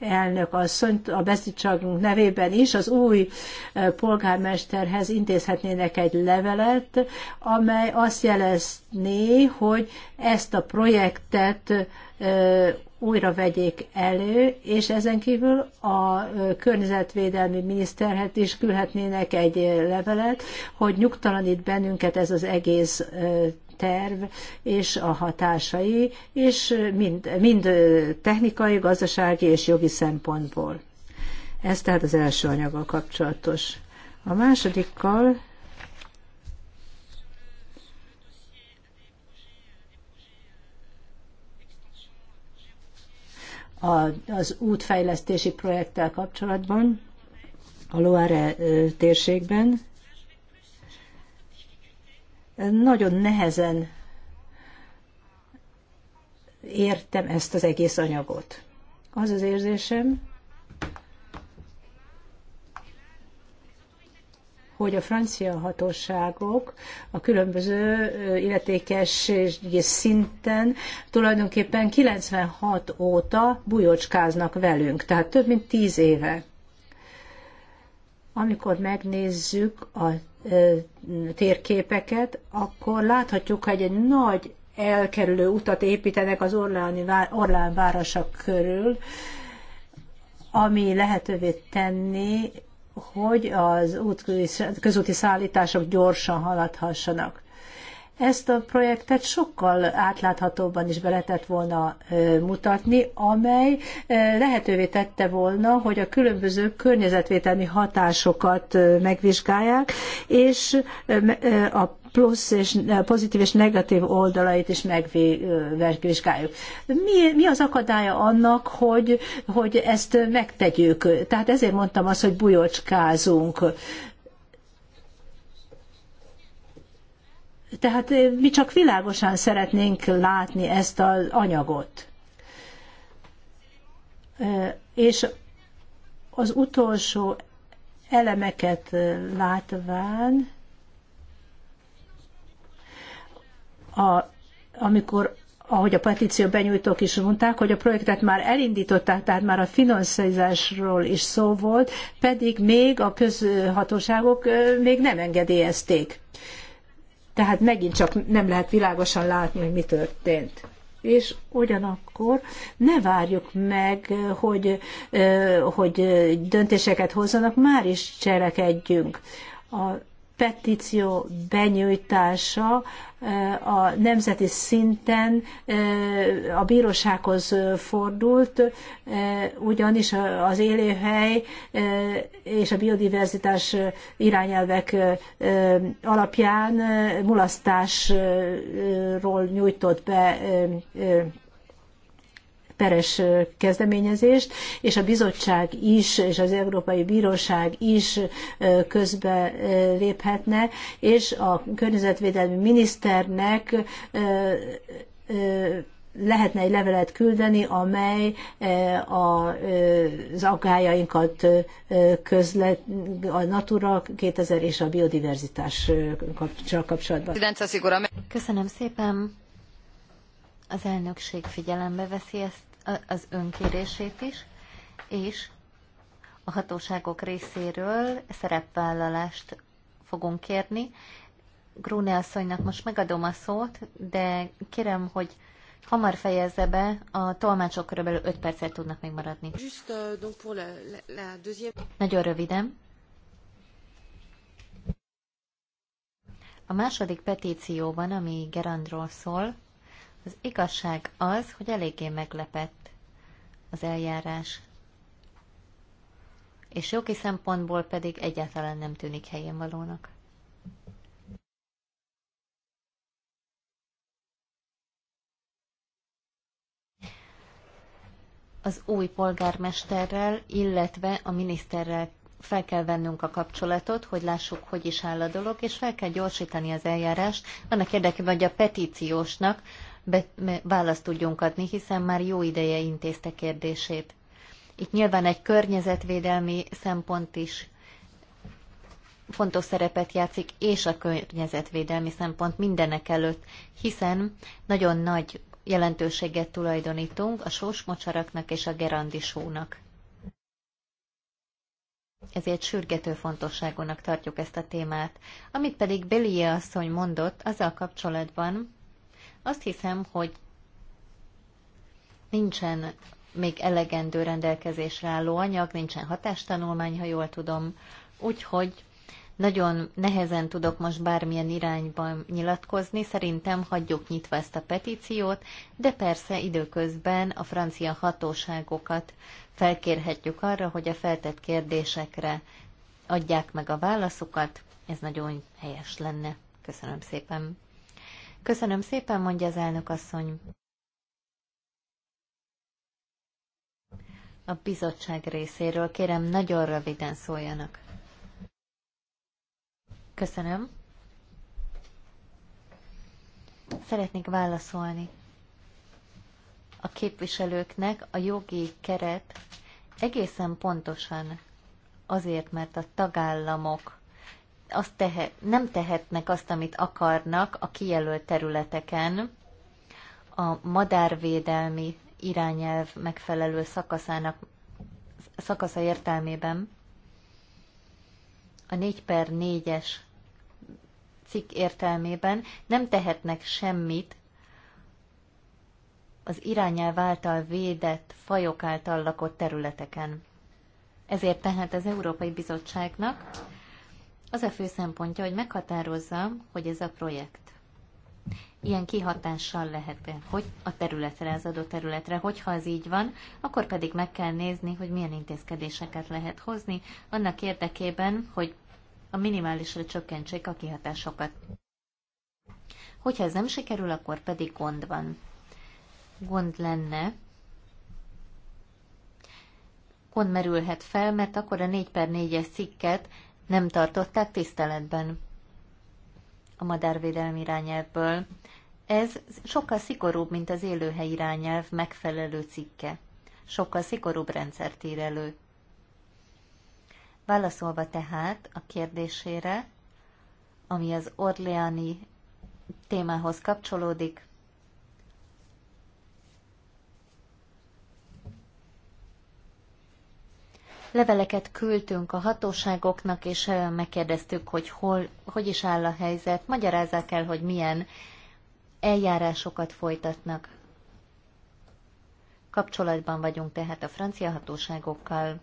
elnök asszony a bezicsalgunk nevében is az új eh, polgármesterhez intézhetnének egy levelet, amely azt jelezné, hogy ezt a projektet eh, újra vegyék elő, és ezen kívül a eh, környezetvédelmi miniszterhet is küldhetnének egy levelet, hogy nyugtalanít bennünket ez az egész terv és a hatásai, és mind, mind technikai, gazdasági és jogi szempontból. Ez tehát az első anyaggal kapcsolatos. A másodikkal a, az útfejlesztési projekttel kapcsolatban a Loire térségben nagyon nehezen értem ezt az egész anyagot. Az az érzésem, hogy a francia hatóságok a különböző illetékes szinten tulajdonképpen 96 óta bujócskáznak velünk, tehát több mint 10 éve. Amikor megnézzük a térképeket, akkor láthatjuk, hogy egy nagy elkerülő utat építenek az Orláni, Orlán városak körül, ami lehetővé tenni, hogy az út, közúti szállítások gyorsan haladhassanak ezt a projektet sokkal átláthatóbban is be lehetett volna mutatni, amely lehetővé tette volna, hogy a különböző környezetvédelmi hatásokat megvizsgálják, és a plusz és pozitív és negatív oldalait is megvizsgáljuk. Mi, mi az akadálya annak, hogy, hogy ezt megtegyük? Tehát ezért mondtam azt, hogy bujócskázunk. Tehát eh, mi csak világosan szeretnénk látni ezt az anyagot. Eh, és az utolsó elemeket eh, látván, a, amikor, ahogy a petíció benyújtók is mondták, hogy a projektet már elindították, tehát már a finanszírozásról is szó volt, pedig még a közhatóságok még nem engedélyezték. Tehát megint csak nem lehet világosan látni, hogy mi történt. És ugyanakkor ne várjuk meg, hogy, hogy döntéseket hozzanak, már is cselekedjünk. A petíció benyújtása eh, a nemzeti szinten eh, a bírósághoz eh, fordult, ugyanis az élőhely és a biodiverzitás irányelvek alapján mulasztásról nyújtott be peres kezdeményezést, és a bizottság is, és az Európai Bíróság is közbe léphetne, és a környezetvédelmi miniszternek lehetne egy levelet küldeni, amely az aggájainkat közle a Natura 2000 és a biodiverzitás kapcsolatban. Köszönöm szépen. Az elnökség figyelembe veszi ezt az önkérését is, és a hatóságok részéről szerepvállalást fogunk kérni. Grune asszonynak most megadom a szót, de kérem, hogy hamar fejezze be, a tolmácsok körülbelül 5 percet tudnak még maradni. Just, uh, donc pour la, la deuxième... Nagyon röviden. A második petícióban, ami Gerandról szól, az igazság az, hogy eléggé meglepett az eljárás. És jogi szempontból pedig egyáltalán nem tűnik helyén valónak. Az új polgármesterrel, illetve a miniszterrel fel kell vennünk a kapcsolatot, hogy lássuk, hogy is áll a dolog, és fel kell gyorsítani az eljárást, annak érdekében, hogy a petíciósnak be, választ tudjunk adni, hiszen már jó ideje intézte kérdését. Itt nyilván egy környezetvédelmi szempont is fontos szerepet játszik, és a környezetvédelmi szempont mindenek előtt, hiszen nagyon nagy jelentőséget tulajdonítunk a sósmocsaraknak és a gerandisónak. Ezért sürgető fontosságúnak tartjuk ezt a témát. Amit pedig Belie asszony mondott, azzal kapcsolatban, azt hiszem, hogy nincsen még elegendő rendelkezésre álló anyag, nincsen hatástanulmány, ha jól tudom, úgyhogy nagyon nehezen tudok most bármilyen irányban nyilatkozni, szerintem hagyjuk nyitva ezt a petíciót, de persze időközben a francia hatóságokat felkérhetjük arra, hogy a feltett kérdésekre adják meg a válaszokat. ez nagyon helyes lenne. Köszönöm szépen. Köszönöm szépen, mondja az elnök asszony. A bizottság részéről kérem, nagyon röviden szóljanak. Köszönöm. Szeretnék válaszolni. A képviselőknek a jogi keret egészen pontosan azért, mert a tagállamok azt tehet, nem tehetnek azt, amit akarnak a kijelölt területeken a madárvédelmi irányelv megfelelő szakaszának szakasza értelmében a 4 per 4-es cikk értelmében nem tehetnek semmit az irányelv által védett fajok által lakott területeken. Ezért tehát az Európai Bizottságnak az a fő szempontja, hogy meghatározza, hogy ez a projekt ilyen kihatással lehet -e, hogy a területre, az adott területre, hogyha az így van, akkor pedig meg kell nézni, hogy milyen intézkedéseket lehet hozni, annak érdekében, hogy a minimálisra csökkentsék a kihatásokat. Hogyha ez nem sikerül, akkor pedig gond van. Gond lenne, gond merülhet fel, mert akkor a 4 per 4-es cikket nem tartották tiszteletben a madárvédelmi irányelvből. Ez sokkal szigorúbb, mint az élőhely irányelv megfelelő cikke. Sokkal szigorúbb rendszert ír elő. Válaszolva tehát a kérdésére, ami az orleani témához kapcsolódik, Leveleket küldtünk a hatóságoknak, és megkérdeztük, hogy hol, hogy is áll a helyzet. Magyarázzák el, hogy milyen eljárásokat folytatnak. Kapcsolatban vagyunk tehát a francia hatóságokkal.